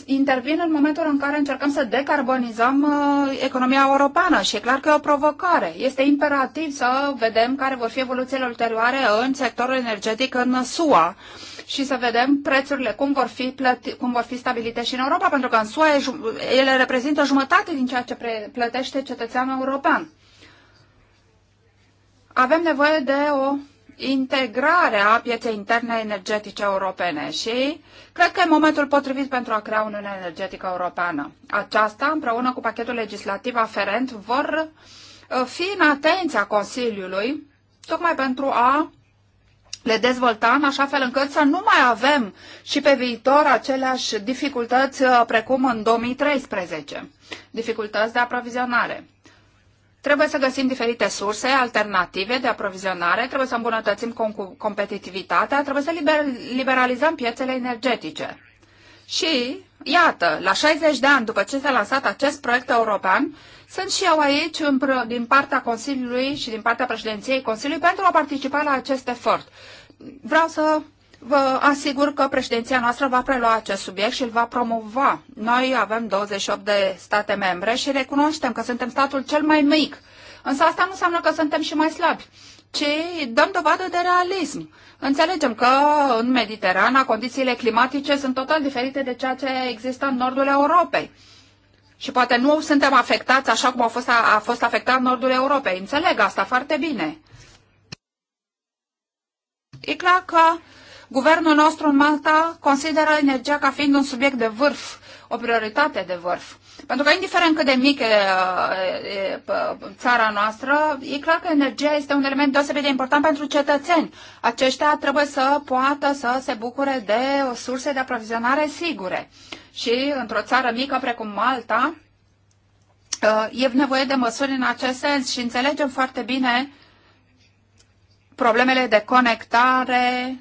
intervin în momentul în care încercăm să decarbonizăm uh, economia europeană și e clar că e o provocare. Este imperativ să vedem care vor fi evoluțiile ulterioare în sectorul energetic în SUA și să vedem prețurile, cum vor fi, plăti, cum vor fi stabilite și în Europa, pentru că în SUA ele reprezintă jumătate din ceea ce plătește cetățeanul european. Avem nevoie de o integrarea pieței interne energetice europene și cred că e momentul potrivit pentru a crea Uniunea Energetică Europeană. Aceasta, împreună cu pachetul legislativ aferent, vor uh, fi în atenția Consiliului, tocmai pentru a le dezvolta în așa fel încât să nu mai avem și pe viitor aceleași dificultăți uh, precum în 2013, dificultăți de aprovizionare. Trebuie să găsim diferite surse alternative de aprovizionare, trebuie să îmbunătățim competitivitatea, trebuie să liber liberalizăm piețele energetice. Și, iată, la 60 de ani după ce s-a lansat acest proiect european, sunt și eu aici din partea Consiliului și din partea președinției Consiliului pentru a participa la acest efort. Vreau să Vă asigur că președinția noastră va prelua acest subiect și îl va promova. Noi avem 28 de state membre și recunoaștem că suntem statul cel mai mic. Însă asta nu înseamnă că suntem și mai slabi, ci dăm dovadă de realism. Înțelegem că în Mediterana condițiile climatice sunt total diferite de ceea ce există în nordul Europei. Și poate nu suntem afectați așa cum a fost, a, a fost afectat nordul Europei. Înțeleg asta foarte bine. E clar că Guvernul nostru în Malta consideră energia ca fiind un subiect de vârf, o prioritate de vârf. Pentru că, indiferent cât de mică e, țara noastră, e clar că energia este un element deosebit de important pentru cetățeni. Aceștia trebuie să poată să se bucure de o surse de aprovizionare sigure. Și, într-o țară mică precum Malta, ă, e nevoie de măsuri în acest sens și înțelegem foarte bine problemele de conectare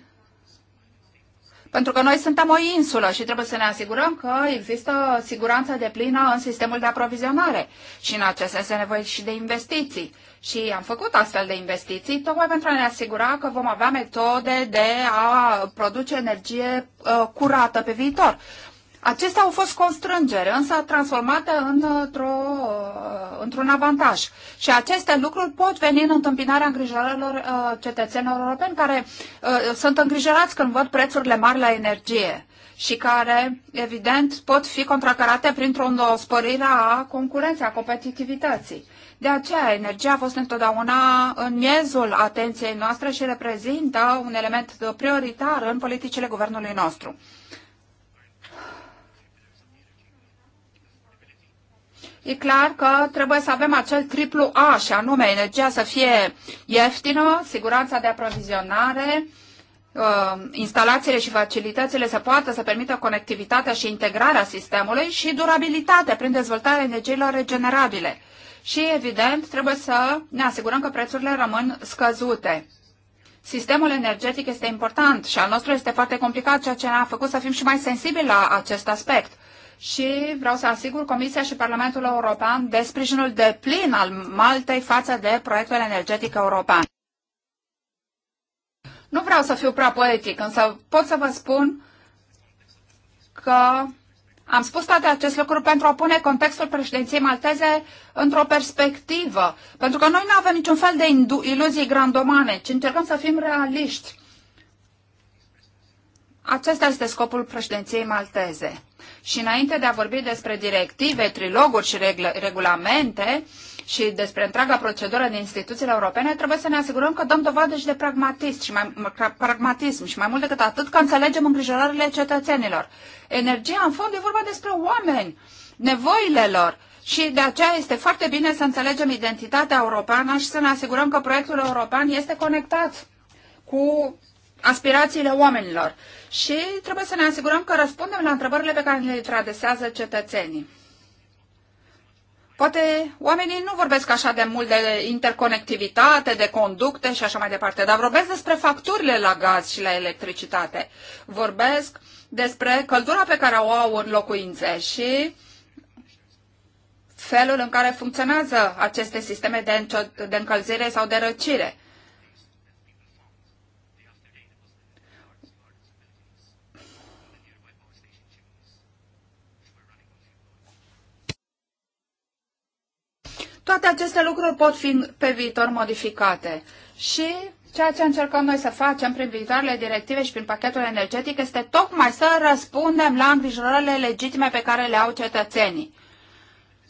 pentru că noi suntem o insulă și trebuie să ne asigurăm că există siguranță de plină în sistemul de aprovizionare. Și în acest sens e nevoie și de investiții. Și am făcut astfel de investiții tocmai pentru a ne asigura că vom avea metode de a produce energie uh, curată pe viitor. Acestea au fost constrângeri, însă transformate într-o, într-un avantaj. Și aceste lucruri pot veni în întâmpinarea îngrijorărilor uh, cetățenilor europeni care uh, sunt îngrijorați când văd prețurile mari la energie și care, evident, pot fi contracarate printr-o sporire a concurenței, a competitivității. De aceea, energia a fost întotdeauna în miezul atenției noastre și reprezintă un element prioritar în politicile guvernului nostru. e clar că trebuie să avem acel triplu A, și anume energia să fie ieftină, siguranța de aprovizionare, uh, instalațiile și facilitățile să poată să permită conectivitatea și integrarea sistemului și durabilitatea prin dezvoltarea energiilor regenerabile. Și, evident, trebuie să ne asigurăm că prețurile rămân scăzute. Sistemul energetic este important și al nostru este foarte complicat, ceea ce ne-a făcut să fim și mai sensibili la acest aspect și vreau să asigur Comisia și Parlamentul European de sprijinul de plin al Maltei față de proiectul energetic european. Nu vreau să fiu prea poetic, însă pot să vă spun că am spus toate acest lucru pentru a pune contextul președinției malteze într-o perspectivă, pentru că noi nu avem niciun fel de iluzii grandomane, ci încercăm să fim realiști. Acesta este scopul președinției malteze. Și înainte de a vorbi despre directive, triloguri și regl- regulamente și despre întreaga procedură din instituțiile europene, trebuie să ne asigurăm că dăm dovadă și de pragmatism și mai, pragmatism și mai mult decât atât că înțelegem îngrijorările cetățenilor. Energia, în fond, e vorba despre oameni, nevoile lor. Și de aceea este foarte bine să înțelegem identitatea europeană și să ne asigurăm că proiectul european este conectat cu aspirațiile oamenilor și trebuie să ne asigurăm că răspundem la întrebările pe care le tradesează cetățenii. Poate oamenii nu vorbesc așa de mult de interconectivitate, de conducte și așa mai departe, dar vorbesc despre facturile la gaz și la electricitate. Vorbesc despre căldura pe care o au în locuințe și felul în care funcționează aceste sisteme de încălzire sau de răcire. Toate aceste lucruri pot fi pe viitor modificate și Ceea ce încercăm noi să facem prin viitoarele directive și prin pachetul energetic este tocmai să răspundem la îngrijorările legitime pe care le au cetățenii.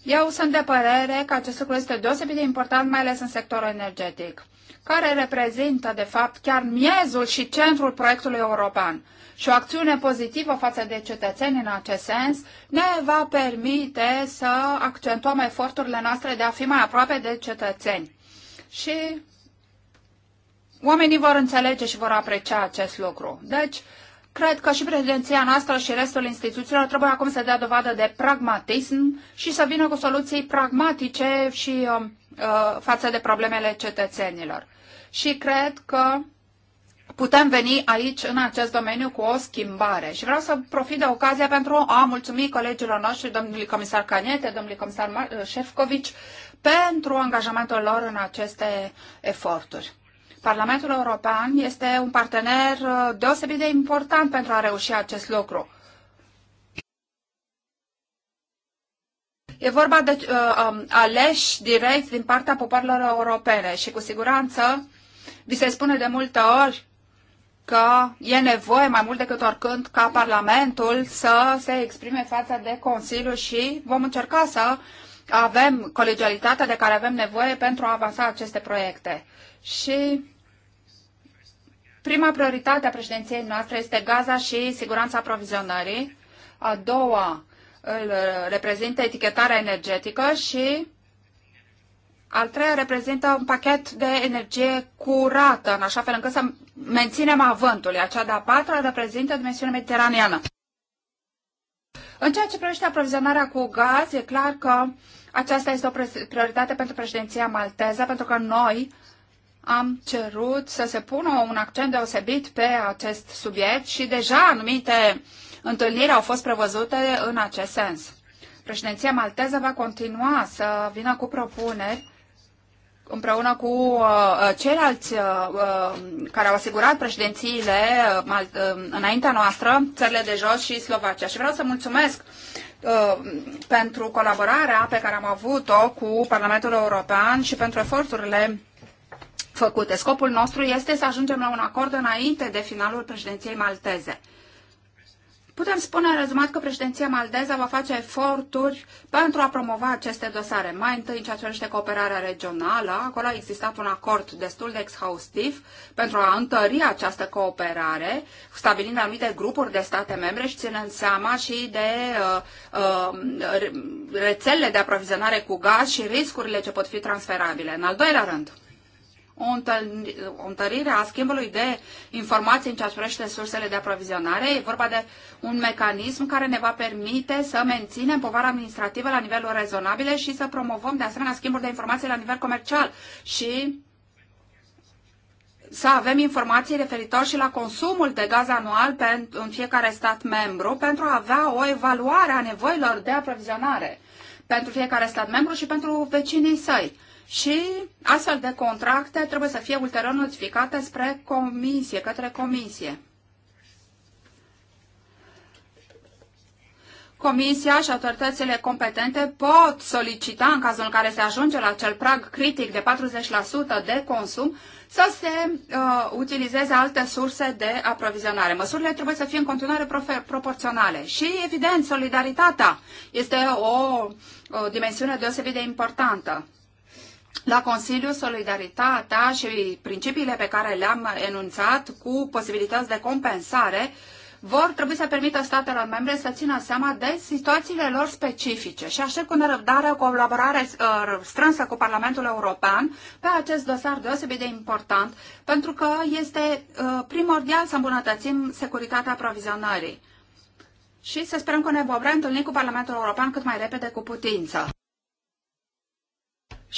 Eu sunt de părere că acest lucru este deosebit de important, mai ales în sectorul energetic, care reprezintă, de fapt, chiar miezul și centrul proiectului european. Și o acțiune pozitivă față de cetățeni în acest sens ne va permite să accentuăm eforturile noastre de a fi mai aproape de cetățeni. Și oamenii vor înțelege și vor aprecia acest lucru. Deci, Cred că și președinția noastră și restul instituțiilor trebuie acum să dea dovadă de pragmatism și să vină cu soluții pragmatice și um, uh, față de problemele cetățenilor. Și cred că putem veni aici, în acest domeniu, cu o schimbare. Și vreau să profit de ocazia pentru a mulțumi colegilor noștri, domnului comisar Canete, domnului comisar uh, Șefcovici, pentru angajamentul lor în aceste eforturi. Parlamentul European este un partener uh, deosebit de important pentru a reuși acest lucru. E vorba de uh, um, aleși direct din partea popoarelor europene și cu siguranță vi se spune de multe ori că e nevoie mai mult decât oricând ca Parlamentul să se exprime față de Consiliu și vom încerca să avem colegialitatea de care avem nevoie pentru a avansa aceste proiecte. Și prima prioritate a președinției noastre este Gaza și siguranța aprovizionării. A doua îl reprezintă etichetarea energetică și al treia reprezintă un pachet de energie curată, în așa fel încât să menținem avântul. Iar cea de-a patra reprezintă dimensiunea mediteraneană. În ceea ce privește aprovizionarea cu gaz, e clar că aceasta este o prioritate pentru președinția malteză, pentru că noi am cerut să se pună un accent deosebit pe acest subiect și deja anumite întâlniri au fost prevăzute în acest sens. Președinția malteză va continua să vină cu propuneri împreună cu uh, uh ceilalți uh, uh, care au asigurat președințiile uh, uh, înaintea noastră, țările de jos și Slovacia. Și vreau să mulțumesc pentru colaborarea pe care am avut-o cu Parlamentul European și pentru eforturile făcute. Scopul nostru este să ajungem la un acord înainte de finalul președinției malteze. Putem spune în rezumat că președinția maldeză va face eforturi pentru a promova aceste dosare. Mai întâi în ceea ce privește cooperarea regională, acolo a existat un acord destul de exhaustiv pentru a întări această cooperare, stabilind anumite grupuri de state membre și ținând seama și de uh, uh, rețelele de aprovizionare cu gaz și riscurile ce pot fi transferabile. În al doilea rând, o întărire a schimbului de informații în ceea ce privește sursele de aprovizionare. E vorba de un mecanism care ne va permite să menținem povara administrativă la niveluri rezonabile și să promovăm de asemenea schimburi de informații la nivel comercial și să avem informații referitor și la consumul de gaz anual în fiecare stat membru pentru a avea o evaluare a nevoilor de aprovizionare pentru fiecare stat membru și pentru vecinii săi și astfel de contracte trebuie să fie ulterior notificate spre comisie, către comisie. Comisia și autoritățile competente pot solicita, în cazul în care se ajunge la acel prag critic de 40% de consum, să se uh, utilizeze alte surse de aprovizionare. Măsurile trebuie să fie în continuare proporționale. Și, evident, solidaritatea este o, o dimensiune deosebit de importantă la Consiliu solidaritatea și principiile pe care le-am enunțat cu posibilități de compensare vor trebui să permită statelor membre să țină seama de situațiile lor specifice și aștept cu nerăbdare o colaborare uh, strânsă cu Parlamentul European pe acest dosar deosebit de important, pentru că este uh, primordial să îmbunătățim securitatea aprovizionării. Și să sperăm că ne vom reîntâlni cu Parlamentul European cât mai repede cu putință.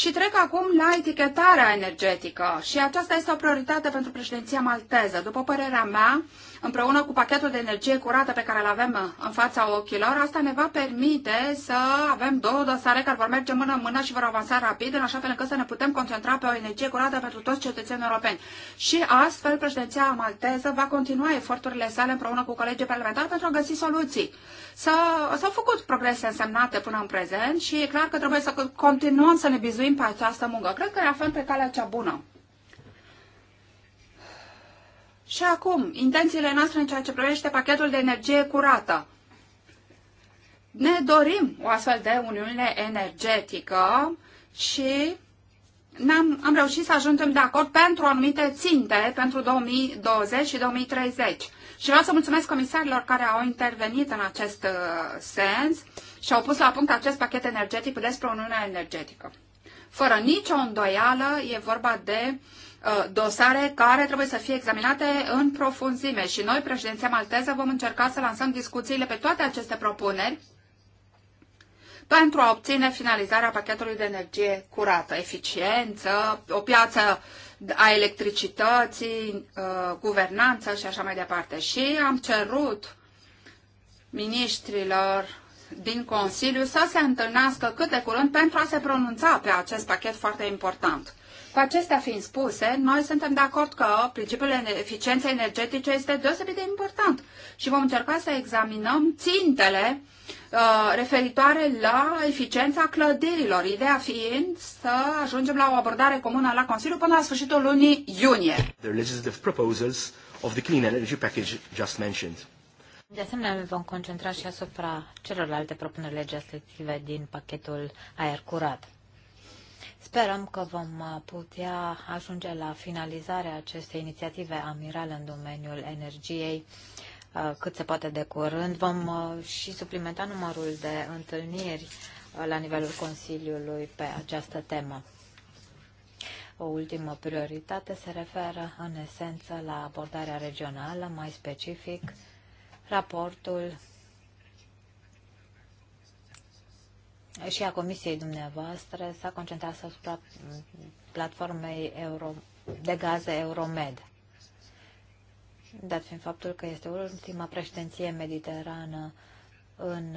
Și trec acum la etichetarea energetică și aceasta este o prioritate pentru președinția malteză. După părerea mea, împreună cu pachetul de energie curată pe care îl avem uh, în fața ochilor, asta ne va permite să avem două dosare care vor merge mână în mână și vor avansa rapid, în așa fel încât să ne putem concentra pe o energie curată pentru toți cetățenii europeni. Și astfel, președinția malteză va continua eforturile sale împreună cu colegii parlamentari pentru a găsi soluții. S-au făcut progrese însemnate până în prezent și e clar că trebuie să continuăm să ne bizuim pe această muncă. Cred că ne aflăm pe calea cea bună. Și acum, intențiile noastre în ceea ce privește pachetul de energie curată. Ne dorim o astfel de uniune energetică și am am reușit să ajungem de acord pentru anumite ținte pentru 2020 și 2030. Și vreau să mulțumesc comisarilor care au intervenit în acest uh, sens și au pus la punct acest pachet energetic despre Uniunea Energetică. Fără nicio îndoială, e vorba de uh, Uh, dosare care trebuie să fie examinate în profunzime și noi, președinția malteză, vom încerca să lansăm discuțiile pe toate aceste propuneri pentru a obține finalizarea pachetului de energie curată, eficiență, o piață a electricității, uh, guvernanță și așa mai departe. Și am cerut ministrilor din Consiliu să se întâlnească cât de curând pentru a se pronunța pe acest pachet foarte important. Cu acestea fiind spuse, noi suntem de acord că principiul eficienței energetice este deosebit de important și vom încerca să examinăm țintele uh, referitoare la eficiența clădirilor, ideea fiind să ajungem la o abordare comună la Consiliu până la sfârșitul lunii iunie. The legislative proposals of the clean energy package just mentioned. De asemenea, ne vom concentra și asupra celorlalte propuneri legislative din pachetul aer curat. Sperăm că vom uh, putea ajunge la finalizarea acestei inițiative amirale în domeniul energiei uh, cât se poate de curând. Vom uh, și suplimenta numărul de întâlniri la nivelul Consiliului pe această temă. O ultimă prioritate se referă în esență la abordarea regională, mai specific raportul și a Comisiei dumneavoastră s-a concentrat asupra platformei Euro, de gaze Euromed. Dat fiind faptul că este ultima președinție mediterană în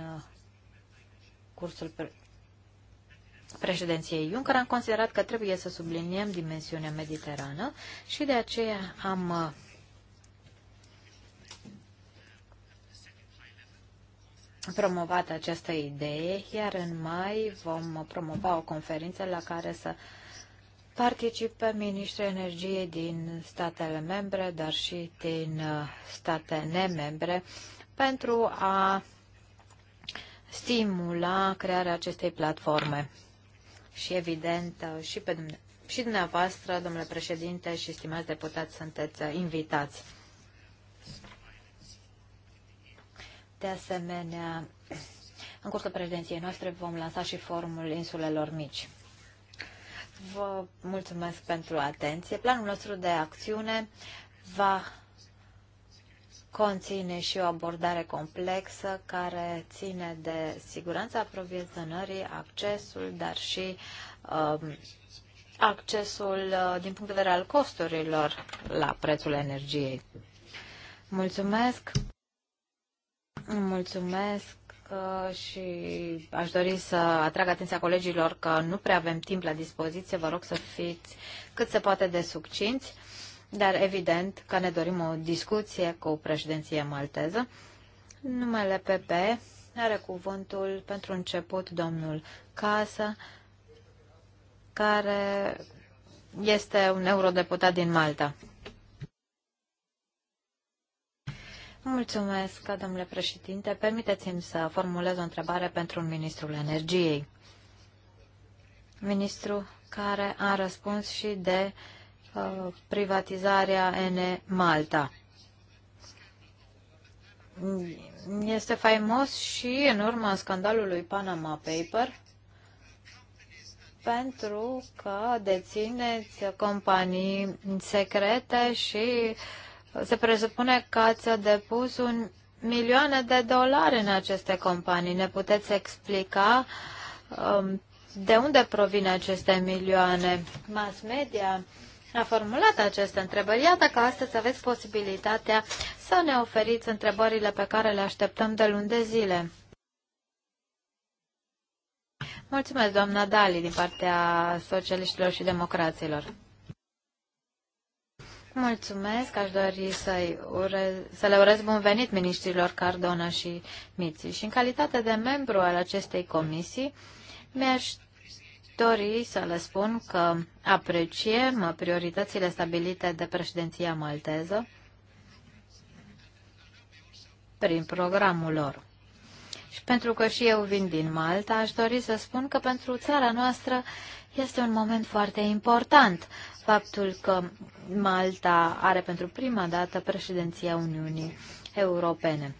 cursul pre președinției Juncker, am considerat că trebuie să subliniem dimensiunea mediterană și de aceea am promovat această idee, iar în mai vom promova o conferință la care să participe ministrii energiei din statele membre, dar și din uh, state nemembre, pentru a stimula crearea acestei platforme. Și evident, uh, și pe dumne- și dumneavoastră, domnule președinte și stimați deputați, sunteți uh, invitați. De asemenea, în cursul prezenției noastre vom lansa și forumul insulelor mici. Vă mulțumesc pentru atenție. Planul nostru de acțiune va conține și o abordare complexă care ține de siguranța aprovizionării, accesul, dar și um, accesul uh, din punct de vedere al costurilor la prețul energiei. Mulțumesc! Mulțumesc uh, și aș dori să atrag atenția colegilor că nu prea avem timp la dispoziție. Vă rog să fiți cât se poate de succinți, dar evident că ne dorim o discuție cu președinție malteză. Numele PP are cuvântul pentru început domnul Casa, care este un eurodeputat din Malta. Mulțumesc, domnule președinte. Permiteți-mi să formulez o întrebare pentru ministrul energiei. Ministru care a răspuns și de uh, privatizarea ENE Malta. Este faimos și în urma scandalului Panama Paper pentru că dețineți companii secrete și uh, se presupune că ați depus un milioane de dolari în aceste companii. Ne puteți explica um, de unde provin aceste milioane? Mass media a formulat aceste întrebări. Iată că astăzi aveți posibilitatea să ne oferiți întrebările pe care le așteptăm de luni de zile. Mulțumesc, doamna Dali, din partea socialiștilor și democraților. Mulțumesc, aș dori să-i urez, să le urez bun venit ministrilor Cardona și Miții. Și în calitate de membru al acestei comisii, mi-aș dori să le spun că apreciem prioritățile stabilite de președinția malteză prin programul lor. Și pentru că și eu vin din Malta, aș dori să spun că pentru țara noastră este un moment foarte important, faptul că Malta are pentru prima dată președinția Uniunii Europene.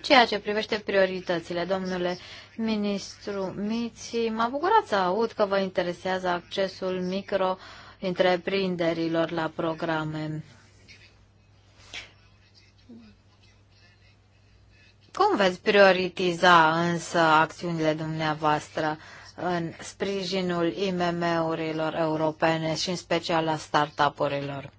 Ceea ce privește prioritățile, domnule ministru Miți, m-a bucurat să aud că vă interesează accesul micro întreprinderilor la programe. Cum veți prioritiza însă acțiunile dumneavoastră? în sprijinul IMM-urilor europene și în special a startup-urilor.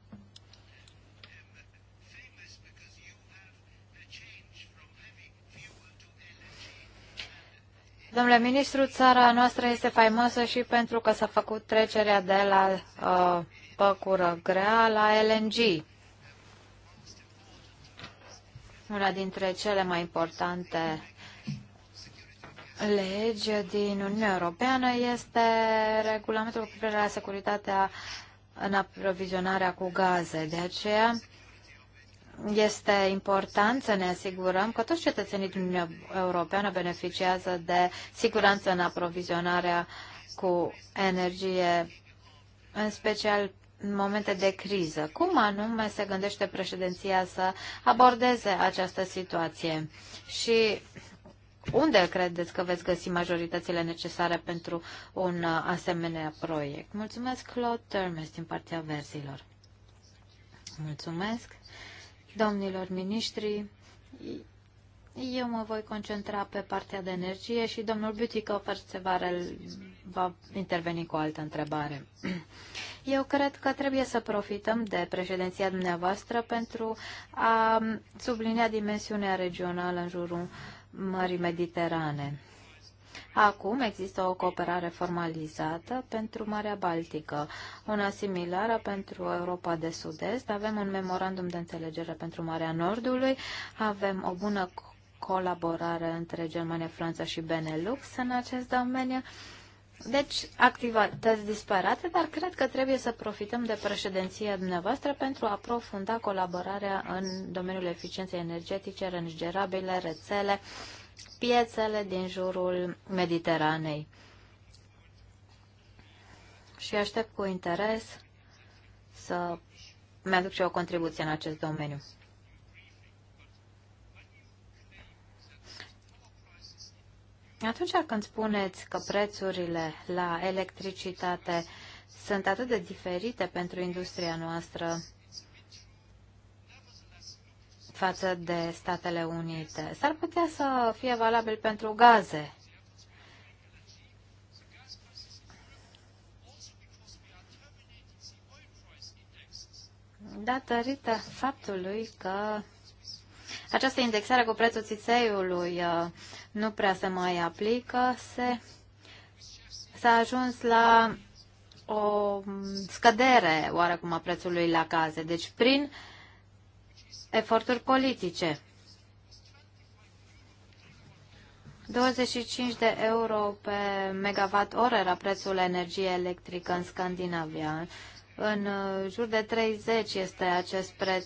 Domnule ministru, țara noastră este faimoasă și pentru că s-a făcut trecerea de la uh, păcură grea la LNG. Una dintre cele mai importante legi din Uniunea Europeană este regulamentul cu privire la securitatea în aprovizionarea cu gaze. De aceea este important să ne asigurăm că toți cetățenii din Uniunea Europeană beneficiază de siguranță în aprovizionarea cu energie, în special în momente de criză. Cum anume se gândește președinția să abordeze această situație? Și unde credeți că veți găsi majoritățile necesare pentru un asemenea proiect? Mulțumesc, Claude Termes, din partea versiilor. Mulțumesc. Domnilor miniștri, eu mă voi concentra pe partea de energie și domnul Butică, se va, va interveni cu o altă întrebare. [clears throat] Eu cred că trebuie să profităm de președinția dumneavoastră pentru a sublinia dimensiunea regională în jurul uh, Mării Mediterane. Acum există o cooperare formalizată pentru Marea Baltică, una similară pentru Europa de Sud-Est, avem un memorandum de înțelegere pentru Marea Nordului, avem o bună colaborare între Germania, Franța și Benelux în acest domeniu deci, activități disparate, dar cred că trebuie să profităm de președinția dumneavoastră pentru a aprofunda colaborarea în domeniul eficienței energetice, rângerabile, rețele, piețele din jurul Mediteranei. Și aștept cu interes să mi-aduc și o contribuție în acest domeniu. Atunci când spuneți că prețurile la electricitate sunt atât de diferite pentru industria noastră față de Statele Unite, s-ar putea să fie valabil pentru gaze. datorită faptului că această indexare cu prețul țițeiului uh, nu prea se mai aplică. Se, s-a ajuns la o scădere oarecum a prețului la gaze. Deci prin eforturi politice. 25 de euro pe megawatt oră era prețul energiei electrică în Scandinavia. În uh, jur de 30 este acest preț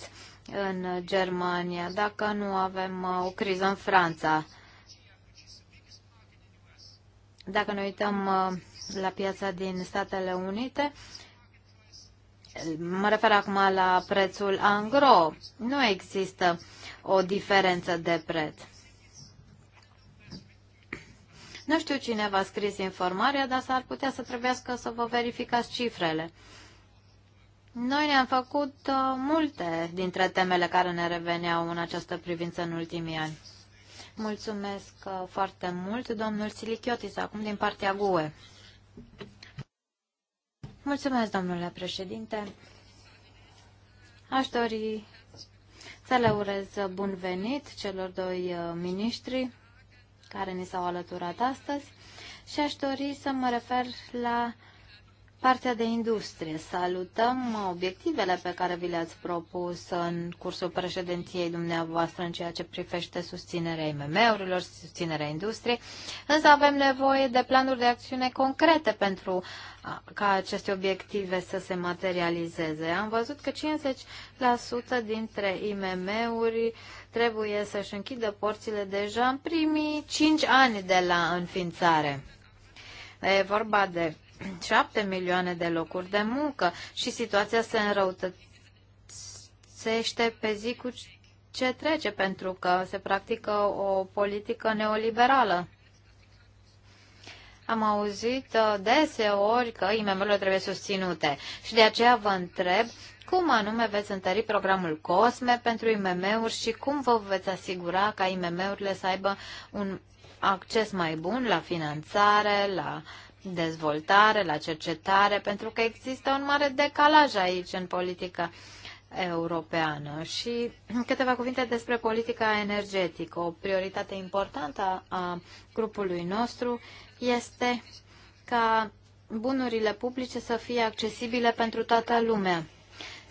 în Germania, dacă nu avem uh, o criză în Franța. Dacă ne uităm uh, la piața din Statele Unite, mă refer acum la prețul angro, nu există o diferență de preț. Nu știu cine v-a scris informarea, dar s-ar putea să trebuiască să vă verificați cifrele. Noi ne-am făcut uh, multe dintre temele care ne reveneau în această privință în ultimii ani. Mulțumesc uh, foarte mult, domnul Silichiotis, acum din partea GUE. Mulțumesc, domnule președinte. Aș dori să le urez bun venit celor doi uh, miniștri care ni s-au alăturat astăzi și aș dori să mă refer la partea de industrie. Salutăm obiectivele pe care vi le-ați propus în cursul președinției dumneavoastră în ceea ce privește susținerea IMM-urilor, susținerea industriei, însă avem nevoie de planuri de acțiune concrete pentru ca aceste obiective să se materializeze. Am văzut că 50% dintre IMM-uri trebuie să-și închidă porțile deja în primii 5 ani de la înființare. E vorba de 7 milioane de locuri de muncă și situația se înrăutățește pe zi cu ce trece, pentru că se practică o politică neoliberală. Am auzit uh, deseori că IMM-urile trebuie susținute și de aceea vă întreb cum anume veți întări programul COSME pentru IMM-uri și cum vă veți asigura ca IMM-urile să aibă un acces mai bun la finanțare, la uh, dezvoltare, la cercetare, pentru că există un mare decalaj aici în politica europeană. Și câteva cuvinte despre politica energetică. O prioritate importantă a grupului nostru este ca bunurile publice să fie accesibile pentru toată lumea.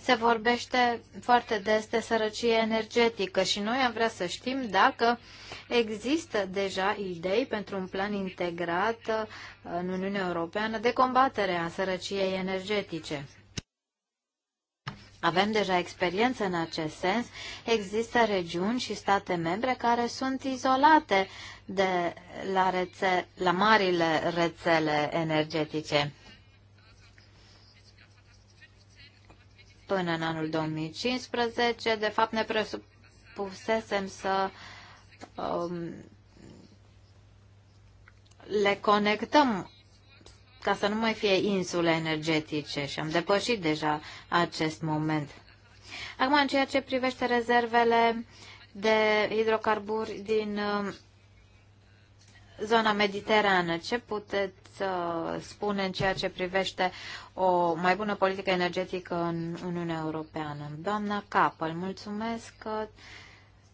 Se vorbește foarte des de sărăcie energetică și noi am vrea să știm dacă există deja idei pentru un plan integrat uh, în Uniunea Europeană de combatere a sărăciei energetice. Avem deja experiență în acest sens. Există regiuni și state membre care sunt izolate de la, rețe- la marile rețele energetice. până în anul 2015. De fapt, ne presupusesem să um, le conectăm ca să nu mai fie insule energetice și am depășit deja acest moment. Acum, în ceea ce privește rezervele de hidrocarburi din um, zona mediterană, ce puteți spune în ceea ce privește o mai bună politică energetică în Uniunea Europeană. Doamna Capăl, mulțumesc,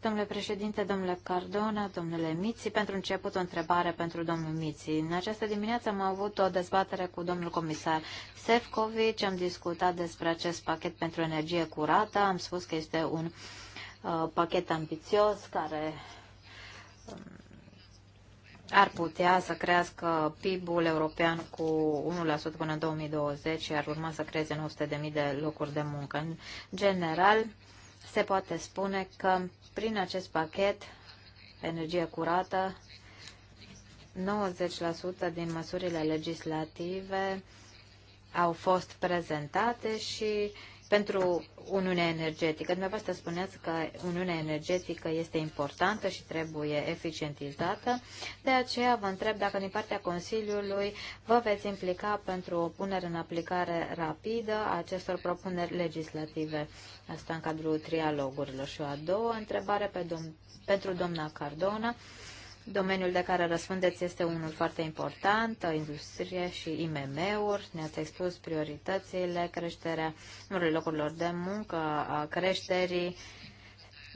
domnule președinte, domnule Cardona, domnule Miți, Pentru început, o întrebare pentru domnul Miți. În această dimineață am avut o dezbatere cu domnul comisar Sefcovic, am discutat despre acest pachet pentru energie curată, am spus că este un uh, pachet ambițios care um, ar putea să crească PIB-ul european cu 1% până în 2020 și ar urma să creeze 900.000 de locuri de muncă. În general, se poate spune că prin acest pachet, energie curată, 90% din măsurile legislative au fost prezentate și pentru Uniunea Energetică. Dumneavoastră spuneați că Uniunea Energetică este importantă și trebuie eficientizată. De aceea vă întreb dacă din partea Consiliului vă veți implica pentru o punere în aplicare rapidă a acestor propuneri legislative. Asta în cadrul trialogurilor. Și o a doua întrebare pe dom- pentru doamna Cardona. Domeniul de care răspundeți este unul foarte important, industrie și IMM-uri. Ne-ați expus prioritățile, creșterea numărului locurilor de muncă, a creșterii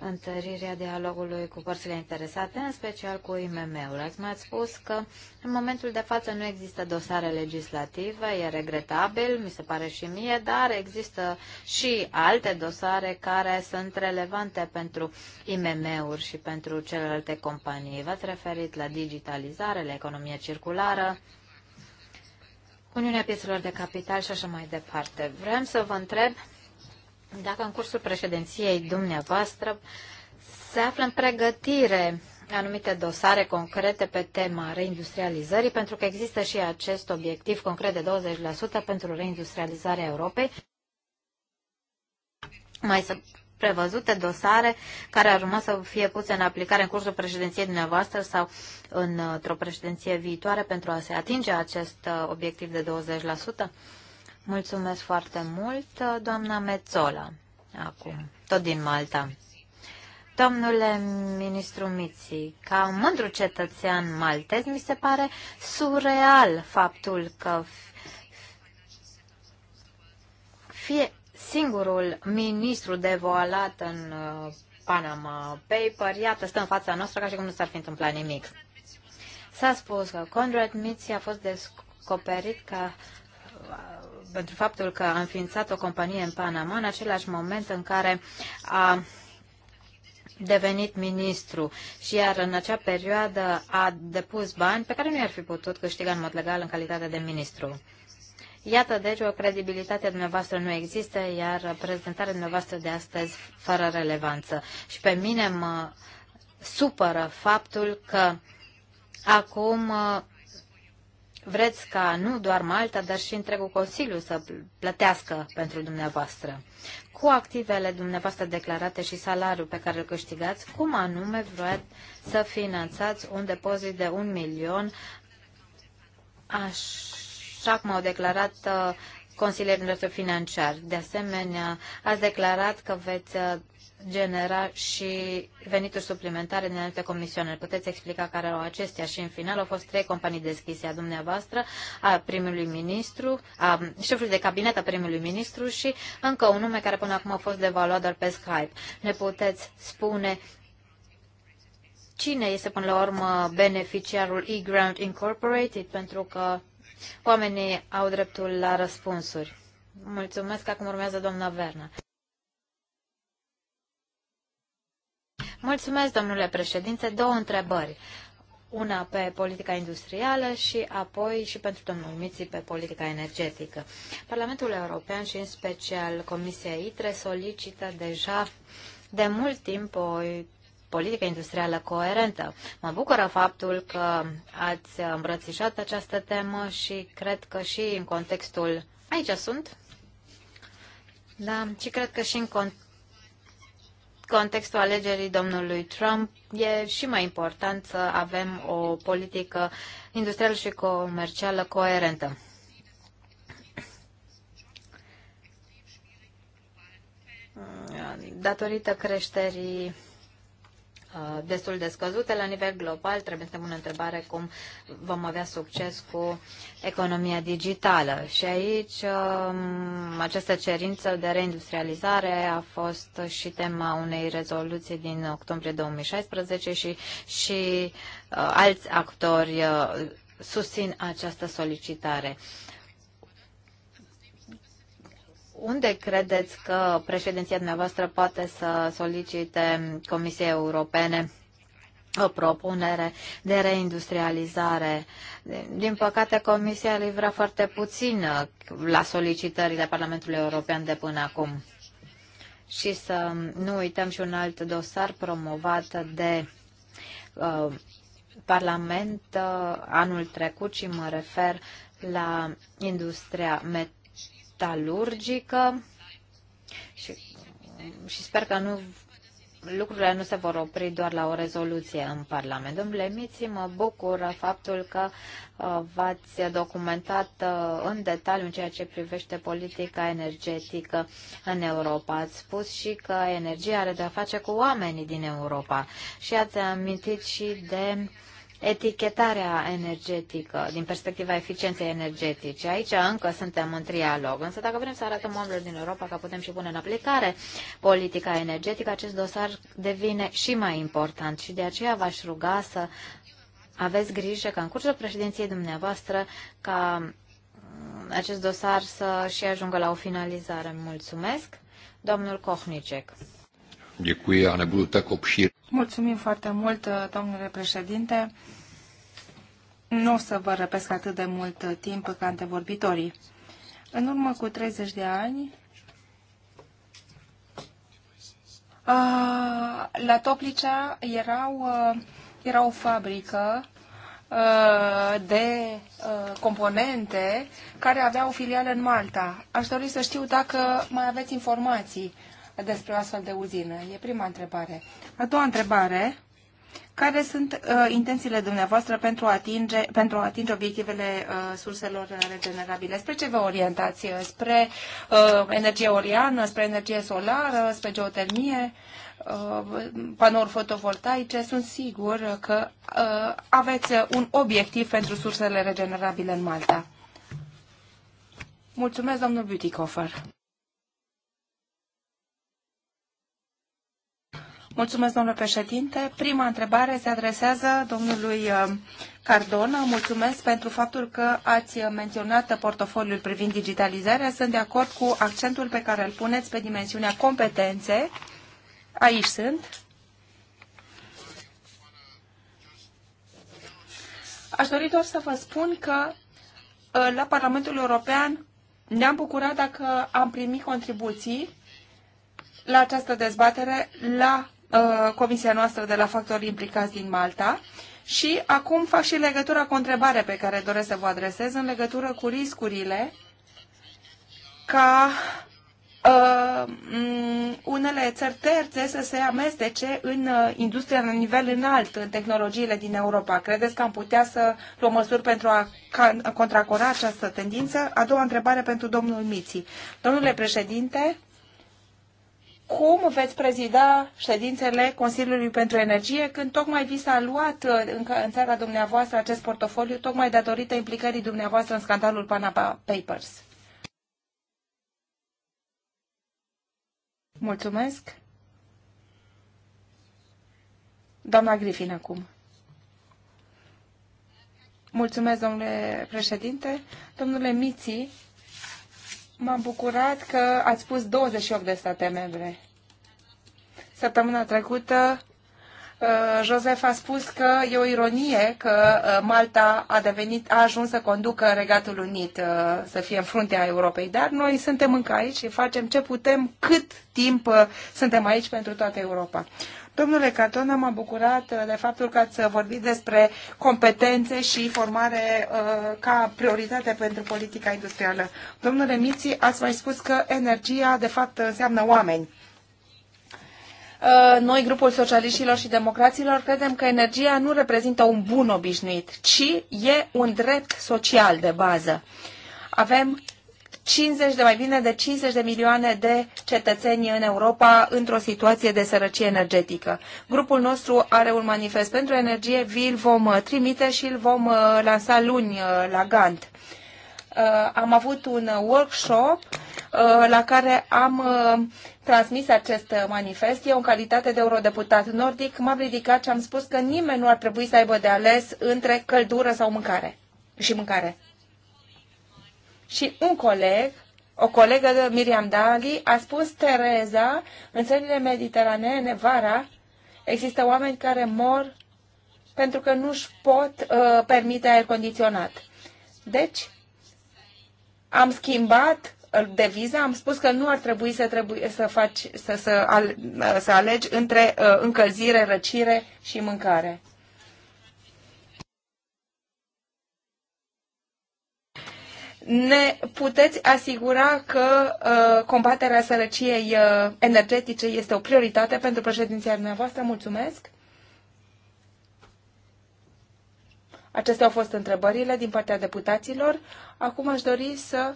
întărirea dialogului cu părțile interesate, în special cu imm ul Ați mai spus că în momentul de față nu există dosare legislative, e regretabil, mi se pare și mie, dar există și alte dosare care sunt relevante pentru IMM-uri și pentru celelalte companii. V-ați referit la digitalizare, la economie circulară, Uniunea Piețelor de Capital și așa mai departe. Vrem să vă întreb dacă în cursul președinției dumneavoastră se află în pregătire anumite dosare concrete pe tema reindustrializării, pentru că există și acest obiectiv concret de 20% pentru reindustrializarea Europei. Mai sunt prevăzute dosare care ar urma să fie puse în aplicare în cursul președinției dumneavoastră sau într-o președinție viitoare pentru a se atinge acest uh, obiectiv de 20%? Mulțumesc foarte mult, doamna Mezzola, acum, tot din Malta. Domnule ministru Miții, ca mândru cetățean maltez, mi se pare surreal faptul că fie singurul ministru devoalat în uh, Panama Paper, iată, stă în fața noastră ca și cum nu s-ar fi întâmplat nimic. S-a spus că Conrad Miții a fost descoperit ca pentru faptul că a înființat o companie în Panama în același moment în care a devenit ministru și iar în acea perioadă a depus bani pe care nu i-ar fi putut câștiga în mod legal în calitate de ministru. Iată, deci, o credibilitate dumneavoastră nu există, iar prezentarea dumneavoastră de astăzi fără relevanță. Și pe mine mă supără faptul că acum vreți ca nu doar Malta, dar și întregul Consiliu să plătească pentru dumneavoastră. Cu activele dumneavoastră declarate și salariul pe care îl câștigați, cum anume vreți să finanțați un depozit de un milion, așa cum au declarat uh, consilierii noștri financiari. De asemenea, ați declarat că veți uh, genera și venituri suplimentare din alte comisioane. Puteți explica care au acestea și în final au fost trei companii deschise a dumneavoastră, a primului ministru, a șefului de cabinet a primului ministru și încă un nume care până acum a fost devaluat doar pe Skype. Ne puteți spune cine este până la urmă beneficiarul eGround Incorporated pentru că oamenii au dreptul la răspunsuri. Mulțumesc, acum urmează doamna Verna. Mulțumesc, domnule președinte. Două întrebări. Una pe politica industrială și apoi și pentru domnul Miții pe politica energetică. Parlamentul European și în special Comisia ITRE solicită deja de mult timp o politică industrială coerentă. Mă bucură faptul că ați îmbrățișat această temă și cred că și în contextul... Aici sunt. Da, și cred că și în context contextul alegerii domnului Trump e și mai important să avem o politică industrială și comercială coerentă. Datorită creșterii Uh, destul de scăzute la nivel global. Trebuie să pun întrebare cum vom avea succes cu economia digitală. Și aici um, această cerință de reindustrializare a fost și tema unei rezoluții din octombrie 2016 și, și uh, alți actori uh, susțin această solicitare. Uh, unde credeți că președinția dumneavoastră poate să solicite Comisiei Europene o propunere de reindustrializare. Din păcate, Comisia livra foarte puțin la solicitările Parlamentului European de până acum. Și să nu uităm și un alt dosar promovat de uh, Parlament uh, anul trecut și mă refer la industria met metalurgică și, și sper că nu lucrurile nu se vor opri doar la o rezoluție în Parlament. Domnule Miții, mă bucur faptul că uh, v-ați documentat uh, în detaliu în ceea ce privește politica energetică în Europa. Ați spus și că energia are de-a face cu oamenii din Europa și ați amintit și de uh, etichetarea energetică din perspectiva eficienței energetice. Aici încă suntem în trialog, însă dacă vrem să arătăm oamenilor din Europa că putem și pune în aplicare politica energetică, acest dosar devine și mai important și de aceea v-aș ruga să aveți grijă că în cursul președinției dumneavoastră ca acest dosar să și ajungă la o finalizare. Mulțumesc. Domnul Kohnicek. Děkuji, já nebudu tak obšír. Mulțumim foarte mult, uh, domnule președinte. Nu o să vă răpesc atât de mult uh, timp ca antevorbitorii. În urmă cu 30 de ani, uh, la Toplicea erau, era o fabrică de componente care avea o filială în Malta. Aș dori să știu dacă mai aveți informații despre o astfel de uzină? E prima întrebare. A doua întrebare, care sunt uh, intențiile dumneavoastră pentru a atinge, pentru a atinge obiectivele uh, surselor regenerabile? Spre ce vă orientați? Uh, spre uh, energie oriană, spre energie solară, spre geotermie? Uh, panouri fotovoltaice, sunt sigur că uh, aveți un obiectiv pentru sursele regenerabile în Malta. Mulțumesc, domnul Butikofer. Mulțumesc, domnule președinte. Prima întrebare se adresează domnului uh, Cardona. Mulțumesc pentru faptul că ați menționat portofoliul privind digitalizarea. Sunt de acord cu accentul pe care îl puneți pe dimensiunea competențe. Aici sunt. Aș dori doar să vă spun că uh, la Parlamentul European ne-am bucurat dacă am primit contribuții la această dezbatere la Uh, comisia noastră de la factori implicați din Malta și acum fac și legătura cu o întrebare pe care doresc să vă adresez în legătură cu riscurile ca uh, unele țări terțe să se amestece în uh, industria la nivel înalt, în tehnologiile din Europa. Credeți că am putea să luăm măsuri pentru a contracora această tendință? A doua întrebare pentru domnul Miții. Domnule președinte, cum veți prezida ședințele Consiliului pentru Energie când tocmai vi s-a luat uh, în, în țara dumneavoastră acest portofoliu, tocmai datorită implicării dumneavoastră în scandalul Panama Papers? Mulțumesc. Doamna Griffin acum. Mulțumesc, domnule președinte. Domnule Miții, M-am bucurat că ați spus 28 de state membre. Săptămâna trecută, uh, Josef a spus că e o ironie că uh, Malta a, devenit, a ajuns să conducă Regatul Unit, uh, să fie în fruntea Europei. Dar noi suntem încă aici și facem ce putem cât timp suntem aici pentru toată Europa. Domnule Caton, m-am bucurat uh, de faptul că ați vorbit despre competențe și formare uh, ca prioritate pentru politica industrială. Domnule Miții, ați mai spus că energia, de fapt, înseamnă oameni. Uh, noi, grupul socialiștilor și democraților, credem că energia nu reprezintă un bun obișnuit, ci e un drept social de bază. Avem 50 de mai bine de 50 de milioane de cetățeni în Europa într-o situație de sărăcie energetică. Grupul nostru are un manifest pentru energie, vi-l vom uh, trimite și îl vom uh, lansa luni uh, la Gant. Am avut un workshop la care am transmis acest manifest. Eu, în calitate de eurodeputat nordic, m-am ridicat și am spus că nimeni nu ar trebui să aibă de ales între căldură sau mâncare și mâncare și un coleg, o colegă de Miriam Dali, a spus Tereza, în țările mediteraneene, vara, există oameni care mor pentru că nu-și pot uh, permite aer condiționat. Deci, am schimbat uh, deviza, am spus că nu ar trebui să, trebui să, faci, să, să, al, uh, să alegi între uh, încălzire, răcire și mâncare. ne puteți asigura că uh, combaterea sărăciei uh, energetice este o prioritate pentru președinția dumneavoastră? Mulțumesc! Acestea au fost întrebările din partea deputaților. Acum aș dori să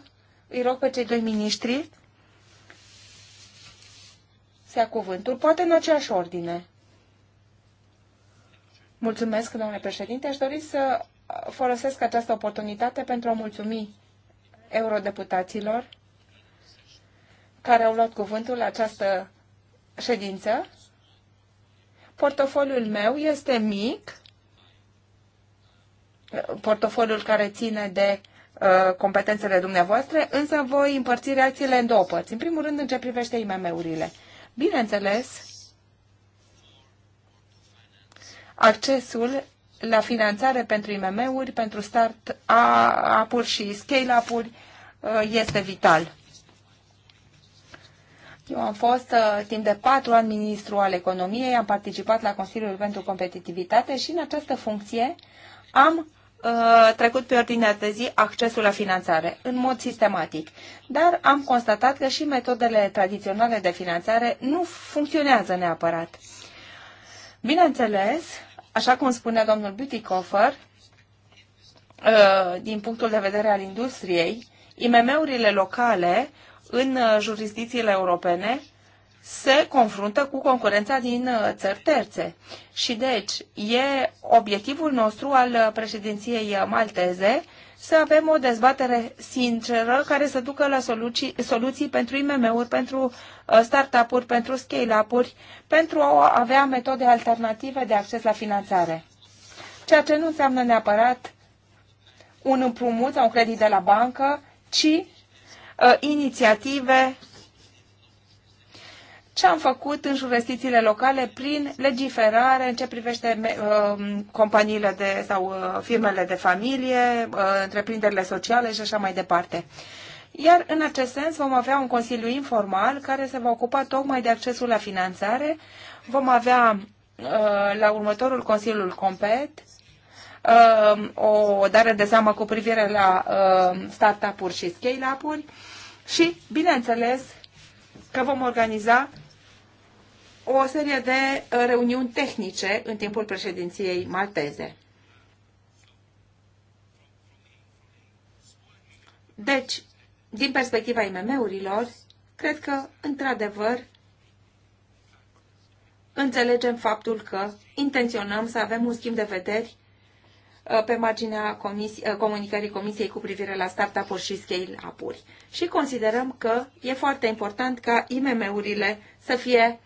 îi rog pe cei doi miniștri să ia cuvântul, poate în aceeași ordine. Mulțumesc, domnule președinte. Aș dori să folosesc această oportunitate pentru a mulțumi eurodeputaților care au luat cuvântul la această ședință. Portofoliul meu este mic, portofoliul care ține de uh, competențele dumneavoastră, însă voi împărți reacțiile în două părți. În primul rând, în ce privește IMM-urile. Bineînțeles, accesul la finanțare pentru IMM-uri, pentru start-up-uri și scale-up-uri uh, este vital. Eu am fost uh, timp de patru ani ministru al economiei, am participat la Consiliul pentru Competitivitate și în această funcție am uh, trecut pe ordinea de zi accesul la finanțare, în mod sistematic. Dar am constatat că și metodele tradiționale de finanțare nu funcționează neapărat. Bineînțeles, așa cum spunea domnul Butikofer, uh, din punctul de vedere al industriei, IMM-urile locale în uh, jurisdicțiile europene se confruntă cu concurența din uh, țări terțe. Și deci, e obiectivul nostru al președinției malteze să avem o dezbatere sinceră care să ducă la soluții, soluții pentru IMM-uri, pentru uh, startup-uri, pentru scale-up-uri, pentru a avea metode alternative de acces la finanțare. Ceea ce nu înseamnă neapărat un împrumut sau un credit de la bancă, ci uh, inițiative ce am făcut în jurisdicțiile locale prin legiferare în ce privește uh, companiile de, sau uh, firmele de familie, uh, întreprinderile sociale și așa mai departe. Iar în acest sens vom avea un consiliu informal care se va ocupa tocmai de accesul la finanțare. Vom avea la următorul Consiliul Compet o dare de seamă cu privire la startup-uri și scale-up-uri și, bineînțeles, că vom organiza o serie de uh, reuniuni tehnice în timpul președinției malteze. Deci, din perspectiva IMM-urilor, cred că, într-adevăr, înțelegem faptul că intenționăm să avem un schimb de vederi uh, pe marginea comisi- uh, comunicării Comisiei cu privire la startup-uri și scale-up-uri. Și considerăm că e foarte important ca IMM-urile să fie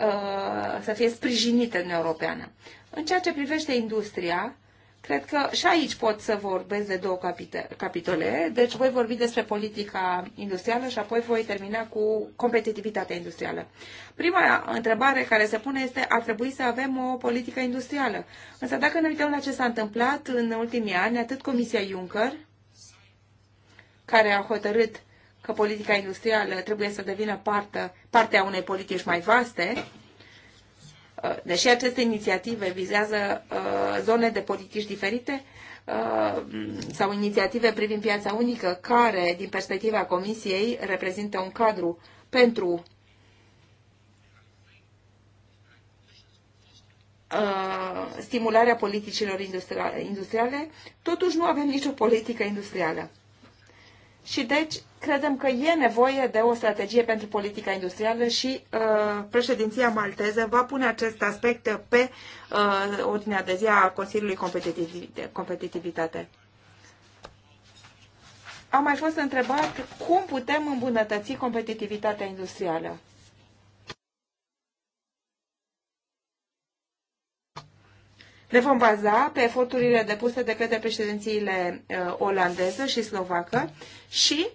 Uh, să fie sprijinite în Europeană. În ceea ce privește industria, cred că și aici pot să vorbesc de două capitole. Deci voi vorbi despre politica industrială și apoi voi termina cu competitivitatea industrială. Prima întrebare care se pune este ar trebui să avem o politică industrială. Însă dacă ne uităm la ce s-a întâmplat în ultimii ani, atât Comisia Juncker, care a hotărât că politica industrială trebuie să devină parte, partea unei politici mai vaste, uh, deși aceste inițiative vizează uh, zone de politici diferite uh, sau inițiative privind piața unică, care, din perspectiva Comisiei, reprezintă un cadru pentru stimularea politicilor industriale, totuși nu avem nicio politică industrială. Și deci credem că e nevoie de o strategie pentru politica industrială și uh, președinția malteză va pune acest aspect pe uh, ordinea de zi a Consiliului Competitiv- Competitivitate. Am mai fost întrebat cum putem îmbunătăți competitivitatea industrială. Ne vom baza pe eforturile depuse de către președințiile uh, olandeză și slovacă și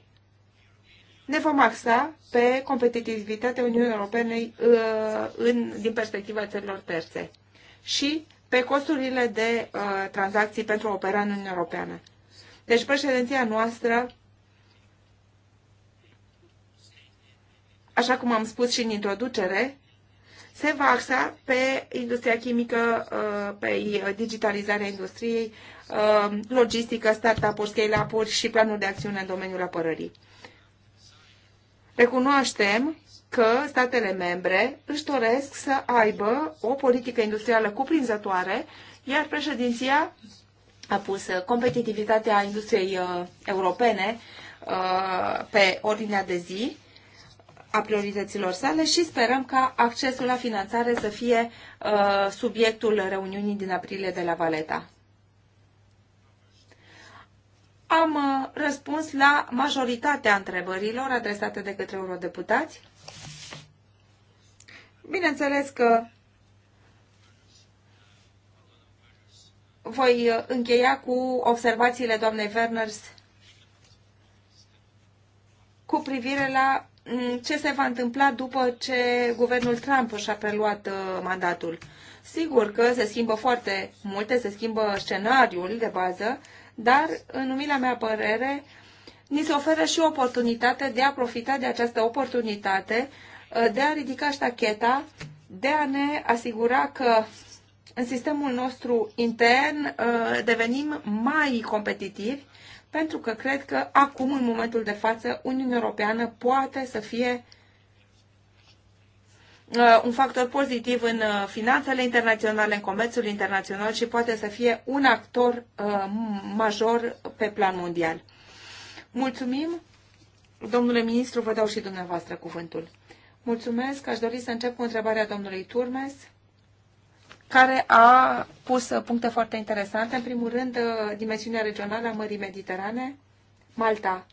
ne vom axa pe competitivitatea Uniunii Europene uh, în, din perspectiva țărilor terțe și pe costurile de uh, tranzacții pentru a opera în Uniunea Europeană. Deci președinția noastră, așa cum am spus și în introducere, se va axa pe industria chimică, uh, pe uh, digitalizarea industriei, uh, logistică, startup-uri, scale-up-uri și planul de acțiune în domeniul apărării. Recunoaștem că statele membre își doresc să aibă o politică industrială cuprinzătoare, iar președinția a pus competitivitatea industriei europene pe ordinea de zi a priorităților sale și sperăm ca accesul la finanțare să fie uh, subiectul reuniunii din aprilie de la Valeta. Am uh, răspuns la majoritatea întrebărilor adresate de către eurodeputați. Bineînțeles că voi uh, încheia cu observațiile doamnei Werners cu privire la Mm, ce se va întâmpla după ce guvernul Trump și-a preluat uh, mandatul. Sigur că se schimbă foarte multe, se schimbă scenariul de bază, dar, în umila mea părere, ni se oferă și oportunitate de a profita de această oportunitate, uh, de a ridica ștacheta, de a ne asigura că în sistemul nostru intern uh, devenim mai competitivi pentru că cred că acum, în momentul de față, Uniunea Europeană poate să fie uh, un factor pozitiv în uh, finanțele internaționale, în comerțul internațional și poate să fie un actor major pe plan mondial. Mulțumim! Domnule ministru, vă dau și dumneavoastră cuvântul. Mulțumesc. Aș dori să încep cu întrebarea domnului Turmes care a pus puncte foarte interesante. În primul rând, uh, dimensiunea regională a Mării Mediterane, Malta.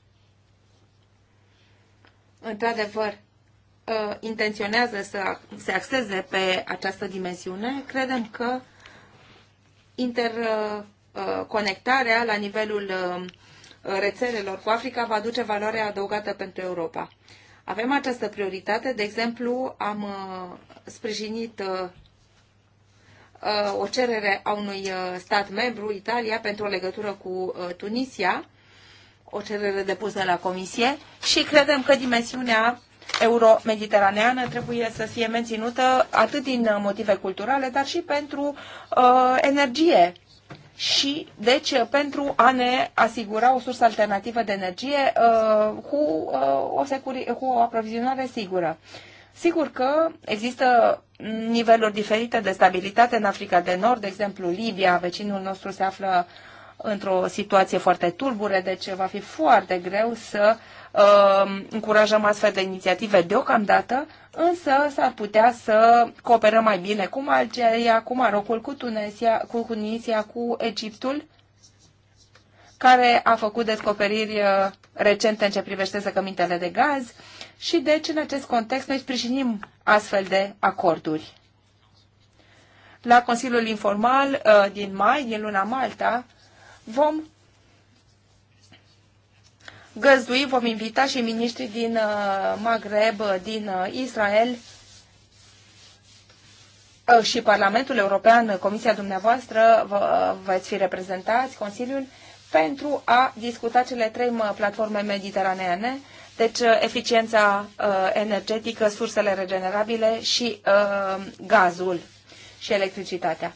Într-adevăr, uh, intenționează să se axeze pe această dimensiune. Credem că interconectarea uh, la nivelul rețelelor cu Africa va aduce valoare adăugată pentru Europa. Avem această prioritate, de exemplu, am sprijinit Uh, o cerere a unui uh, stat membru, Italia, pentru o legătură cu uh, Tunisia, o cerere depusă la Comisie și credem că dimensiunea euro-mediteraneană trebuie să fie menținută atât din motive culturale, dar și pentru uh, energie și, deci, pentru a ne asigura o sursă alternativă de energie uh, cu, uh, o securi- cu o aprovizionare sigură. Sigur că există niveluri diferite de stabilitate în Africa de Nord, de exemplu Libia, vecinul nostru se află într-o situație foarte tulbure, deci va fi foarte greu să uh, încurajăm astfel de inițiative deocamdată, însă s-ar putea să cooperăm mai bine cu Algeria, cu Marocul, cu Tunisia, cu Tunisia, cu Egiptul, care a făcut descoperiri uh, recente în ce privește zăcămintele de gaz. Uh, și deci în acest context noi sprijinim astfel de acorduri. La Consiliul Informal uh, din mai, din luna Malta, vom găzdui, vom invita și miniștrii din uh, Maghreb, uh, din Israel și Parlamentul European, Comisia dumneavoastră, vă, veți fi reprezentați, Consiliul, pentru a discuta cele trei platforme mediteraneane deci, uh, eficiența uh, energetică, sursele regenerabile și uh, gazul și electricitatea.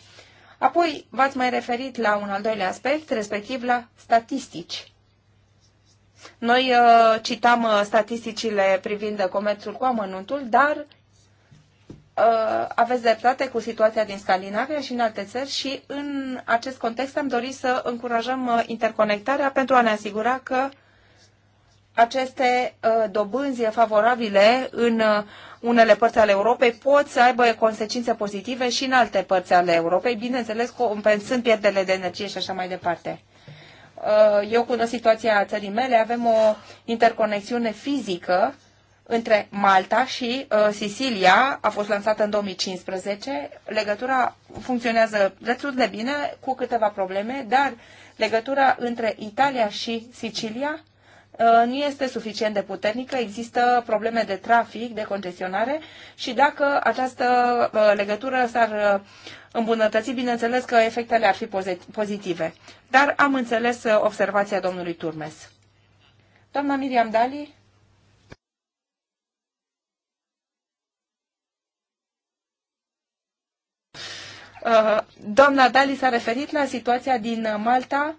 Apoi v-ați mai referit la un al doilea aspect, respectiv la statistici. Noi uh, citam uh, statisticile privind comerțul cu amănuntul, dar uh, aveți dreptate cu situația din Scandinavia și în alte țări și în acest context am dorit să încurajăm uh, interconectarea pentru a ne asigura că aceste uh, dobânzi favorabile în uh, unele părți ale Europei pot să aibă consecințe pozitive și în alte părți ale Europei, bineînțeles compensând pierderile de energie și așa mai departe. Uh, eu cunosc situația țării mele, avem o interconexiune fizică între Malta și uh, Sicilia a fost lansată în 2015. Legătura funcționează destul de bine, cu câteva probleme, dar legătura între Italia și Sicilia Uh, nu este suficient de puternică, există probleme de trafic, de congestionare și dacă această uh, legătură s-ar uh, îmbunătăți, bineînțeles că efectele ar fi pozitive. Dar am înțeles observația domnului Turmes. Doamna Miriam Dali? Doamna Dali s-a referit la situația din Malta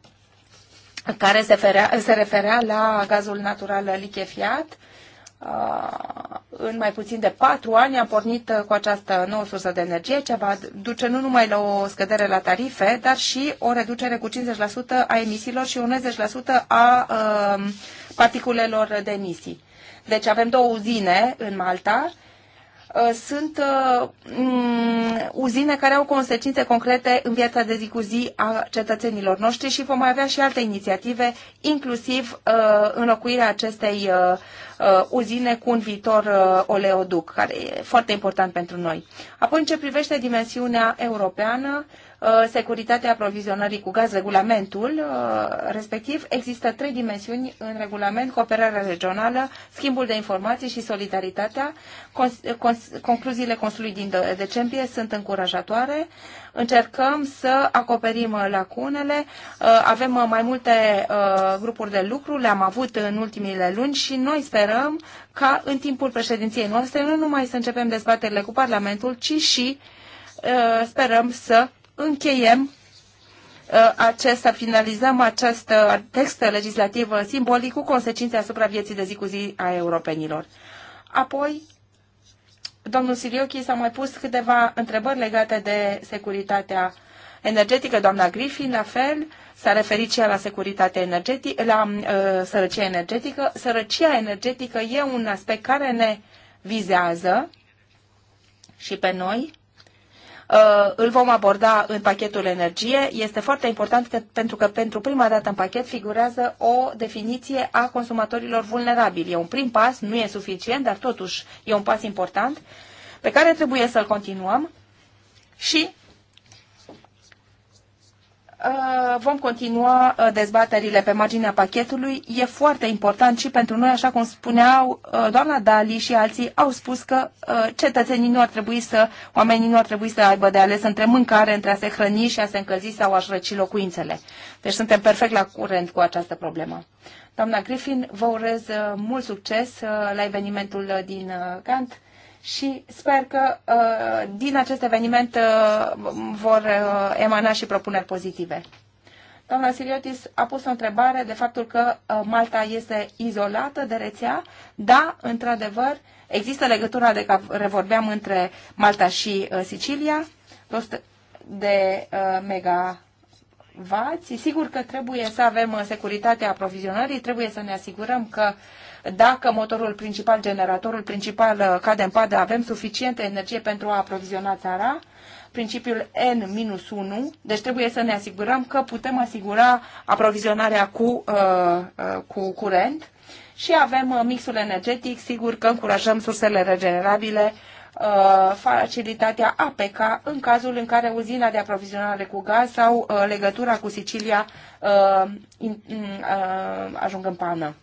care se, ferea, se referea la gazul natural lichefiat. Uh, în mai puțin de patru ani am pornit cu această nouă sursă de energie, ce va duce nu numai la o scădere la tarife, dar și o reducere cu 50% a emisiilor și 90% a uh, particulelor de emisii. Deci avem două uzine în Malta Uh, sunt uh, mm, uzine care au consecințe concrete în viața de zi cu zi a cetățenilor noștri și vom mai avea și alte inițiative, inclusiv uh, înlocuirea acestei uzine cu un viitor oleoduc, care e foarte important pentru noi. Apoi, în ce privește dimensiunea europeană, Uh, securitatea aprovizionării cu gaz, regulamentul uh, respectiv. Există trei dimensiuni în regulament, cooperarea regională, schimbul de informații și solidaritatea. Concluziile Consiliului din decembrie sunt încurajatoare. Încercăm să acoperim uh, lacunele. Avem mai multe grupuri de lucru, le-am avut în ultimile luni și noi sperăm ca în timpul președinției noastre nu numai să începem dezbaterile cu Parlamentul, ci și sperăm să încheiem uh, acesta finalizăm acest text legislativ simbolic cu consecințe asupra vieții de zi cu zi a europenilor. Apoi, domnul Siriochi s-a mai pus câteva întrebări legate de securitatea energetică. Doamna Griffin, la fel, s-a referit și ea la securitatea energetică, la uh, sărăcia energetică. Sărăcia energetică e un aspect care ne vizează și pe noi Uh, îl vom aborda în pachetul energie. Este foarte important că, pentru că pentru prima dată în pachet figurează o definiție a consumatorilor vulnerabili. E un prim pas, nu e suficient, dar totuși e un pas important pe care trebuie să-l continuăm și Uh, vom continua uh, dezbaterile pe marginea pachetului. E foarte important și pentru noi, așa cum spuneau uh, doamna Dali și alții, au spus că cetățenii nu ar trebui să, oamenii nu ar trebui să aibă de ales între mâncare, între a se hrăni și a se încălzi sau a-și răci locuințele. Deci suntem perfect la curent cu această problemă. Doamna Griffin, vă urez mult succes la evenimentul din Cant și sper că uh, din acest eveniment uh, vor uh, emana și propuneri pozitive. Doamna Siriotis a pus o întrebare de faptul că Malta este izolată de rețea. Da, într-adevăr, există legătura de care vorbeam între Malta și Sicilia, 200 de mega vați. Sigur că trebuie să avem securitatea aprovizionării, trebuie să ne asigurăm că dacă motorul principal, generatorul principal uh, cade în padă, avem suficientă energie pentru a aproviziona țara principiul N-1, deci trebuie să ne asigurăm că putem asigura aprovizionarea cu, uh, uh, cu curent și avem uh, mixul energetic, sigur că încurajăm sursele regenerabile, uh, facilitatea APK în cazul în care uzina de aprovizionare cu gaz sau uh, legătura cu Sicilia in, mm, ajung în pană.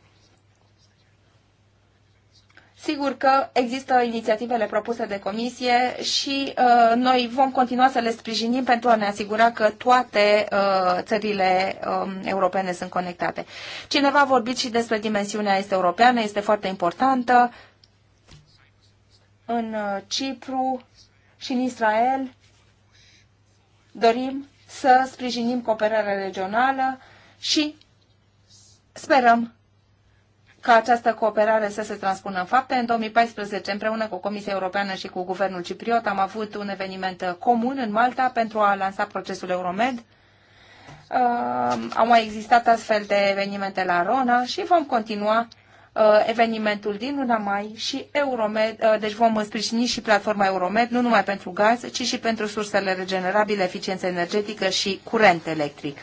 Sigur că există inițiativele propuse de comisie și uh, noi vom continua să le sprijinim pentru a ne asigura că toate uh, țările uh, europene sunt conectate. Cineva a vorbit și despre dimensiunea este europeană, este foarte importantă în uh, Cipru și în Israel. Dorim să sprijinim cooperarea regională și sperăm ca această cooperare să se transpună în fapte. În 2014, împreună cu Comisia Europeană și cu Guvernul Cipriot, am avut un eveniment comun în Malta pentru a lansa procesul Euromed. Uh, au mai existat astfel de evenimente la Rona și vom continua uh, evenimentul din luna mai și Euromed, uh, deci vom sprijini și platforma Euromed, nu numai pentru gaz, ci și pentru sursele regenerabile, eficiență energetică și curent electric.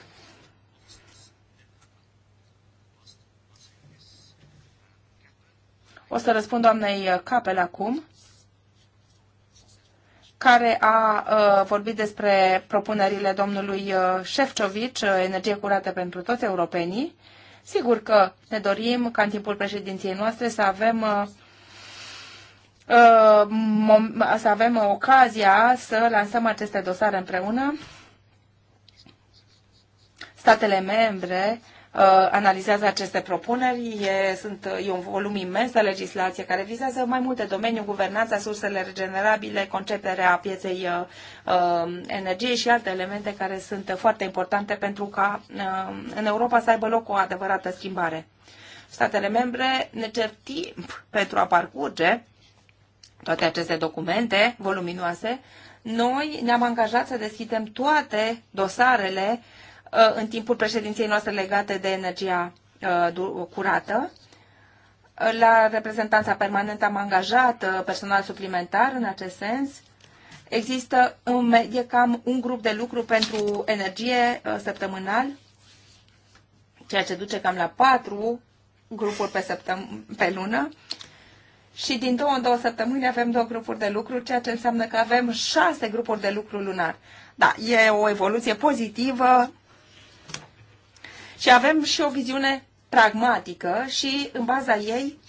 O să răspund doamnei Capel acum, care a uh, vorbit despre propunerile domnului uh, Șefcovici, uh, energie curată pentru toți europenii. Sigur că ne dorim ca în timpul președinției noastre să avem să avem ocazia să lansăm aceste dosare împreună. Statele membre uh, Uh, analizează aceste propuneri. E, sunt, e un volum imens de legislație care vizează mai multe domenii, guvernanța, sursele regenerabile, conceperea pieței uh, uh, energiei și alte elemente care sunt foarte importante pentru ca uh, în Europa să aibă loc o adevărată schimbare. Statele membre ne cer timp pentru a parcurge toate aceste documente voluminoase. Noi ne-am angajat să deschidem toate dosarele uh, în timpul președinției noastre legate de energia uh, curată. La reprezentanța permanentă am angajat uh, personal suplimentar în acest sens. Există în medie cam un grup de lucru pentru energie uh, săptămânal, ceea ce duce cam la patru grupuri pe, săptăm- pe lună. Și din două în două săptămâni avem două grupuri de lucru, ceea ce înseamnă că avem șase grupuri de lucru lunar. Da, e o evoluție pozitivă, și avem și o viziune pragmatică și în baza ei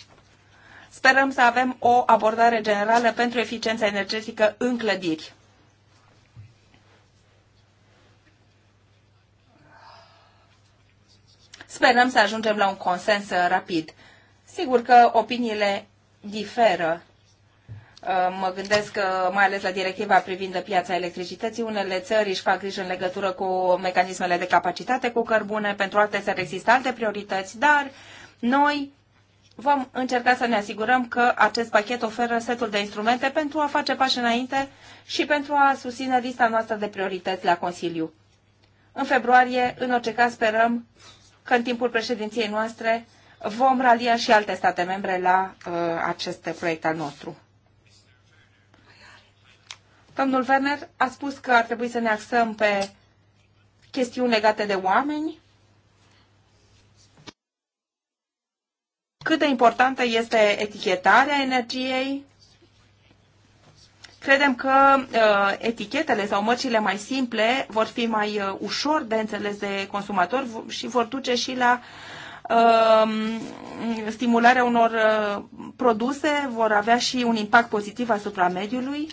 sperăm să avem o abordare generală pentru eficiența energetică în clădiri. Sperăm să ajungem la un consens rapid. Sigur că opiniile diferă Uh, mă gândesc mai ales la directiva privind piața electricității. Unele țări își fac grijă în legătură cu mecanismele de capacitate cu cărbune, pentru alte țări există alte priorități, dar noi vom încerca să ne asigurăm că acest pachet oferă setul de instrumente pentru a face pași înainte și pentru a susține lista noastră de priorități la Consiliu. În februarie, în orice caz, sperăm că în timpul președinției noastre vom ralia și alte state membre la uh, acest proiect al nostru. Domnul Werner a spus că ar trebui să ne axăm pe chestiuni legate de oameni, cât de importantă este etichetarea energiei. Credem că uh, etichetele sau mărcile mai simple vor fi mai uh, ușor de înțeles de consumator și vor duce și la uh, stimularea unor uh, produse, vor avea și un impact pozitiv asupra mediului.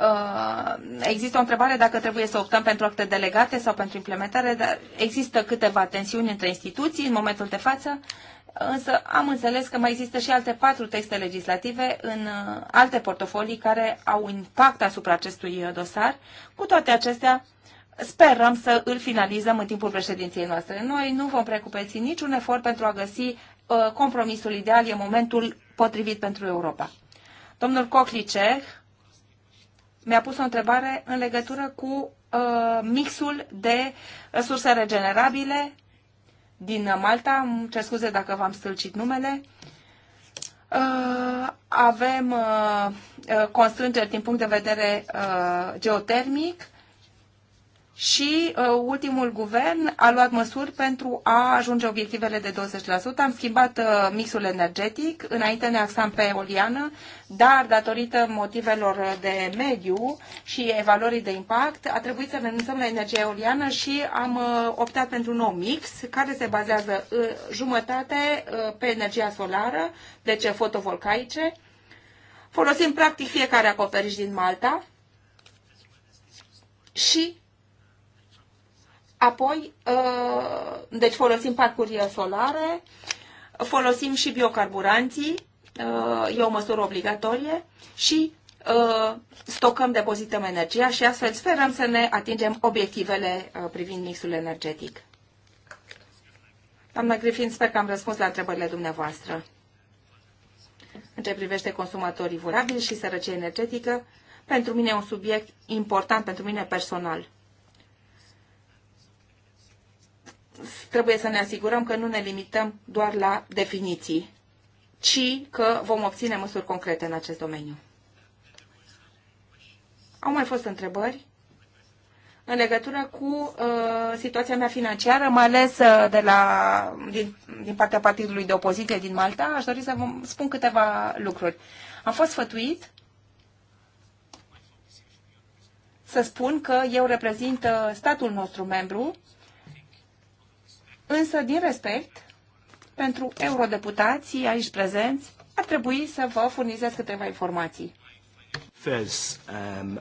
Uh, există o întrebare dacă trebuie să optăm pentru acte delegate sau pentru implementare, dar există câteva tensiuni între instituții în momentul de față, însă am înțeles că mai există și alte patru texte legislative în uh, alte portofolii care au impact asupra acestui uh, dosar. Cu toate acestea, sperăm să îl finalizăm în timpul președinției noastre. Noi nu vom precupeți niciun efort pentru a găsi compromisul ideal, e momentul potrivit pentru Europa. Domnul Cochlicech, mi-a pus o întrebare în legătură cu uh, mixul de resurse uh, regenerabile din Malta. Îmi cer scuze dacă v-am stâlcit numele. Uh, avem uh, uh constrângeri din punct de vedere uh, geotermic și uh, ultimul guvern a luat măsuri pentru a ajunge obiectivele de 20%. Am schimbat uh, mixul energetic, înainte ne axam pe eoliană, dar datorită motivelor de mediu și evaluării de impact, a trebuit să renunțăm la energia eoliană și am uh, optat pentru un nou mix care se bazează uh, jumătate uh, pe energia solară, deci fotovoltaice. Folosim practic fiecare acoperiș din Malta și Apoi, uh, deci folosim parcuri solare, folosim și biocarburanții, uh, e o măsură obligatorie și uh, stocăm, depozităm energia și astfel sperăm să ne atingem obiectivele privind mixul energetic. Doamna Griffin, sper că am răspuns la întrebările dumneavoastră. În ce privește consumatorii vulnerabili și sărăcie energetică, pentru mine e un subiect important pentru mine personal. trebuie să ne asigurăm că nu ne limităm doar la definiții, ci că vom obține măsuri concrete în acest domeniu. Au mai fost întrebări în legătură cu uh, situația mea financiară, mai ales uh, de la, din, din partea partidului de opoziție din Malta. Aș dori să vă spun câteva lucruri. Am fost sfătuit să spun că eu reprezint uh, statul nostru membru Însă, din respect pentru eurodeputații aici prezenți, ar trebui să vă furnizez câteva informații. First, um...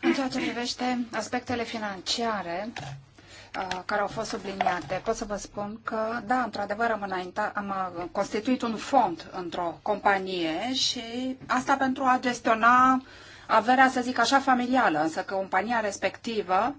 În ceea ce privește aspectele financiare, uh, care au fost subliniate. Pot să vă spun că, da, într-adevăr, am, înainta, am uh, constituit un fond într-o companie și asta pentru a gestiona averea, să zic așa, familială, însă că compania respectivă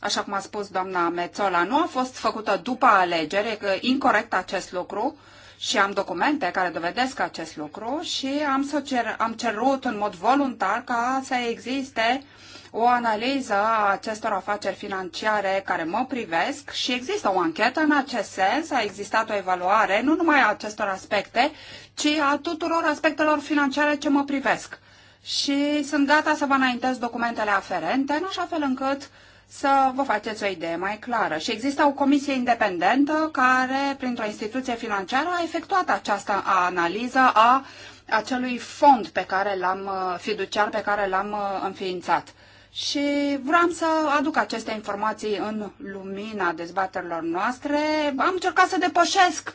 așa cum a spus doamna Mețola, nu a fost făcută după alegere, că incorrect acest lucru și am documente care dovedesc acest lucru și am, cer, am cerut în mod voluntar ca să existe o analiză a acestor afaceri financiare care mă privesc și există o anchetă în acest sens, a existat o evaluare nu numai a acestor aspecte, ci a tuturor aspectelor financiare ce mă privesc. Și sunt gata să vă înaintez documentele aferente, în așa fel încât uh, să vă faceți o idee mai clară. Și există o comisie independentă care, printr-o instituție financiară, a efectuat această analiză a acelui fond pe care l-am uh, fiduciar pe care l-am uh, înființat. Și vreau să aduc aceste informații în lumina dezbaterilor noastre. Am încercat să depășesc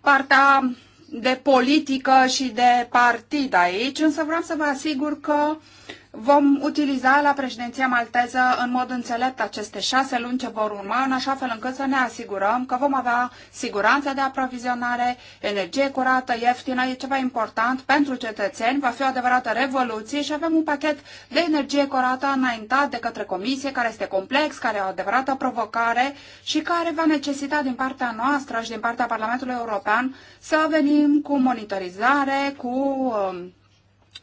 partea de politică și de partid aici, însă vreau să vă asigur că uh, Vom utiliza la președinția malteză în mod înțelept aceste șase luni ce vor urma, în așa fel încât să ne asigurăm că vom avea siguranța de aprovizionare, energie curată, ieftină, e ceva important pentru cetățeni, va fi o adevărată revoluție și avem un pachet de energie curată înaintat de către comisie, care este complex, care e o adevărată provocare și care va necesita din partea noastră și din partea Parlamentului European să venim cu monitorizare, cu um,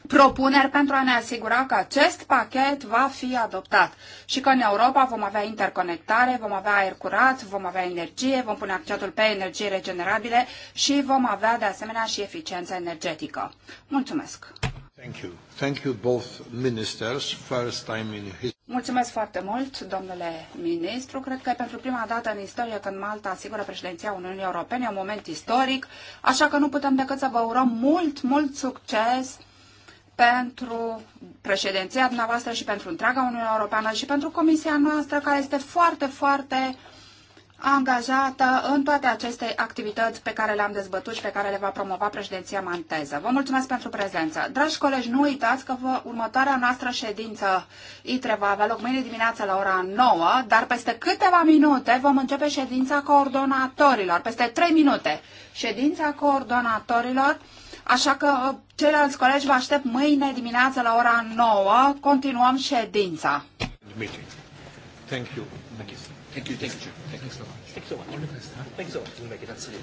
propuneri pentru a ne asigura că acest pachet va fi adoptat și că în Europa vom avea interconectare, vom avea aer curat, vom avea energie, vom pune accentul pe energie regenerabile și vom avea de asemenea și eficiență energetică. Mulțumesc! Thank you. Thank you both ministers. First time in history. Mulțumesc foarte mult, domnule ministru. Cred că e pentru prima dată în istorie când Malta asigură președinția Uniunii Europene, e un moment istoric, așa că nu putem decât să vă urăm mult, mult succes pentru președinția dumneavoastră și pentru întreaga Uniune Europeană și pentru comisia noastră care este foarte, foarte angajată în toate aceste activități pe care le-am dezbătut și pe care le va promova președinția manteză. Vă mulțumesc pentru prezență. Dragi colegi, nu uitați că vă, următoarea noastră ședință ITRE va avea loc mâine dimineața la ora 9, dar peste câteva minute vom începe ședința coordonatorilor, peste 3 minute. Ședința coordonatorilor Așa că uh, ceilalți colegi vă aștept mâine dimineață la ora 9. Continuăm ședința. Thank you. Thank you. Thank you. Thank you. Thank you Thank you. Thank you Thank you. Thank you so much.